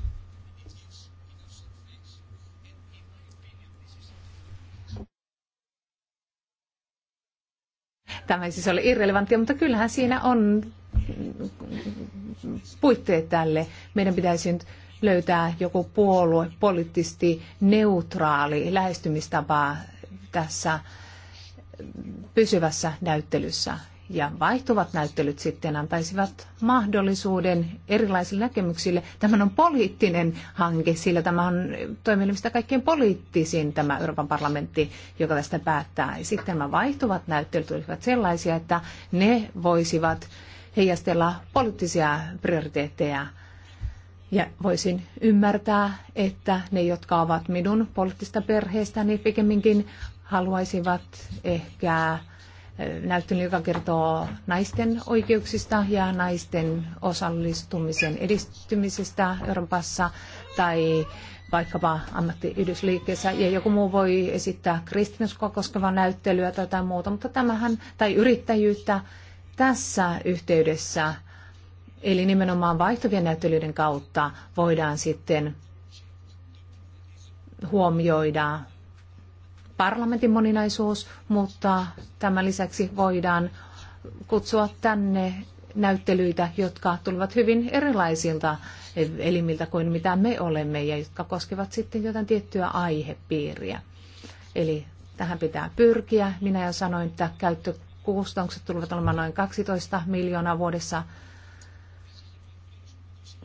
Tämä ei siis ole irrelevanttia, mutta kyllähän siinä on puitteet tälle. Meidän pitäisi nyt löytää joku puolue poliittisesti neutraali lähestymistapa tässä pysyvässä näyttelyssä. Ja vaihtuvat näyttelyt sitten antaisivat mahdollisuuden erilaisille näkemyksille. Tämä on poliittinen hanke, sillä tämä on toimielimistä kaikkein poliittisin tämä Euroopan parlamentti, joka tästä päättää. Ja sitten nämä vaihtuvat näyttelyt olisivat sellaisia, että ne voisivat heijastella poliittisia prioriteetteja – ja voisin ymmärtää, että ne, jotka ovat minun poliittista perheestäni, niin pikemminkin haluaisivat ehkä näyttelyn, joka kertoo naisten oikeuksista ja naisten osallistumisen edistymisestä Euroopassa tai vaikkapa ammattiyhdysliikkeessä ja joku muu voi esittää kristinuskoa koskevaa näyttelyä tai jotain muuta, mutta tämähän, tai yrittäjyyttä tässä yhteydessä Eli nimenomaan vaihtuvien näyttelyiden kautta voidaan sitten huomioida parlamentin moninaisuus, mutta tämän lisäksi voidaan kutsua tänne näyttelyitä, jotka tulevat hyvin erilaisilta elimiltä kuin mitä me olemme ja jotka koskevat sitten jotain tiettyä aihepiiriä. Eli tähän pitää pyrkiä. Minä jo sanoin, että käyttökustannukset tulevat olemaan noin 12 miljoonaa vuodessa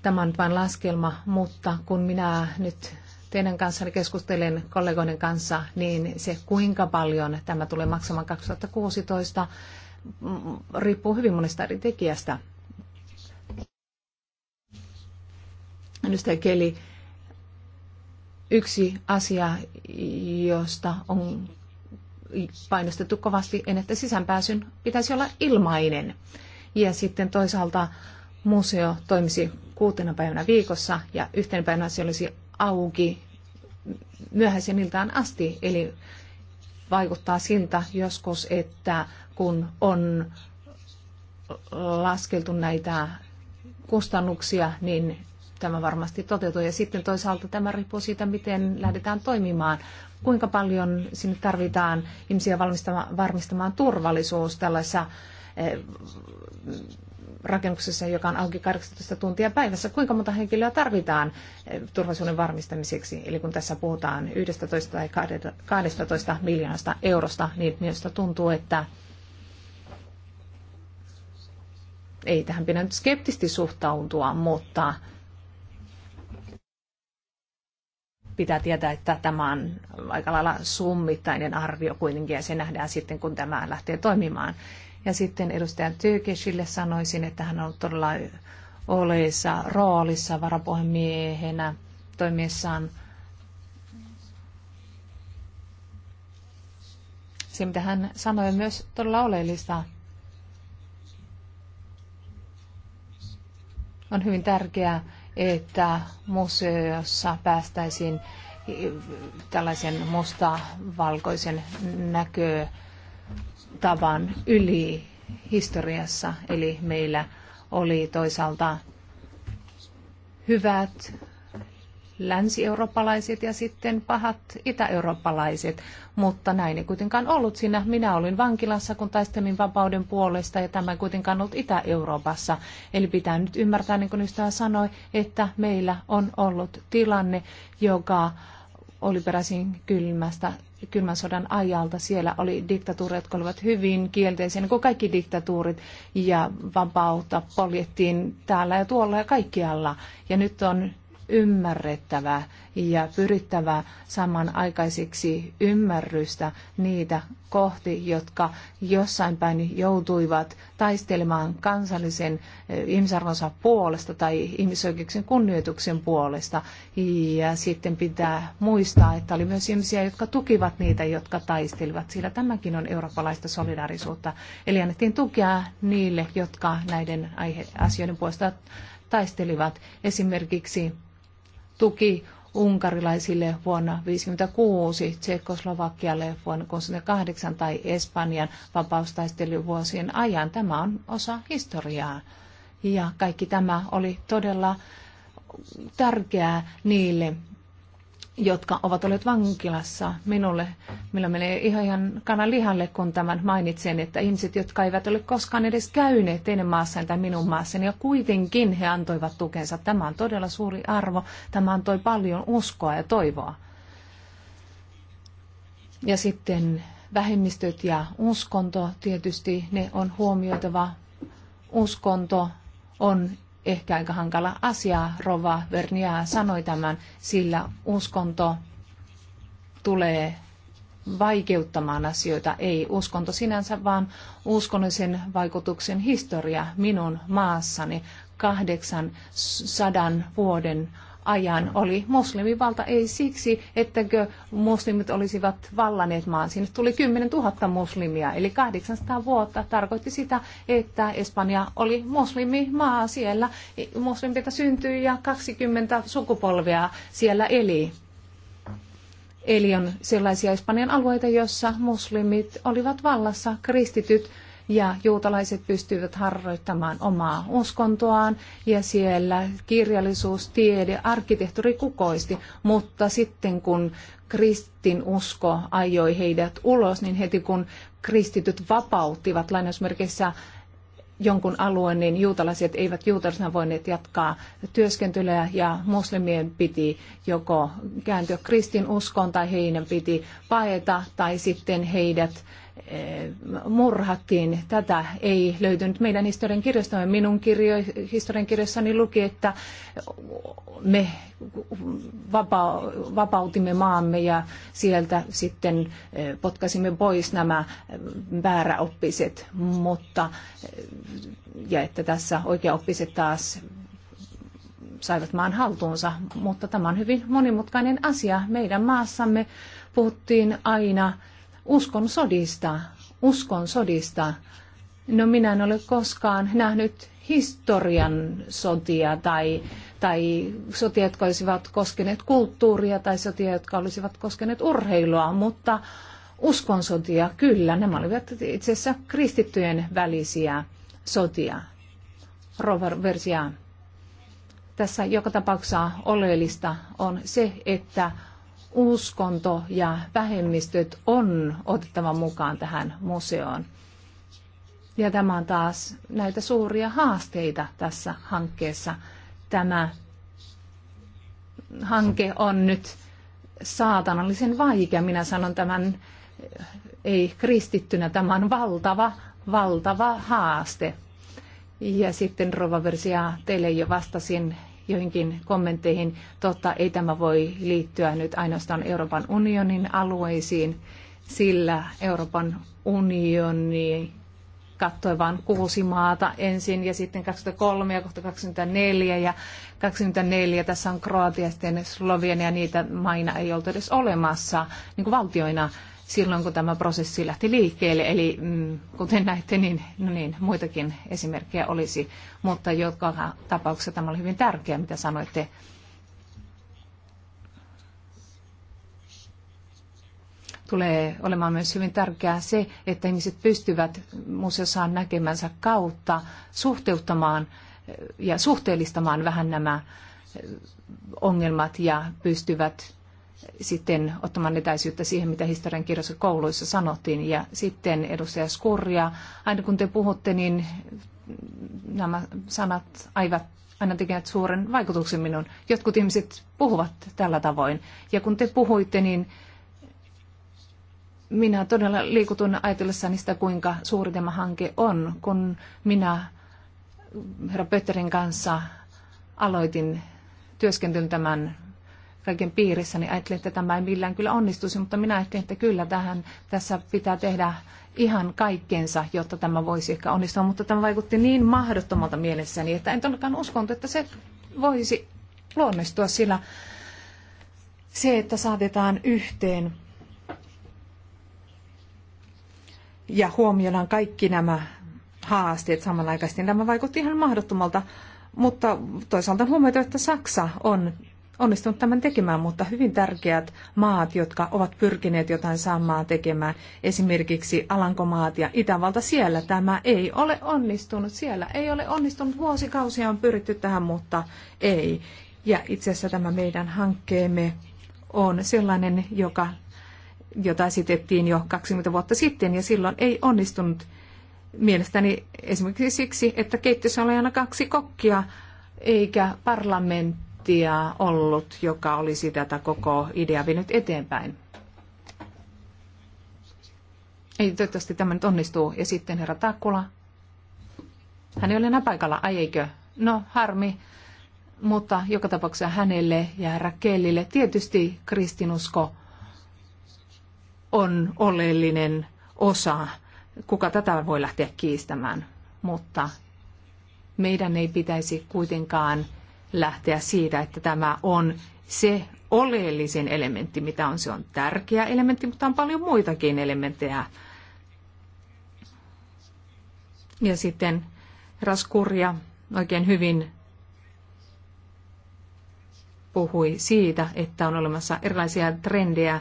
tämän päin laskelma, mutta kun minä nyt teidän kanssa keskustelen kollegoiden kanssa, niin se kuinka paljon tämä tulee maksamaan 2016 mm, riippuu hyvin monesta eri tekijästä. Edustaja Keli, yksi asia, josta on painostettu kovasti, en että sisäänpääsyn pitäisi olla ilmainen. Ja sitten toisaalta museo toimisi kuutena päivänä viikossa ja yhtenä päivänä se olisi auki myöhäisen iltaan asti. Eli vaikuttaa siltä joskus, että kun on laskeltu näitä kustannuksia, niin tämä varmasti toteutuu. Ja sitten toisaalta tämä riippuu siitä, miten lähdetään toimimaan. Kuinka paljon sinne tarvitaan ihmisiä varmistamaan turvallisuus tällaisessa eh, rakennuksessa, joka on auki 18 tuntia päivässä, kuinka monta henkilöä tarvitaan eh, turvallisuuden varmistamiseksi? Eli kun tässä puhutaan 11 tai 12 miljoonasta eurosta, niin minusta tuntuu, että ei tähän pidä nyt skeptisesti suhtautua, mutta pitää tietää, että tämä on aika lailla summittainen arvio kuitenkin ja se nähdään sitten, kun tämä lähtee toimimaan. Ja sitten edustaja Tyykesille sanoisin, että hän on ollut todella oleessa roolissa varapuhemiehenä toimiessaan se, mitä hän sanoi, on myös todella oleellista. On hyvin tärkeää, että museossa päästäisiin tällaisen musta-valkoisen näköön tavan yli historiassa. Eli meillä oli toisaalta hyvät länsi-eurooppalaiset ja sitten pahat itä-eurooppalaiset, mutta näin ei kuitenkaan ollut siinä. Minä olin vankilassa, kun taistelin vapauden puolesta ja tämä ei kuitenkaan ollut Itä-Euroopassa. Eli pitää nyt ymmärtää, niin kuin ystävä sanoi, että meillä on ollut tilanne, joka oli peräisin kylmästä kylmän sodan ajalta. Siellä oli diktatuureja, jotka olivat hyvin kielteisiä, niin kuin kaikki diktatuurit, ja vapautta poljettiin täällä ja tuolla ja kaikkialla. Ja nyt on ymmärrettävä ja pyrittävä saman aikaisiksi ymmärrystä niitä kohti, jotka jossain päin joutuivat taistelemaan kansallisen eh, ihmisarvonsa puolesta tai ihmisoikeuksien kunnioituksen puolesta. Ja sitten pitää muistaa, että oli myös ihmisiä, jotka tukivat niitä, jotka taistelivat, sillä tämäkin on eurooppalaista solidaarisuutta. Eli annettiin tukea niille, jotka näiden aihe- asioiden puolesta taistelivat. Esimerkiksi tuki unkarilaisille vuonna 1956, Tsekoslovakialle vuonna 1908 tai Espanjan vuosien ajan. Tämä on osa historiaa. Ja kaikki tämä oli todella tärkeää niille jotka ovat olleet vankilassa minulle, milloin menee ihan, ihan kanan lihalle, kun tämän mainitsen, että ihmiset, jotka eivät ole koskaan edes käyneet teidän maassa tai minun maassani, ja kuitenkin he antoivat tukensa. Tämä on todella suuri arvo, tämä antoi paljon uskoa ja toivoa. Ja sitten vähemmistöt ja uskonto, tietysti ne on huomioitava. Uskonto on ehkä aika hankala asia. Rova Vernia sanoi tämän, sillä uskonto tulee vaikeuttamaan asioita. Ei uskonto sinänsä, vaan uskonnollisen vaikutuksen historia minun maassani 800 vuoden ajan oli muslimivalta, ei siksi, ettäkö muslimit olisivat vallaneet maan. Sinne tuli 10 000 muslimia, eli 800 vuotta tarkoitti sitä, että Espanja oli muslimimaa siellä. Muslimita syntyi ja 20 sukupolvea siellä eli. Eli on sellaisia Espanjan alueita, joissa muslimit olivat vallassa, kristityt ja juutalaiset pystyivät harjoittamaan omaa uskontoaan ja siellä kirjallisuus, tiede, arkkitehtuuri kukoisti, mutta sitten kun kristin usko ajoi heidät ulos, niin heti kun kristityt vapauttivat lainausmerkeissä jonkun alueen, niin juutalaiset eivät juutalaisena voineet jatkaa työskentelyä ja muslimien piti joko kääntyä kristin uskoon tai heidän piti paeta tai sitten heidät Eh, murhattiin. Tätä ei löytynyt meidän historian kirjastamme. Minun kirjo, historian kirjassani luki, että me vapa, vapautimme maamme ja sieltä sitten eh, potkasimme pois nämä eh, vääräoppiset, mutta ja että tässä oikeaoppiset taas saivat maan haltuunsa, mutta tämä on hyvin monimutkainen asia. Meidän maassamme puhuttiin aina uskon sodista, uskon sodista. No minä en ole koskaan nähnyt historian sotia tai, tai sotia, jotka olisivat koskeneet kulttuuria tai sotia, jotka olisivat koskeneet urheilua, mutta uskon sotia, kyllä, nämä olivat itse asiassa kristittyjen välisiä sotia. rover Versia. Tässä joka tapauksessa oleellista on se, että uskonto ja vähemmistöt on otettava mukaan tähän museoon. Ja tämä on taas näitä suuria haasteita tässä hankkeessa. Tämä hanke on nyt saatanallisen vaikea. Minä sanon tämän ei kristittynä, tämä on valtava, valtava haaste. Ja sitten Rova Versia, teille jo vastasin joihinkin kommentteihin. Totta, ei tämä voi liittyä nyt ainoastaan Euroopan unionin alueisiin, sillä Euroopan unioni kattoi vain kuusi maata ensin ja sitten 23 ja kohta 24 ja 24 tässä on Kroatia, sitten Slovenia, niitä maina ei ollut edes olemassa niin kuin valtioina silloin, kun tämä prosessi lähti liikkeelle. Eli mm, kuten näitte, niin, no niin muitakin esimerkkejä olisi, mutta joka tapauksessa tämä oli hyvin tärkeää, mitä sanoitte. Tulee olemaan myös hyvin tärkeää se, että ihmiset pystyvät museossaan näkemänsä kautta suhteuttamaan ja suhteellistamaan vähän nämä ongelmat ja pystyvät sitten ottamaan etäisyyttä siihen, mitä historian kirjassa kouluissa sanottiin. Ja sitten edustaja Skurria, aina kun te puhutte, niin nämä sanat aivat aina tekevät suuren vaikutuksen minun. Jotkut ihmiset puhuvat tällä tavoin. Ja kun te puhuitte, niin minä todella liikutun ajatellessani sitä, kuinka suuri tämä hanke on. Kun minä herra Pötterin kanssa aloitin työskentelyn tämän kaiken piirissä, niin ajattelin, että tämä ei millään kyllä onnistuisi, mutta minä ajattelin, että kyllä tähän, tässä pitää tehdä ihan kaikkensa, jotta tämä voisi ehkä onnistua, mutta tämä vaikutti niin mahdottomalta mielessäni, että en todellakaan uskonut, että se voisi luonnistua, sillä se, että saatetaan yhteen ja huomioidaan kaikki nämä haasteet samanaikaisesti, niin tämä vaikutti ihan mahdottomalta, mutta toisaalta huomioitu, että Saksa on onnistunut tämän tekemään, mutta hyvin tärkeät maat, jotka ovat pyrkineet jotain samaa tekemään, esimerkiksi Alankomaat ja Itävalta, siellä tämä ei ole onnistunut. Siellä ei ole onnistunut. Vuosikausia on pyritty tähän, mutta ei. Ja itse asiassa tämä meidän hankkeemme on sellainen, joka, jota esitettiin jo 20 vuotta sitten, ja silloin ei onnistunut mielestäni esimerkiksi siksi, että keittiössä oli aina kaksi kokkia, eikä parlamentti pohtia ollut, joka olisi tätä koko idea vienyt eteenpäin. Ei, toivottavasti tämä nyt onnistuu. Ja sitten herra Takkula. Hän ei ole enää paikalla, ai eikö? No, harmi. Mutta joka tapauksessa hänelle ja herra Kellille tietysti kristinusko on oleellinen osa. Kuka tätä voi lähteä kiistämään? Mutta meidän ei pitäisi kuitenkaan lähteä siitä, että tämä on se oleellisin elementti, mitä on. Se on tärkeä elementti, mutta on paljon muitakin elementtejä. Ja sitten Raskurja oikein hyvin puhui siitä, että on olemassa erilaisia trendejä,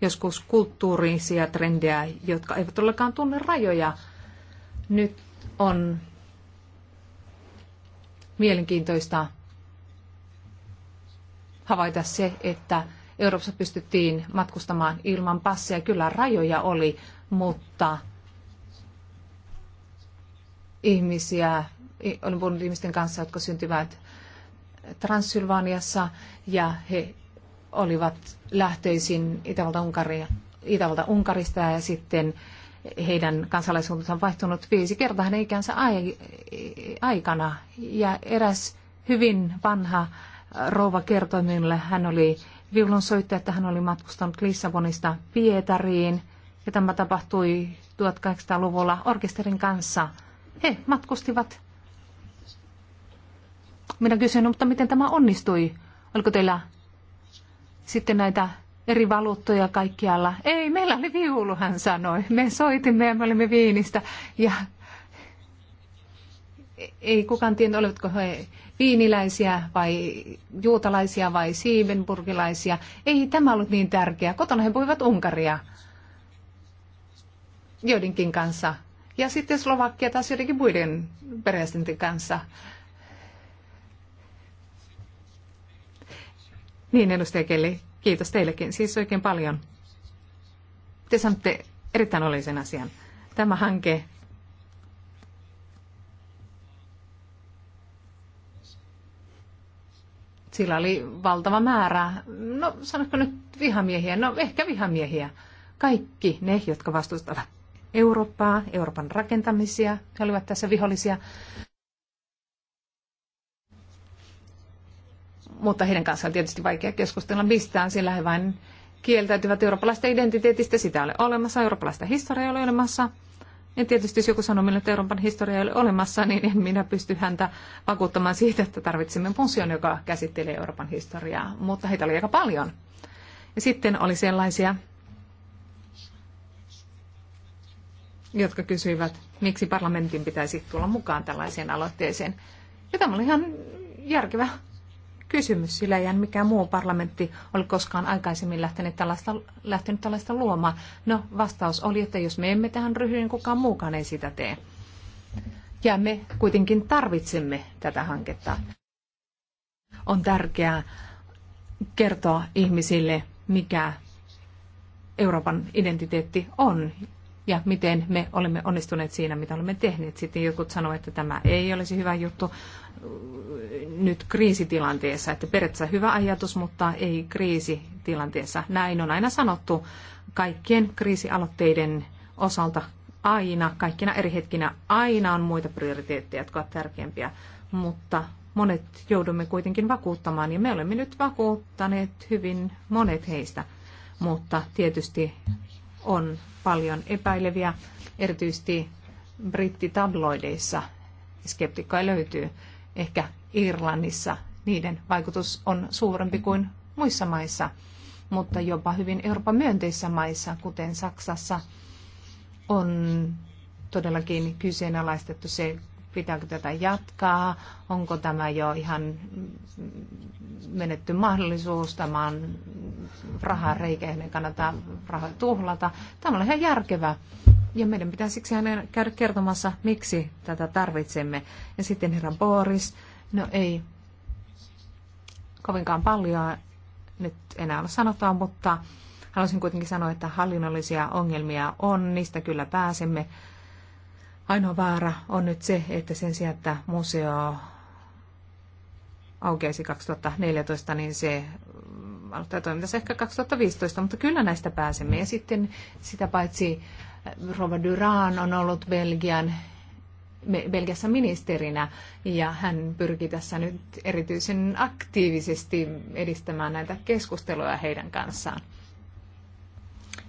joskus kulttuurisia trendejä, jotka eivät ollenkaan tunne rajoja. Nyt on mielenkiintoista havaita se, että Euroopassa pystyttiin matkustamaan ilman passeja. Kyllä rajoja oli, mutta ihmisiä, on puhunut ihmisten kanssa, jotka syntyvät Transylvaniassa ja he olivat lähtöisin Itävalta-Unkaria, Itävalta-Unkarista ja sitten heidän kansalaisuutensa on vaihtunut viisi kertaa hänen ikänsä aikana. Ja eräs hyvin vanha rouva kertoi minulle, hän oli soittaja, että hän oli matkustanut Lissabonista Pietariin ja tämä tapahtui 1800-luvulla orkesterin kanssa. He matkustivat. Minä kysyin, no, mutta miten tämä onnistui? Oliko teillä sitten näitä eri valuuttoja kaikkialla? Ei, meillä oli viulu, hän sanoi. Me soitimme ja me olimme viinistä. Ja ei kukaan tiennyt, olivatko he viiniläisiä vai juutalaisia vai siivenburgilaisia. Ei tämä ollut niin tärkeää. Kotona he puhuivat Unkaria joidenkin kanssa. Ja sitten Slovakia taas joidenkin muiden perheisten kanssa. Niin, edustaja Kelli, kiitos teillekin siis oikein paljon. Te sanotte erittäin oleellisen asian. Tämä hanke Sillä oli valtava määrä, no sanotko nyt vihamiehiä, no ehkä vihamiehiä. Kaikki ne, jotka vastustavat Eurooppaa, Euroopan rakentamisia, he olivat tässä vihollisia. Mutta heidän kanssaan tietysti vaikea keskustella mistään, sillä he vain kieltäytyvät eurooppalaista identiteetistä, sitä ei ole olemassa, eurooppalaista historiaa ei ole olemassa. En tietysti jos joku sanoo minulle, että Euroopan historia ei ole olemassa, niin en minä pysty häntä vakuuttamaan siitä, että tarvitsemme funktion, joka käsittelee Euroopan historiaa. Mutta heitä oli aika paljon. Ja sitten oli sellaisia, jotka kysyivät, miksi parlamentin pitäisi tulla mukaan tällaiseen aloitteeseen. Ja tämä oli ihan järkevä kysymys, sillä ei mikään muu parlamentti ole koskaan aikaisemmin lähtenyt tällaista, lähtenyt tällaista luomaan. No, vastaus oli, että jos me emme tähän ryhdy, niin kukaan muukaan ei sitä tee. Ja me kuitenkin tarvitsemme tätä hanketta. On tärkeää kertoa ihmisille, mikä Euroopan identiteetti on ja miten me olemme onnistuneet siinä, mitä olemme tehneet. Sitten jotkut sanoivat, että tämä ei olisi hyvä juttu nyt kriisitilanteessa, että periaatteessa hyvä ajatus, mutta ei kriisitilanteessa. Näin on aina sanottu kaikkien kriisialoitteiden osalta aina, kaikkina eri hetkinä aina on muita prioriteetteja, jotka ovat tärkeimpiä, mutta monet joudumme kuitenkin vakuuttamaan ja me olemme nyt vakuuttaneet hyvin monet heistä, mutta tietysti on paljon epäileviä, erityisesti brittitabloideissa skeptikkoja löytyy. Ehkä Irlannissa niiden vaikutus on suurempi kuin muissa maissa, mutta jopa hyvin Euroopan myönteisissä maissa, kuten Saksassa, on todellakin kyseenalaistettu se, pitääkö tätä jatkaa, onko tämä jo ihan menetty mahdollisuus, tämä on rahaa reikä, hänen niin kannattaa rahaa tuhlata. Tämä on ihan järkevää. Ja meidän pitää siksi hänen käydä kertomassa, miksi tätä tarvitsemme. Ja sitten herra Boris, no ei kovinkaan paljon nyt enää ole sanotaan, mutta haluaisin kuitenkin sanoa, että hallinnollisia ongelmia on, niistä kyllä pääsemme. Ainoa vaara on nyt se, että sen sijaan, että museo aukeisi 2014, niin se Tämä toimintansa ehkä 2015, mutta kyllä näistä pääsemme. Ja sitten sitä paitsi äh, Rova Duran on ollut Belgian Belgiassa ministerinä ja hän pyrkii tässä nyt erityisen aktiivisesti edistämään näitä keskusteluja heidän kanssaan.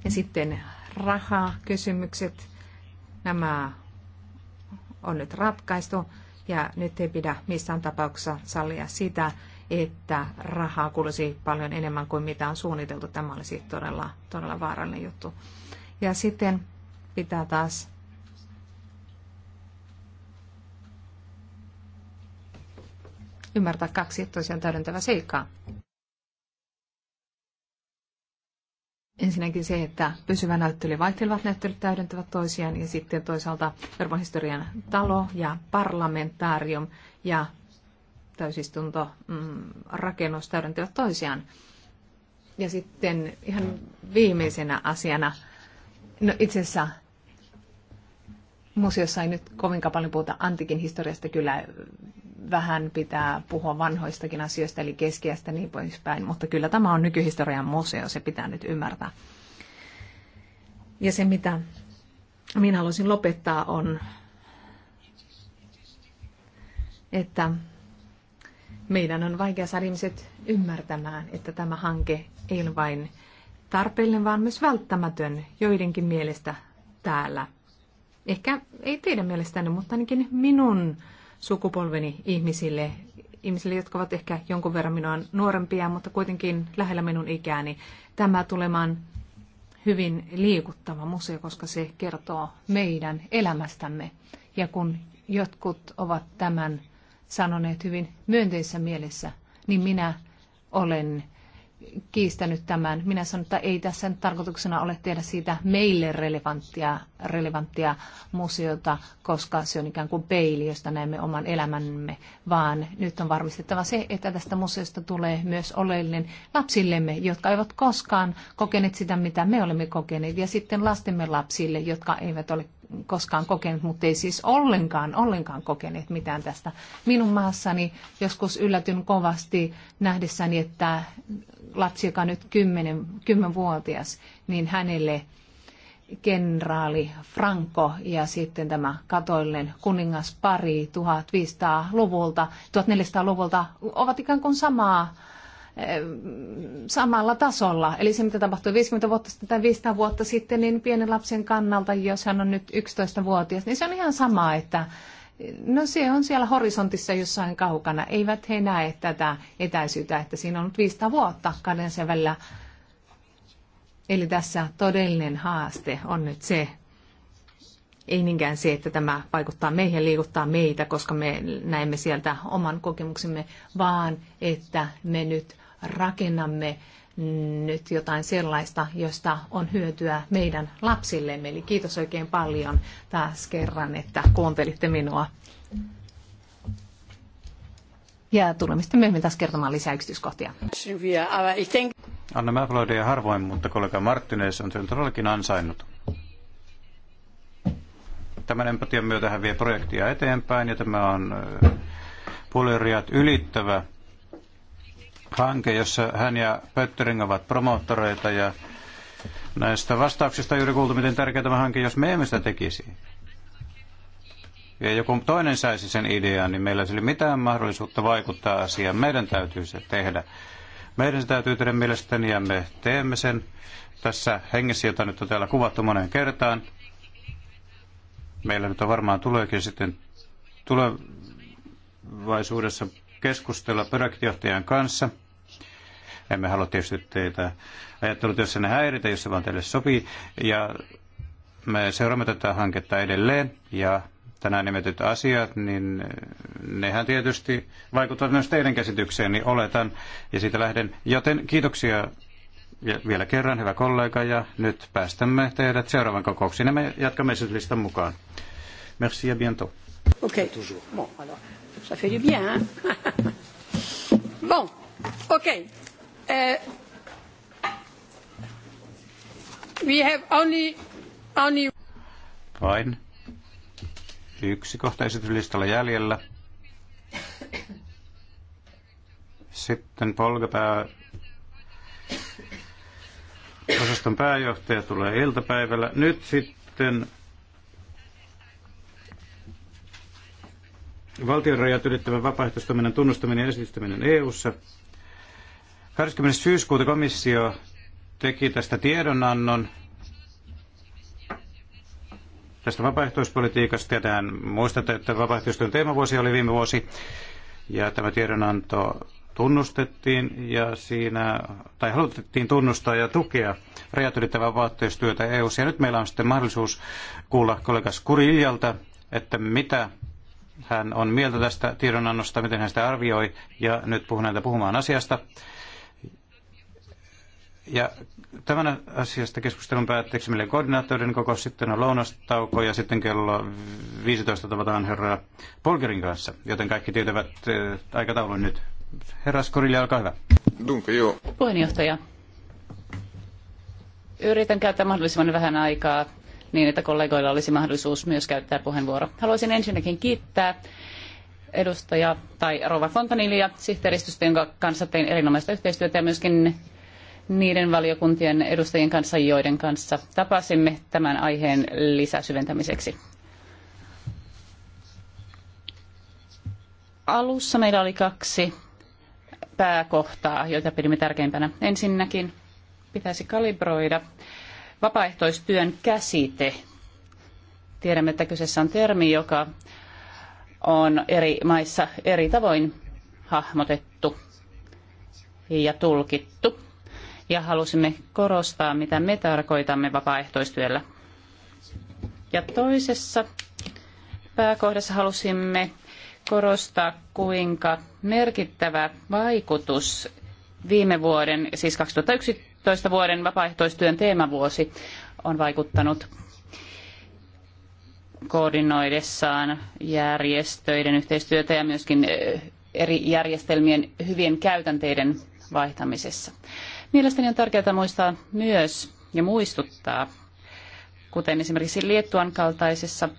Ja sitten rahakysymykset, nämä on nyt ratkaistu ja nyt ei pidä missään tapauksessa sallia sitä, että rahaa kulisi paljon enemmän kuin mitä on suunniteltu. Tämä olisi todella, todella vaarallinen juttu. Ja sitten pitää taas ymmärtää kaksi tosiaan täydentävää seikkaa. Ensinnäkin se, että pysyvä näyttely ja vaihtelevat näyttelyt täydentävät toisiaan ja sitten toisaalta Euroopan historian talo ja parlamentaarium ja täysistunto mm, rakennus täydentävät toisiaan. Ja sitten ihan viimeisenä asiana, no itse asiassa museossa ei nyt kovin paljon puhuta antikin historiasta, kyllä vähän pitää puhua vanhoistakin asioista, eli keskiästä niin poispäin, mutta kyllä tämä on nykyhistorian museo, se pitää nyt ymmärtää. Ja se, mitä minä haluaisin lopettaa, on, että meidän on vaikea saada ihmiset ymmärtämään, että tämä hanke ei ole vain tarpeellinen, vaan myös välttämätön joidenkin mielestä täällä. Ehkä ei teidän mielestänne, mutta ainakin minun sukupolveni ihmisille, ihmisille, jotka ovat ehkä jonkun verran minua nuorempia, mutta kuitenkin lähellä minun ikääni, tämä tulemaan hyvin liikuttava museo, koska se kertoo meidän elämästämme. Ja kun jotkut ovat tämän sanoneet hyvin myönteisessä mielessä, niin minä olen kiistänyt tämän. Minä sanon, että ei tässä nyt tarkoituksena ole tehdä siitä meille relevanttia, relevanttia museota, koska se on ikään kuin peili, josta näemme oman elämämme, vaan nyt on varmistettava se, että tästä museosta tulee myös oleellinen lapsillemme, jotka eivät koskaan kokeneet sitä, mitä me olemme kokeneet, ja sitten lastemme lapsille, jotka eivät ole koskaan kokenut, mutta ei siis ollenkaan, ollenkaan kokeneet mitään tästä. Minun maassani joskus yllätyn kovasti nähdessäni, että lapsi, joka on nyt 10, 10-vuotias, niin hänelle kenraali Franco ja sitten tämä katoillinen kuningaspari 1500-luvulta, 1400-luvulta ovat ikään kuin samaa samalla tasolla. Eli se, mitä tapahtui 50 vuotta sitten tai 500 vuotta sitten, niin pienen lapsen kannalta, jos hän on nyt 11-vuotias, niin se on ihan sama, että No se on siellä horisontissa jossain kaukana. Eivät he näe tätä etäisyyttä, että siinä on nyt 500 vuotta kahden sen välillä. Eli tässä todellinen haaste on nyt se, ei niinkään se, että tämä vaikuttaa meihin ja liikuttaa meitä, koska me näemme sieltä oman kokemuksemme, vaan että me nyt rakennamme nyt jotain sellaista, josta on hyötyä meidän lapsillemme. Eli kiitos oikein paljon taas kerran, että kuuntelitte minua. Ja tulemme sitten myöhemmin taas kertomaan lisää yksityiskohtia. Anna Mäfloidia harvoin, mutta kollega Martinez on sen todellakin ansainnut. Tämän empatian myötä hän vie projektia eteenpäin ja tämä on äh, puoluerijat ylittävä hanke, jossa hän ja Pöttering ovat promoottoreita ja näistä vastauksista juuri kuultu, miten tärkeä tämä hanke, jos me emme sitä tekisi. Ja joku toinen saisi sen idean, niin meillä ei ole mitään mahdollisuutta vaikuttaa asiaan. Meidän täytyy se tehdä. Meidän se täytyy tehdä mielestäni ja me teemme sen tässä hengessä, jota nyt on täällä kuvattu moneen kertaan. Meillä nyt on varmaan tuleekin sitten tulevaisuudessa keskustella projektijohtajan kanssa. Emme halua tietysti teitä ajattelutyössänne häiritä, jos se vaan teille sopii. Ja me seuraamme tätä hanketta edelleen ja tänään nimetyt asiat, niin nehän tietysti vaikuttavat myös teidän käsitykseen, niin oletan ja siitä lähden. Joten kiitoksia ja vielä kerran, hyvä kollega, ja nyt päästämme teidät seuraavan kokouksiin ja me jatkamme esityslistan mukaan. Merci ja bientôt. Okay. Bon, alors. Ça fait du bien, hein Bon, ok. Uh, we have only, only... Vain yksi kohta esityslistalla jäljellä. Sitten polkapää osaston pääjohtaja tulee iltapäivällä. Nyt sitten valtion rajat ylittävän vapaaehtoistoiminnan tunnustaminen ja esittäminen EU-ssa. 20. syyskuuta komissio teki tästä tiedonannon tästä vapaaehtoispolitiikasta ja tähän muistatte, että vapaaehtoistyön teemavuosi oli viime vuosi ja tämä tiedonanto tunnustettiin ja siinä, tai haluttiin tunnustaa ja tukea rajat ylittävää vaatteistyötä eu -ssa. Ja nyt meillä on sitten mahdollisuus kuulla kollega Skuriljalta, että mitä hän on mieltä tästä tiedonannosta, miten hän sitä arvioi, ja nyt puhun häntä puhumaan asiasta. Ja tämän asiasta keskustelun päätteeksi meille koordinaattorin koko sitten on lounastauko ja sitten kello 15 tavataan herra Polkerin kanssa, joten kaikki tietävät äh, aikataulun nyt. Herra Skorilja, olkaa hyvä. Dunka, joo. Puheenjohtaja, yritän käyttää mahdollisimman vähän aikaa niin, että kollegoilla olisi mahdollisuus myös käyttää puheenvuoro. Haluaisin ensinnäkin kiittää edustaja tai Rova Fontanilia sihteeristöstä, jonka kanssa tein erinomaista yhteistyötä ja myöskin niiden valiokuntien edustajien kanssa, joiden kanssa tapasimme tämän aiheen lisäsyventämiseksi. Alussa meillä oli kaksi pääkohtaa, joita pidimme tärkeimpänä. Ensinnäkin pitäisi kalibroida vapaaehtoistyön käsite. Tiedämme, että kyseessä on termi, joka on eri maissa eri tavoin hahmotettu ja tulkittu. Ja halusimme korostaa, mitä me tarkoitamme vapaaehtoistyöllä. Ja toisessa pääkohdassa halusimme korostaa, kuinka merkittävä vaikutus viime vuoden, siis 2011 2011 vuoden vapaaehtoistyön teemavuosi on vaikuttanut koordinoidessaan järjestöiden yhteistyötä ja myöskin eri järjestelmien hyvien käytänteiden vaihtamisessa. Mielestäni on tärkeää muistaa myös ja muistuttaa, kuten esimerkiksi Liettuan kaltaisissa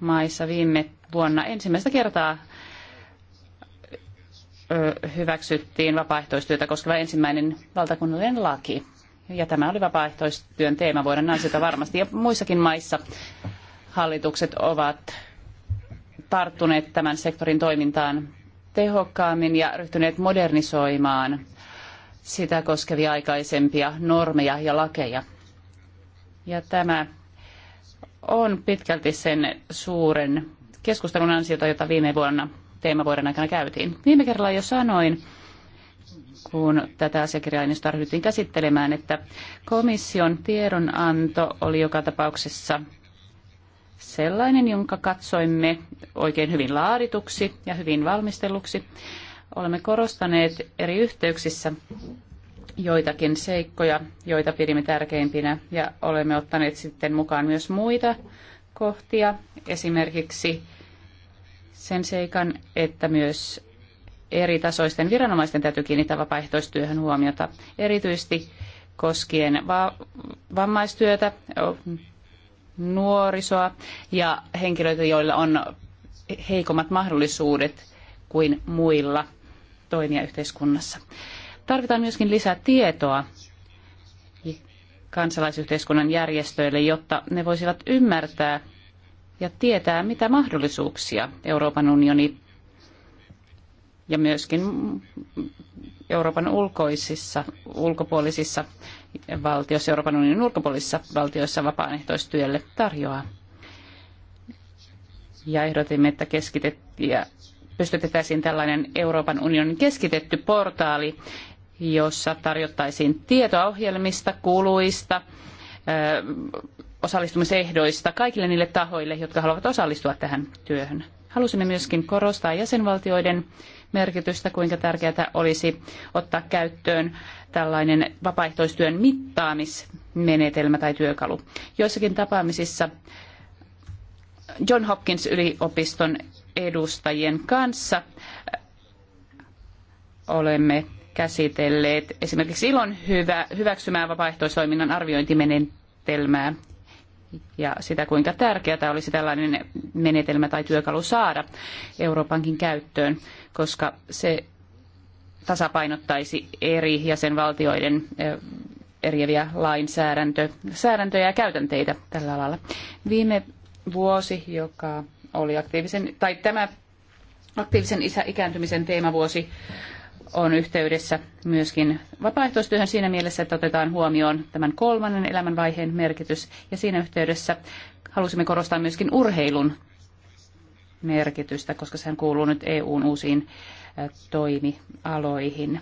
maissa viime vuonna ensimmäistä kertaa hyväksyttiin vapaaehtoistyötä koskeva ensimmäinen valtakunnallinen laki. Ja tämä oli vapaaehtoistyön teema vuoden naisilta varmasti. Ja muissakin maissa hallitukset ovat tarttuneet tämän sektorin toimintaan tehokkaammin ja ryhtyneet modernisoimaan sitä koskevia aikaisempia normeja ja lakeja. Ja tämä on pitkälti sen suuren keskustelun ansiota, jota viime vuonna teemavuoden aikana käytiin. Viime kerralla jo sanoin, kun tätä asiakirjainista ryhdyttiin käsittelemään, että komission tiedonanto oli joka tapauksessa sellainen, jonka katsoimme oikein hyvin laadituksi ja hyvin valmistelluksi. Olemme korostaneet eri yhteyksissä joitakin seikkoja, joita pidimme tärkeimpinä, ja olemme ottaneet sitten mukaan myös muita kohtia, esimerkiksi sen seikan, että myös eri tasoisten viranomaisten täytyy kiinnittää vapaaehtoistyöhön huomiota, erityisesti koskien va- vammaistyötä, nuorisoa ja henkilöitä, joilla on heikommat mahdollisuudet kuin muilla toimia yhteiskunnassa. Tarvitaan myöskin lisää tietoa kansalaisyhteiskunnan järjestöille, jotta ne voisivat ymmärtää ja tietää, mitä mahdollisuuksia Euroopan unioni ja myöskin Euroopan ulkoisissa, ulkopuolisissa valtioissa, Euroopan unionin ulkopuolisissa valtioissa vapaaehtoistyölle tarjoaa. Ja ehdotimme, että ja pystytettäisiin tällainen Euroopan unionin keskitetty portaali, jossa tarjottaisiin tietoa ohjelmista, kuluista, osallistumisehdoista kaikille niille tahoille, jotka haluavat osallistua tähän työhön. Halusimme myöskin korostaa jäsenvaltioiden merkitystä, kuinka tärkeää olisi ottaa käyttöön tällainen vapaaehtoistyön mittaamismenetelmä tai työkalu. Joissakin tapaamisissa John Hopkins yliopiston edustajien kanssa olemme käsitelleet esimerkiksi ilon hyvä, hyväksymää vapaaehtoistoiminnan arviointimenetelmää ja sitä, kuinka tärkeää olisi tällainen menetelmä tai työkalu saada Euroopankin käyttöön, koska se tasapainottaisi eri jäsenvaltioiden eriäviä lainsäädäntöjä ja käytänteitä tällä alalla. Viime vuosi, joka oli aktiivisen, tai tämä aktiivisen isä ikääntymisen teemavuosi on yhteydessä myöskin vapaaehtoistyöhön siinä mielessä, että otetaan huomioon tämän kolmannen elämänvaiheen merkitys. Ja siinä yhteydessä halusimme korostaa myöskin urheilun merkitystä, koska sehän kuuluu nyt EUn uusiin toimialoihin.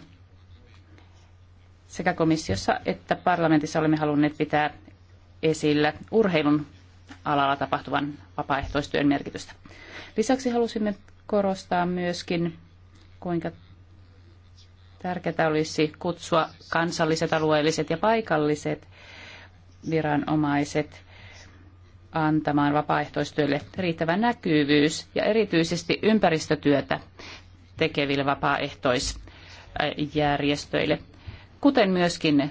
Sekä komissiossa että parlamentissa olemme halunneet pitää esillä urheilun alalla tapahtuvan vapaaehtoistyön merkitystä. Lisäksi halusimme korostaa myöskin, kuinka Tärkeää olisi kutsua kansalliset, alueelliset ja paikalliset viranomaiset antamaan vapaaehtoistyölle riittävä näkyvyys ja erityisesti ympäristötyötä tekeville vapaaehtoisjärjestöille, kuten myöskin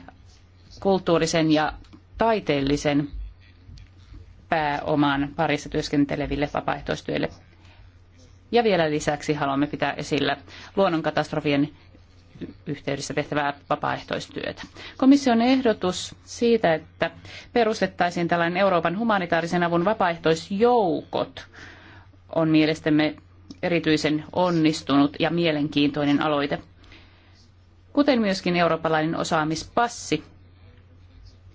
kulttuurisen ja taiteellisen pääoman parissa työskenteleville vapaaehtoistyöille. Ja vielä lisäksi haluamme pitää esillä luonnonkatastrofien yhteydessä tehtävää vapaaehtoistyötä. Komission ehdotus siitä, että perustettaisiin tällainen Euroopan humanitaarisen avun vapaaehtoisjoukot, on mielestämme erityisen onnistunut ja mielenkiintoinen aloite. Kuten myöskin eurooppalainen osaamispassi,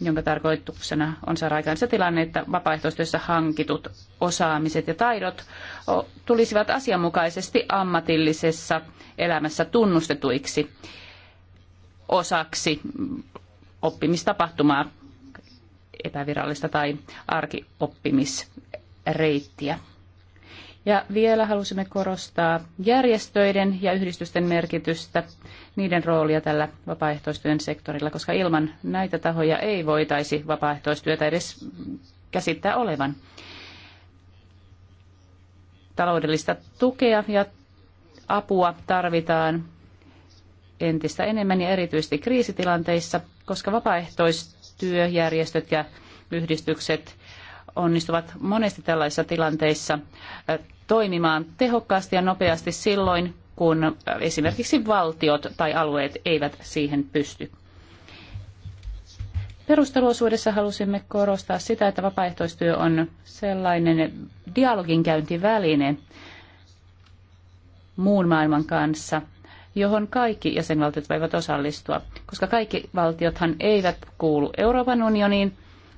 jonka tarkoituksena on saada aikaan se tilanne, että vapaaehtoistyössä hankitut osaamiset ja taidot tulisivat asianmukaisesti ammatillisessa elämässä tunnustetuiksi osaksi oppimistapahtumaa, epävirallista tai arkioppimisreittiä. Ja vielä halusimme korostaa järjestöiden ja yhdistysten merkitystä, niiden roolia tällä vapaaehtoistyön sektorilla, koska ilman näitä tahoja ei voitaisi vapaaehtoistyötä edes käsittää olevan. Taloudellista tukea ja apua tarvitaan entistä enemmän ja erityisesti kriisitilanteissa, koska vapaaehtoistyöjärjestöt ja yhdistykset onnistuvat monesti tällaisissa tilanteissa toimimaan tehokkaasti ja nopeasti silloin, kun esimerkiksi valtiot tai alueet eivät siihen pysty. Perusteluosuudessa halusimme korostaa sitä, että vapaaehtoistyö on sellainen dialogin käyntiväline muun maailman kanssa, johon kaikki jäsenvaltiot voivat osallistua, koska kaikki valtiothan eivät kuulu Euroopan unioniin,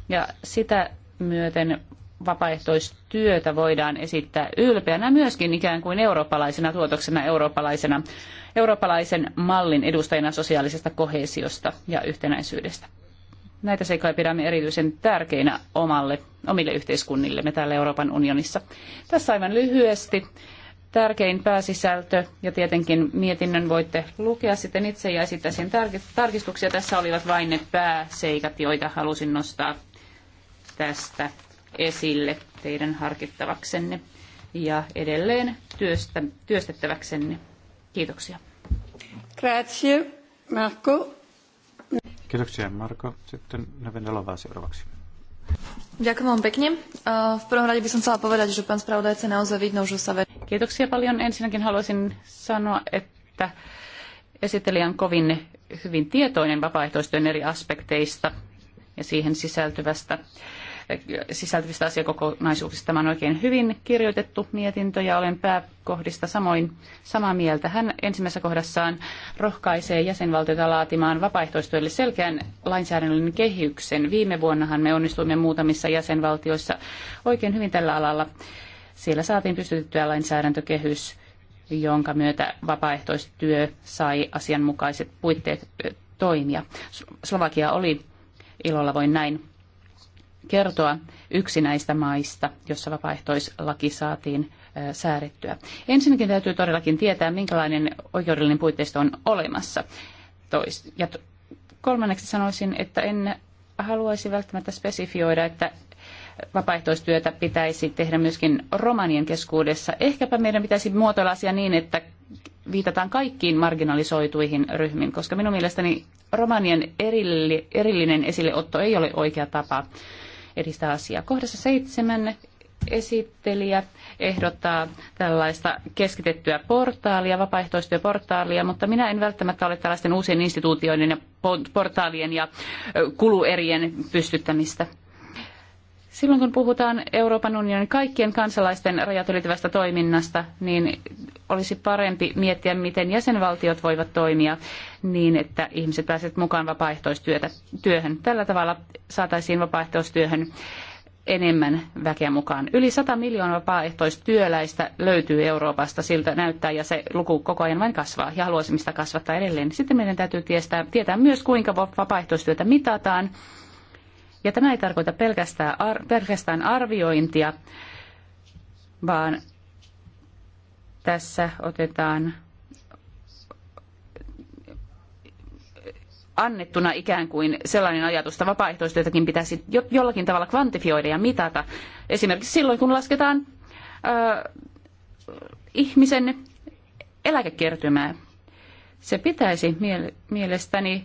ja sitä myöten vapaaehtoistyötä voidaan esittää ylpeänä myöskin ikään kuin eurooppalaisena tuotoksena, eurooppalaisena, eurooppalaisen mallin edustajana sosiaalisesta kohesiosta ja yhtenäisyydestä. Näitä seikkoja pidämme erityisen tärkeinä omalle, omille yhteiskunnillemme täällä Euroopan unionissa. Tässä aivan lyhyesti tärkein pääsisältö ja tietenkin mietinnön voitte lukea sitten itse ja esittäisin tarkistuksia. Tässä olivat vain ne pääseikat, joita halusin nostaa tästä esille teidän harkittavaksenne ja edelleen työstä, työstettäväksenne. Kiitoksia. Grazie, Marko. Kiitoksia, Marko. Sitten Nevenelová seuraavaksi. Ďakujem vám pekne. V prvom rade by som chcela povedať, že pán spravodajca naozaj vidno, že sa Kiitoksia paljon. Ensinnäkin haluaisin sanoa, että esittelijä on kovin hyvin tietoinen vapaaehtoistyön eri aspekteista ja siihen sisältyvästä sisältyvistä asiakokonaisuuksista. Tämä on oikein hyvin kirjoitettu mietintö ja olen pääkohdista samoin samaa mieltä. Hän ensimmäisessä kohdassaan rohkaisee jäsenvaltioita laatimaan vapaaehtoistyölle selkeän lainsäädännöllinen kehyksen. Viime vuonnahan me onnistuimme muutamissa jäsenvaltioissa oikein hyvin tällä alalla. Siellä saatiin pystytettyä lainsäädäntökehys jonka myötä vapaaehtoistyö sai asianmukaiset puitteet toimia. Slovakia oli, ilolla voin näin kertoa yksi näistä maista, jossa vapaaehtoislaki saatiin säädettyä. Ensinnäkin täytyy todellakin tietää, minkälainen oikeudellinen puitteisto on olemassa. Ja kolmanneksi sanoisin, että en haluaisi välttämättä spesifioida, että vapaaehtoistyötä pitäisi tehdä myöskin romanien keskuudessa. Ehkäpä meidän pitäisi muotoilla asia niin, että viitataan kaikkiin marginalisoituihin ryhmiin, koska minun mielestäni romanien erillinen esilleotto ei ole oikea tapa edistää asiaa. Kohdassa seitsemän esittelijä ehdottaa tällaista keskitettyä portaalia, vapaaehtoistyöportaalia, mutta minä en välttämättä ole tällaisten uusien instituutioiden ja portaalien ja kuluerien pystyttämistä Silloin kun puhutaan Euroopan unionin kaikkien kansalaisten rajat ylittävästä toiminnasta, niin olisi parempi miettiä, miten jäsenvaltiot voivat toimia niin, että ihmiset pääsevät mukaan vapaaehtoistyöhön. Tällä tavalla saataisiin vapaaehtoistyöhön enemmän väkeä mukaan. Yli 100 miljoonaa vapaaehtoistyöläistä löytyy Euroopasta, siltä näyttää, ja se luku koko ajan vain kasvaa, ja haluaisimme sitä kasvattaa edelleen. Sitten meidän täytyy tietää, tietää myös, kuinka vapaaehtoistyötä mitataan, ja tämä ei tarkoita pelkästään, ar- pelkästään arviointia, vaan tässä otetaan annettuna ikään kuin sellainen ajatus, että vapaaehtoistyötäkin pitäisi jollakin tavalla kvantifioida ja mitata. Esimerkiksi silloin, kun lasketaan ö, ihmisen eläkekertymää. Se pitäisi mielestäni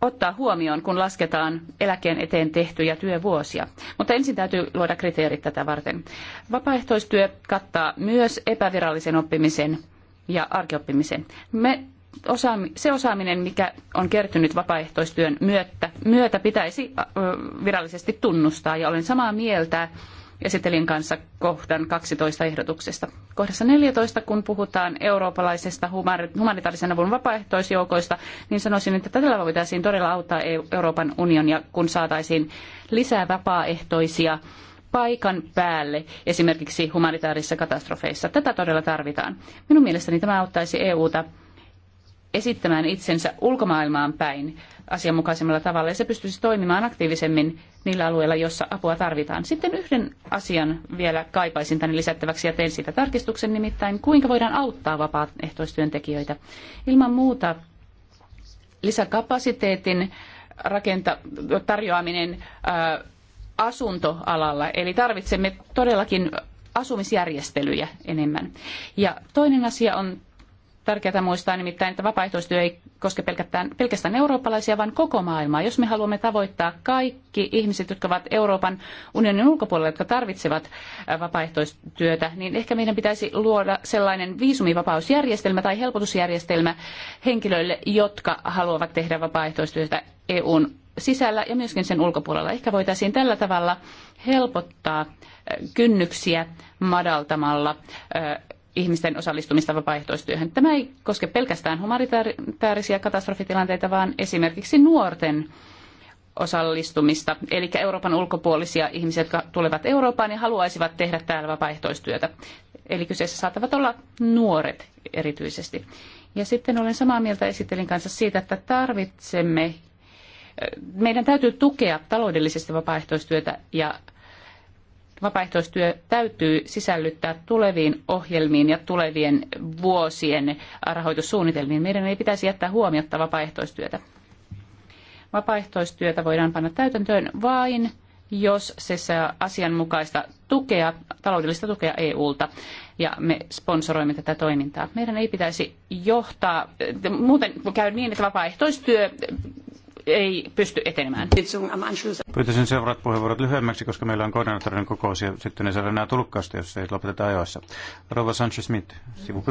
ottaa huomioon, kun lasketaan eläkkeen eteen tehtyjä työvuosia. Mutta ensin täytyy luoda kriteerit tätä varten. Vapaaehtoistyö kattaa myös epävirallisen oppimisen ja arkioppimisen. Me osaami, se osaaminen, mikä on kertynyt vapaaehtoistyön myötä, myötä pitäisi virallisesti tunnustaa. Ja olen samaa mieltä esitelin kanssa kohdan 12 ehdotuksesta. Kohdassa 14, kun puhutaan eurooppalaisesta humanitaarisen avun vapaaehtoisjoukoista, niin sanoisin, että tällä voitaisiin todella auttaa e- Euroopan unionia, kun saataisiin lisää vapaaehtoisia paikan päälle esimerkiksi humanitaarisissa katastrofeissa. Tätä todella tarvitaan. Minun mielestäni tämä auttaisi EUta esittämään itsensä ulkomaailmaan päin asianmukaisemmalla tavalla ja se pystyisi toimimaan aktiivisemmin niillä alueilla, jossa apua tarvitaan. Sitten yhden asian vielä kaipaisin tänne lisättäväksi ja teen siitä tarkistuksen nimittäin, kuinka voidaan auttaa vapaaehtoistyöntekijöitä. Ilman muuta lisäkapasiteetin rakenta- tarjoaminen ää, asuntoalalla, eli tarvitsemme todellakin asumisjärjestelyjä enemmän. Ja toinen asia on tärkeää muistaa nimittäin, että vapaaehtoistyö ei koske pelkästään, pelkästään eurooppalaisia, vaan koko maailmaa. Jos me haluamme tavoittaa kaikki ihmiset, jotka ovat Euroopan unionin ulkopuolella, jotka tarvitsevat vapaaehtoistyötä, niin ehkä meidän pitäisi luoda sellainen viisumivapausjärjestelmä tai helpotusjärjestelmä henkilöille, jotka haluavat tehdä vapaaehtoistyötä EUn sisällä ja myöskin sen ulkopuolella. Ehkä voitaisiin tällä tavalla helpottaa kynnyksiä madaltamalla ihmisten osallistumista vapaaehtoistyöhön. Tämä ei koske pelkästään humanitaarisia katastrofitilanteita, vaan esimerkiksi nuorten osallistumista, eli Euroopan ulkopuolisia ihmisiä, jotka tulevat Eurooppaan ja haluaisivat tehdä täällä vapaaehtoistyötä. Eli kyseessä saattavat olla nuoret erityisesti. Ja sitten olen samaa mieltä esittelin kanssa siitä, että tarvitsemme, meidän täytyy tukea taloudellisesti vapaaehtoistyötä ja vapaaehtoistyö täytyy sisällyttää tuleviin ohjelmiin ja tulevien vuosien rahoitussuunnitelmiin. Meidän ei pitäisi jättää huomiotta vapaaehtoistyötä. Vapaaehtoistyötä voidaan panna täytäntöön vain, jos se saa asianmukaista tukea, taloudellista tukea EUlta ja me sponsoroimme tätä toimintaa. Meidän ei pitäisi johtaa, muuten käy niin, että vapaaehtoistyö ei pysty etenemään. Pyytäisin seuraavat puheenvuorot lyhyemmäksi, koska meillä on koordinaattorin kokous ja sitten ei saada enää tulkkausta, jos ei lopeteta ajoissa. Rova Sanchez-Smith, sivu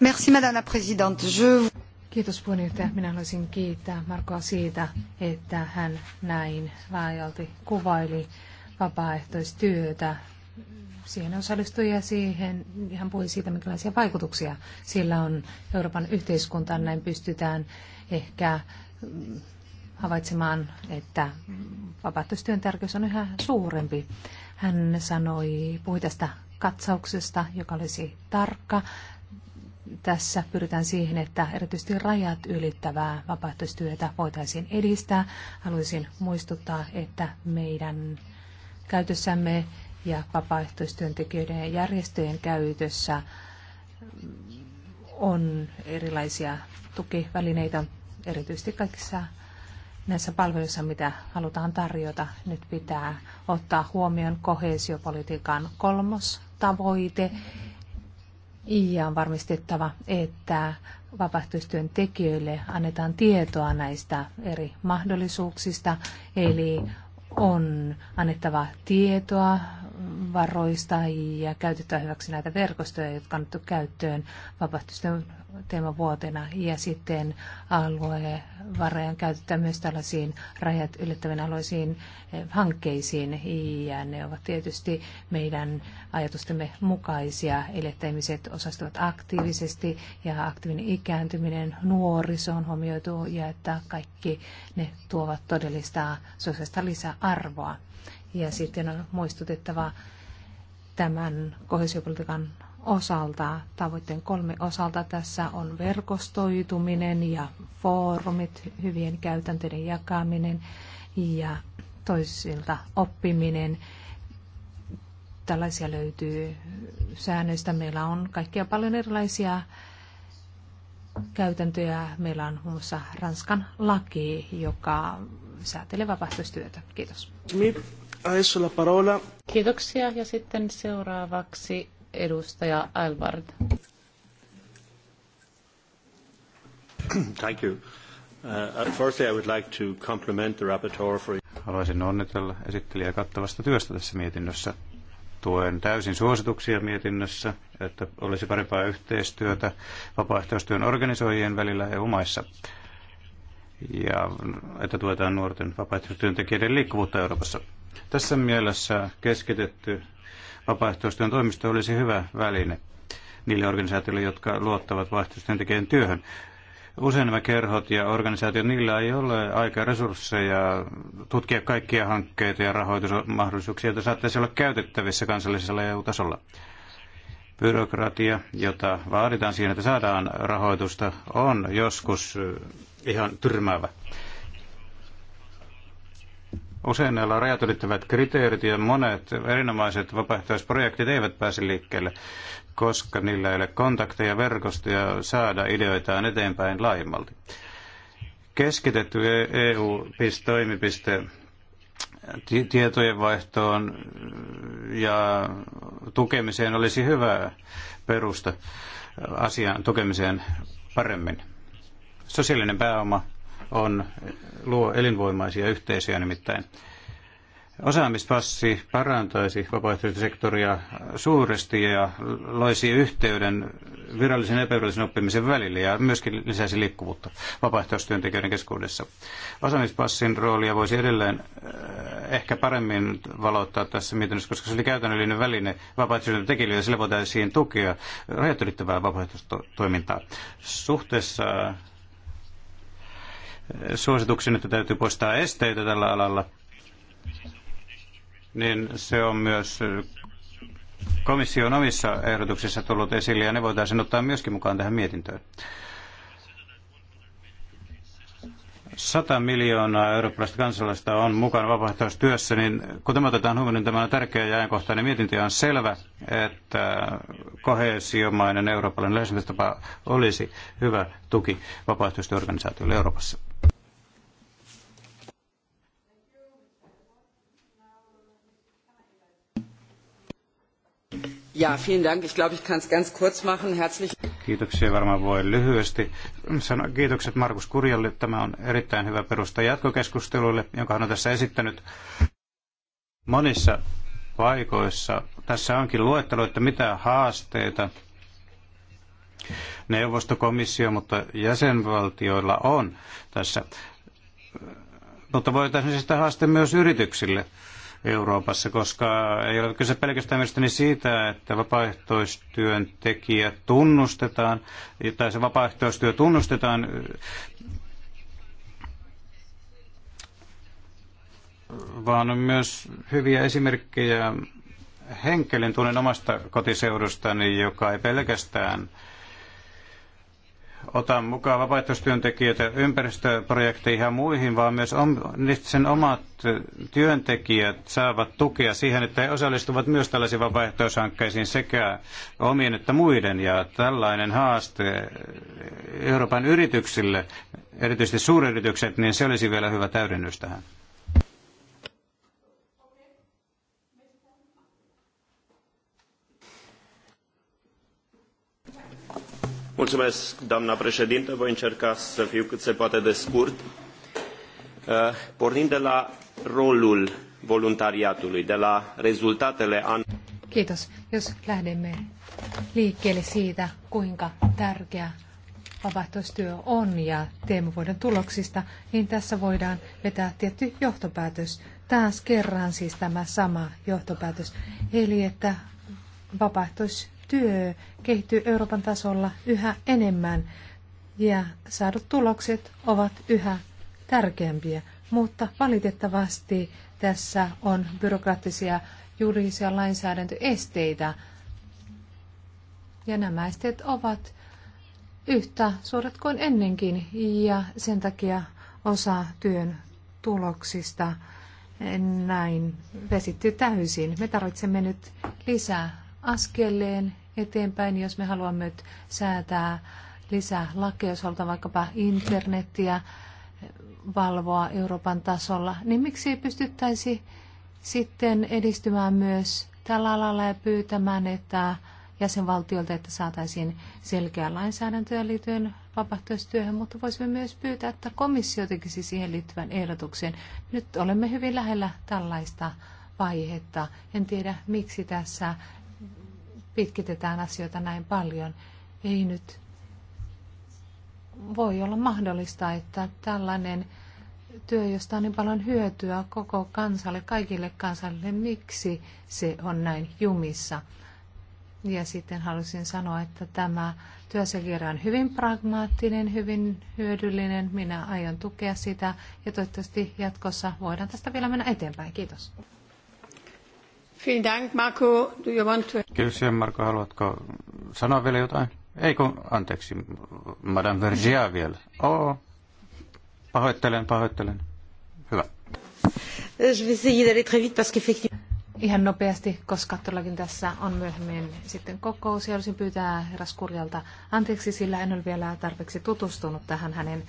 Merci, Madame la Présidente. Je... Kiitos puheenjohtaja. Minä haluaisin kiittää Markoa siitä, että hän näin laajalti kuvaili vapaaehtoistyötä siihen osallistui ja siihen hän puhui siitä, minkälaisia vaikutuksia sillä on Euroopan yhteiskuntaan. Näin pystytään ehkä mm, havaitsemaan, että vapaaehtoistyön tärkeys on yhä suurempi. Hän sanoi, puhui tästä katsauksesta, joka olisi tarkka. Tässä pyritään siihen, että erityisesti rajat ylittävää vapaaehtoistyötä voitaisiin edistää. Haluaisin muistuttaa, että meidän käytössämme ja vapaaehtoistyöntekijöiden ja järjestöjen käytössä on erilaisia tukivälineitä, erityisesti kaikissa näissä palveluissa, mitä halutaan tarjota. Nyt pitää ottaa huomioon kohesiopolitiikan kolmos tavoite ja on varmistettava, että vapaaehtoistyön tekijöille annetaan tietoa näistä eri mahdollisuuksista, eli on annettava tietoa varoista ja käytetään hyväksi näitä verkostoja, jotka on otettu käyttöön vapaaehtoisten teemavuotena. Ja sitten aluevaroja käytetään myös tällaisiin rajat ylittäviin alueisiin eh, hankkeisiin. Ja ne ovat tietysti meidän ajatustemme mukaisia, eli että ihmiset osastuvat aktiivisesti ja aktiivinen ikääntyminen, nuoriso on huomioitu ja että kaikki ne tuovat todellista sosiaalista lisäarvoa. Ja sitten on muistutettava tämän kohesiopolitiikan osalta, tavoitteen kolme osalta tässä on verkostoituminen ja foorumit, hyvien käytänteiden jakaminen ja toisilta oppiminen. Tällaisia löytyy säännöistä. Meillä on kaikkia paljon erilaisia käytäntöjä. Meillä on muun muassa Ranskan laki, joka säätelee vapaaehtoistyötä. Kiitos la parola. Kiitoksia ja sitten seuraavaksi edustaja Alvard. Thank you. Uh, uh firstly, I would like to compliment the rapporteur for... Haluaisin onnitella esittelijä kattavasta työstä tässä mietinnössä. Tuen täysin suosituksia mietinnössä, että olisi parempaa yhteistyötä vapaaehtoistyön organisoijien välillä EU-maissa ja että tuetaan nuorten vapaaehtoistyöntekijöiden liikkuvuutta Euroopassa. Tässä mielessä keskitetty vapaaehtoistyön toimisto olisi hyvä väline niille organisaatioille, jotka luottavat vapaaehtoistyöntekijän työhön. Usein nämä kerhot ja organisaatiot, niillä ei ole aika resursseja tutkia kaikkia hankkeita ja rahoitusmahdollisuuksia, joita saattaisi olla käytettävissä kansallisella EU-tasolla. Byrokratia, jota vaaditaan siihen, että saadaan rahoitusta, on joskus ihan tyrmäävä. Usein näillä on rajat ylittävät kriteerit ja monet erinomaiset vapaaehtoisprojektit eivät pääse liikkeelle, koska niillä ei ole kontakteja, verkostoja saada ideoitaan eteenpäin laajemmalti. Keskitetty EU-toimipiste e tietojenvaihtoon ja tukemiseen olisi hyvä perusta asian tukemiseen paremmin. Sosiaalinen pääoma on, luo elinvoimaisia yhteisöjä nimittäin. Osaamispassi parantaisi vapaaehtoistyösektoria suuresti ja loisi yhteyden virallisen ja epävirallisen oppimisen välille ja myöskin lisäisi liikkuvuutta vapaaehtoistyöntekijöiden keskuudessa. Osaamispassin roolia voisi edelleen äh, ehkä paremmin valottaa tässä mietinnössä, koska se oli käytännöllinen väline vapaaehtoistyöntekijöille ja sillä voitaisiin tukea rajat ylittävää vapaaehtoistoimintaa. Suhteessa suosituksen, että täytyy poistaa esteitä tällä alalla, niin se on myös komission omissa ehdotuksissa tullut esille ja ne voitaisiin ottaa myöskin mukaan tähän mietintöön. 100 miljoonaa eurooppalaista kansalaista on mukana vapaaehtoistyössä, niin kun tämä otetaan huomioon, niin tämä on tärkeä ja ajankohtainen mietintö ja on selvä, että kohesiomainen eurooppalainen lähestymistapa olisi hyvä tuki vapaaehtoistyöorganisaatioille Euroopassa. Ja, vielen Dank. Ich glaube, ich kann es ganz kurz machen. Herzlich. Kiitoksia varmaan voi lyhyesti. Sano, kiitokset Markus Kurjalle. Tämä on erittäin hyvä perusta jatkokeskusteluille, jonka hän on tässä esittänyt. Monissa paikoissa tässä onkin luettelo, että mitä haasteita neuvostokomissio, mutta jäsenvaltioilla on tässä. Mutta voitaisiin sitä haaste myös yrityksille. Euroopassa, koska ei ole kyse pelkästään mielestäni siitä, että vapaaehtoistyöntekijät tunnustetaan, tai se vapaaehtoistyö tunnustetaan vaan on myös hyviä esimerkkejä Henkelin tunnen omasta kotiseudustani, joka ei pelkästään ota mukaan vapaaehtoistyöntekijöitä ympäristöprojekteihin ja muihin, vaan myös sen omat työntekijät saavat tukea siihen, että he osallistuvat myös tällaisiin vapaaehtoishankkeisiin sekä omien että muiden. Ja tällainen haaste Euroopan yrityksille, erityisesti suuryritykset, niin se olisi vielä hyvä täydennys tähän. Voi încerca să fiu cât se poate de scurt. Uh, pornind de la rolul voluntariatului, de la rezultatele an... Kiitos. Jos lähdemme liikkeelle siitä, kuinka tärkeä vapaaehtoistyö on ja teemavuoden tuloksista, niin tässä voidaan vetää tietty johtopäätös. Taas kerran siis tämä sama johtopäätös. Eli että vapaaehtoistyö työ kehittyy Euroopan tasolla yhä enemmän ja saadut tulokset ovat yhä tärkeämpiä, mutta valitettavasti tässä on byrokraattisia juridisia lainsäädäntöesteitä ja nämä esteet ovat yhtä suuret kuin ennenkin ja sen takia osa työn tuloksista näin vesittyy täysin. Me tarvitsemme nyt lisää askeleen eteenpäin, jos me haluamme nyt säätää lisää lakeja, jos halutaan vaikkapa internetiä valvoa Euroopan tasolla, niin miksi ei pystyttäisi sitten edistymään myös tällä alalla ja pyytämään, että jäsenvaltiolta, että saataisiin selkeä lainsäädäntöä liittyen vapaaehtoistyöhön, mutta voisimme myös pyytää, että komissio tekisi siihen liittyvän ehdotuksen. Nyt olemme hyvin lähellä tällaista vaihetta. En tiedä, miksi tässä pitkitetään asioita näin paljon. Ei nyt voi olla mahdollista, että tällainen työ, josta on niin paljon hyötyä koko kansalle, kaikille kansalle, miksi se on näin jumissa. Ja sitten halusin sanoa, että tämä työsekirja on hyvin pragmaattinen, hyvin hyödyllinen. Minä aion tukea sitä ja toivottavasti jatkossa voidaan tästä vielä mennä eteenpäin. Kiitos. Marco. Marko. Haluatko sanoa vielä jotain? Ei kun, anteeksi, Madame Vergia vielä. Oo, pahoittelen, pahoittelen. Hyvä. Ihan nopeasti, koska todellakin tässä on myöhemmin sitten kokous ja olisin pyytää herraskurjalta anteeksi, sillä en ole vielä tarpeeksi tutustunut tähän hänen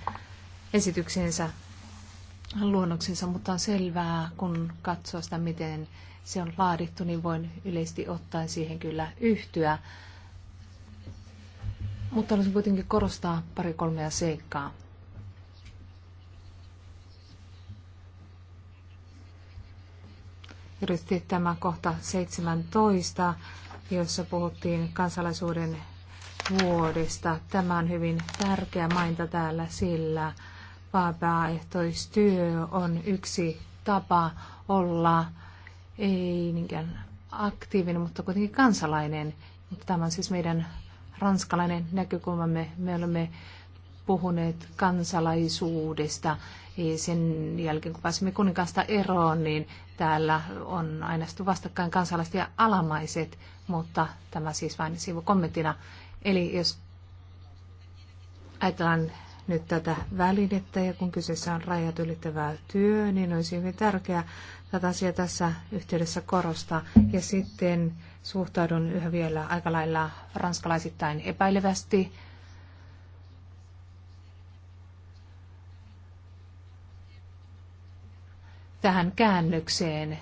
esityksensä luonnoksensa, mutta on selvää, kun katsoo sitä, miten se on laadittu, niin voin yleisesti ottaen siihen kyllä yhtyä. Mutta haluaisin kuitenkin korostaa pari kolmea seikkaa. Yritti tämä kohta 17, jossa puhuttiin kansalaisuuden vuodesta. Tämä on hyvin tärkeä mainta täällä, sillä vapaaehtoistyö on yksi tapa olla ei niinkään aktiivinen, mutta kuitenkin kansalainen. Mutta tämä on siis meidän ranskalainen näkökulmamme. Me olemme puhuneet kansalaisuudesta. Sen jälkeen, kun pääsimme kuninkaasta eroon, niin täällä on aina vastakkain kansalaiset ja alamaiset, mutta tämä siis vain kommenttina. Eli jos ajatellaan nyt tätä välinettä ja kun kyseessä on rajat ylittävää työ, niin olisi hyvin tärkeää tätä asiaa tässä yhteydessä korostaa. Ja sitten suhtaudun yhä vielä aika lailla ranskalaisittain epäilevästi tähän käännökseen,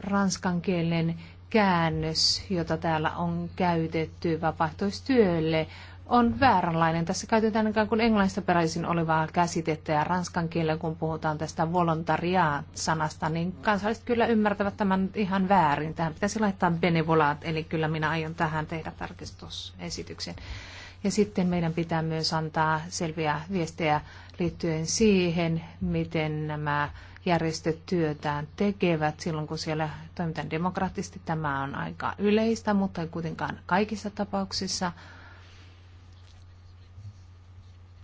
ranskan kielen käännös, jota täällä on käytetty vapaaehtoistyölle on vääränlainen. Tässä käytetään ikään kuin englannista peräisin olevaa käsitettä ja ranskan kielellä, kun puhutaan tästä volontariaa-sanasta, niin kansalaiset kyllä ymmärtävät tämän ihan väärin. Tähän pitäisi laittaa benevolaat, eli kyllä minä aion tähän tehdä tarkistusesityksen. Ja sitten meidän pitää myös antaa selviä viestejä liittyen siihen, miten nämä järjestöt työtään tekevät silloin, kun siellä toimitaan demokraattisesti. Tämä on aika yleistä, mutta ei kuitenkaan kaikissa tapauksissa –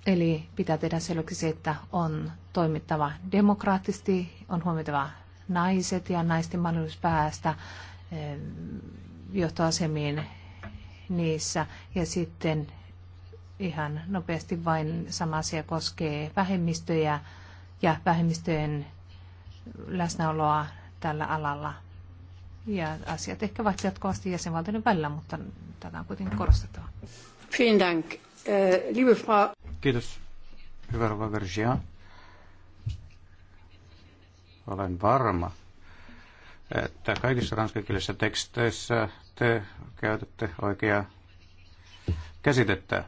Eli pitää tehdä selväksi se, että on toimittava demokraattisesti, on huomioitava naiset ja naisten mahdollisuus päästä eh, johtoasemiin niissä. Ja sitten ihan nopeasti vain sama asia koskee vähemmistöjä ja vähemmistöjen läsnäoloa tällä alalla. Ja asiat ehkä vaihtuvat jatkuvasti jäsenvaltioiden välillä, mutta tätä on kuitenkin korostettava. Vielen äh, Liebe Frau... Kiitos, hyvä Rova Vergia. Olen varma, että kaikissa ranskankielisissä teksteissä te käytätte oikeaa käsitettä.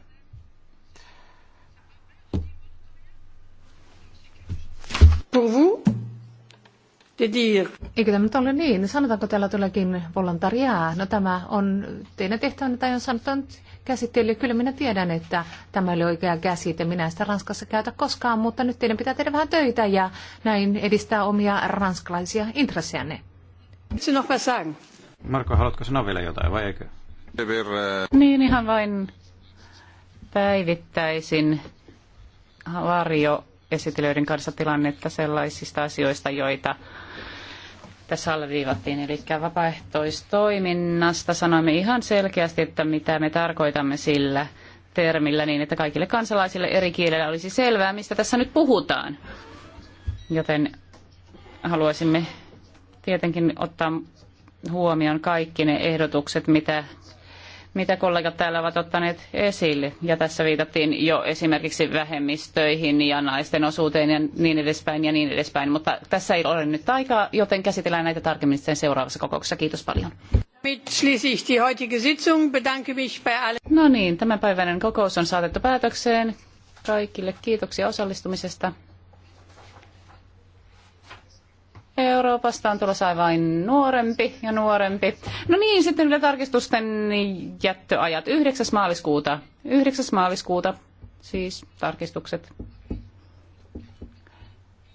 Pour vous, Eikö tämä nyt ole niin? Sanotaanko täällä tuollakin volontariaa? No tämä on teidän tehtävänne tai on sanottanut käsitteelle. Kyllä minä tiedän, että tämä oli oikea käsite. Minä sitä Ranskassa käytä koskaan, mutta nyt teidän pitää tehdä vähän töitä ja näin edistää omia ranskalaisia intressejänne. Marko, haluatko sanoa vielä jotain vai eikö? Niin, ihan vain päivittäisin varjo esitelijöiden kanssa tilannetta sellaisista asioista, joita tässä alleviivattiin. Eli vapaaehtoistoiminnasta sanoimme ihan selkeästi, että mitä me tarkoitamme sillä termillä niin, että kaikille kansalaisille eri kielellä olisi selvää, mistä tässä nyt puhutaan. Joten haluaisimme tietenkin ottaa huomioon kaikki ne ehdotukset, mitä mitä kollegat täällä ovat ottaneet esille. Ja tässä viitattiin jo esimerkiksi vähemmistöihin ja naisten osuuteen ja niin edespäin ja niin edespäin. Mutta tässä ei ole nyt aikaa, joten käsitellään näitä tarkemmin sitten seuraavassa kokouksessa. Kiitos paljon. No niin, tämänpäiväinen kokous on saatettu päätökseen. Kaikille kiitoksia osallistumisesta. Euroopasta on tulossa vain nuorempi ja nuorempi. No niin, sitten vielä tarkistusten jättöajat. 9. maaliskuuta. 9. maaliskuuta siis tarkistukset.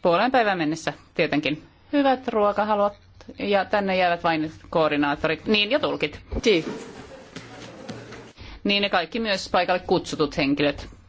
Puolen päivän mennessä tietenkin. Hyvät ruokahalut ja tänne jäävät vain koordinaattorit. Niin ja tulkit. Niin ne kaikki myös paikalle kutsutut henkilöt.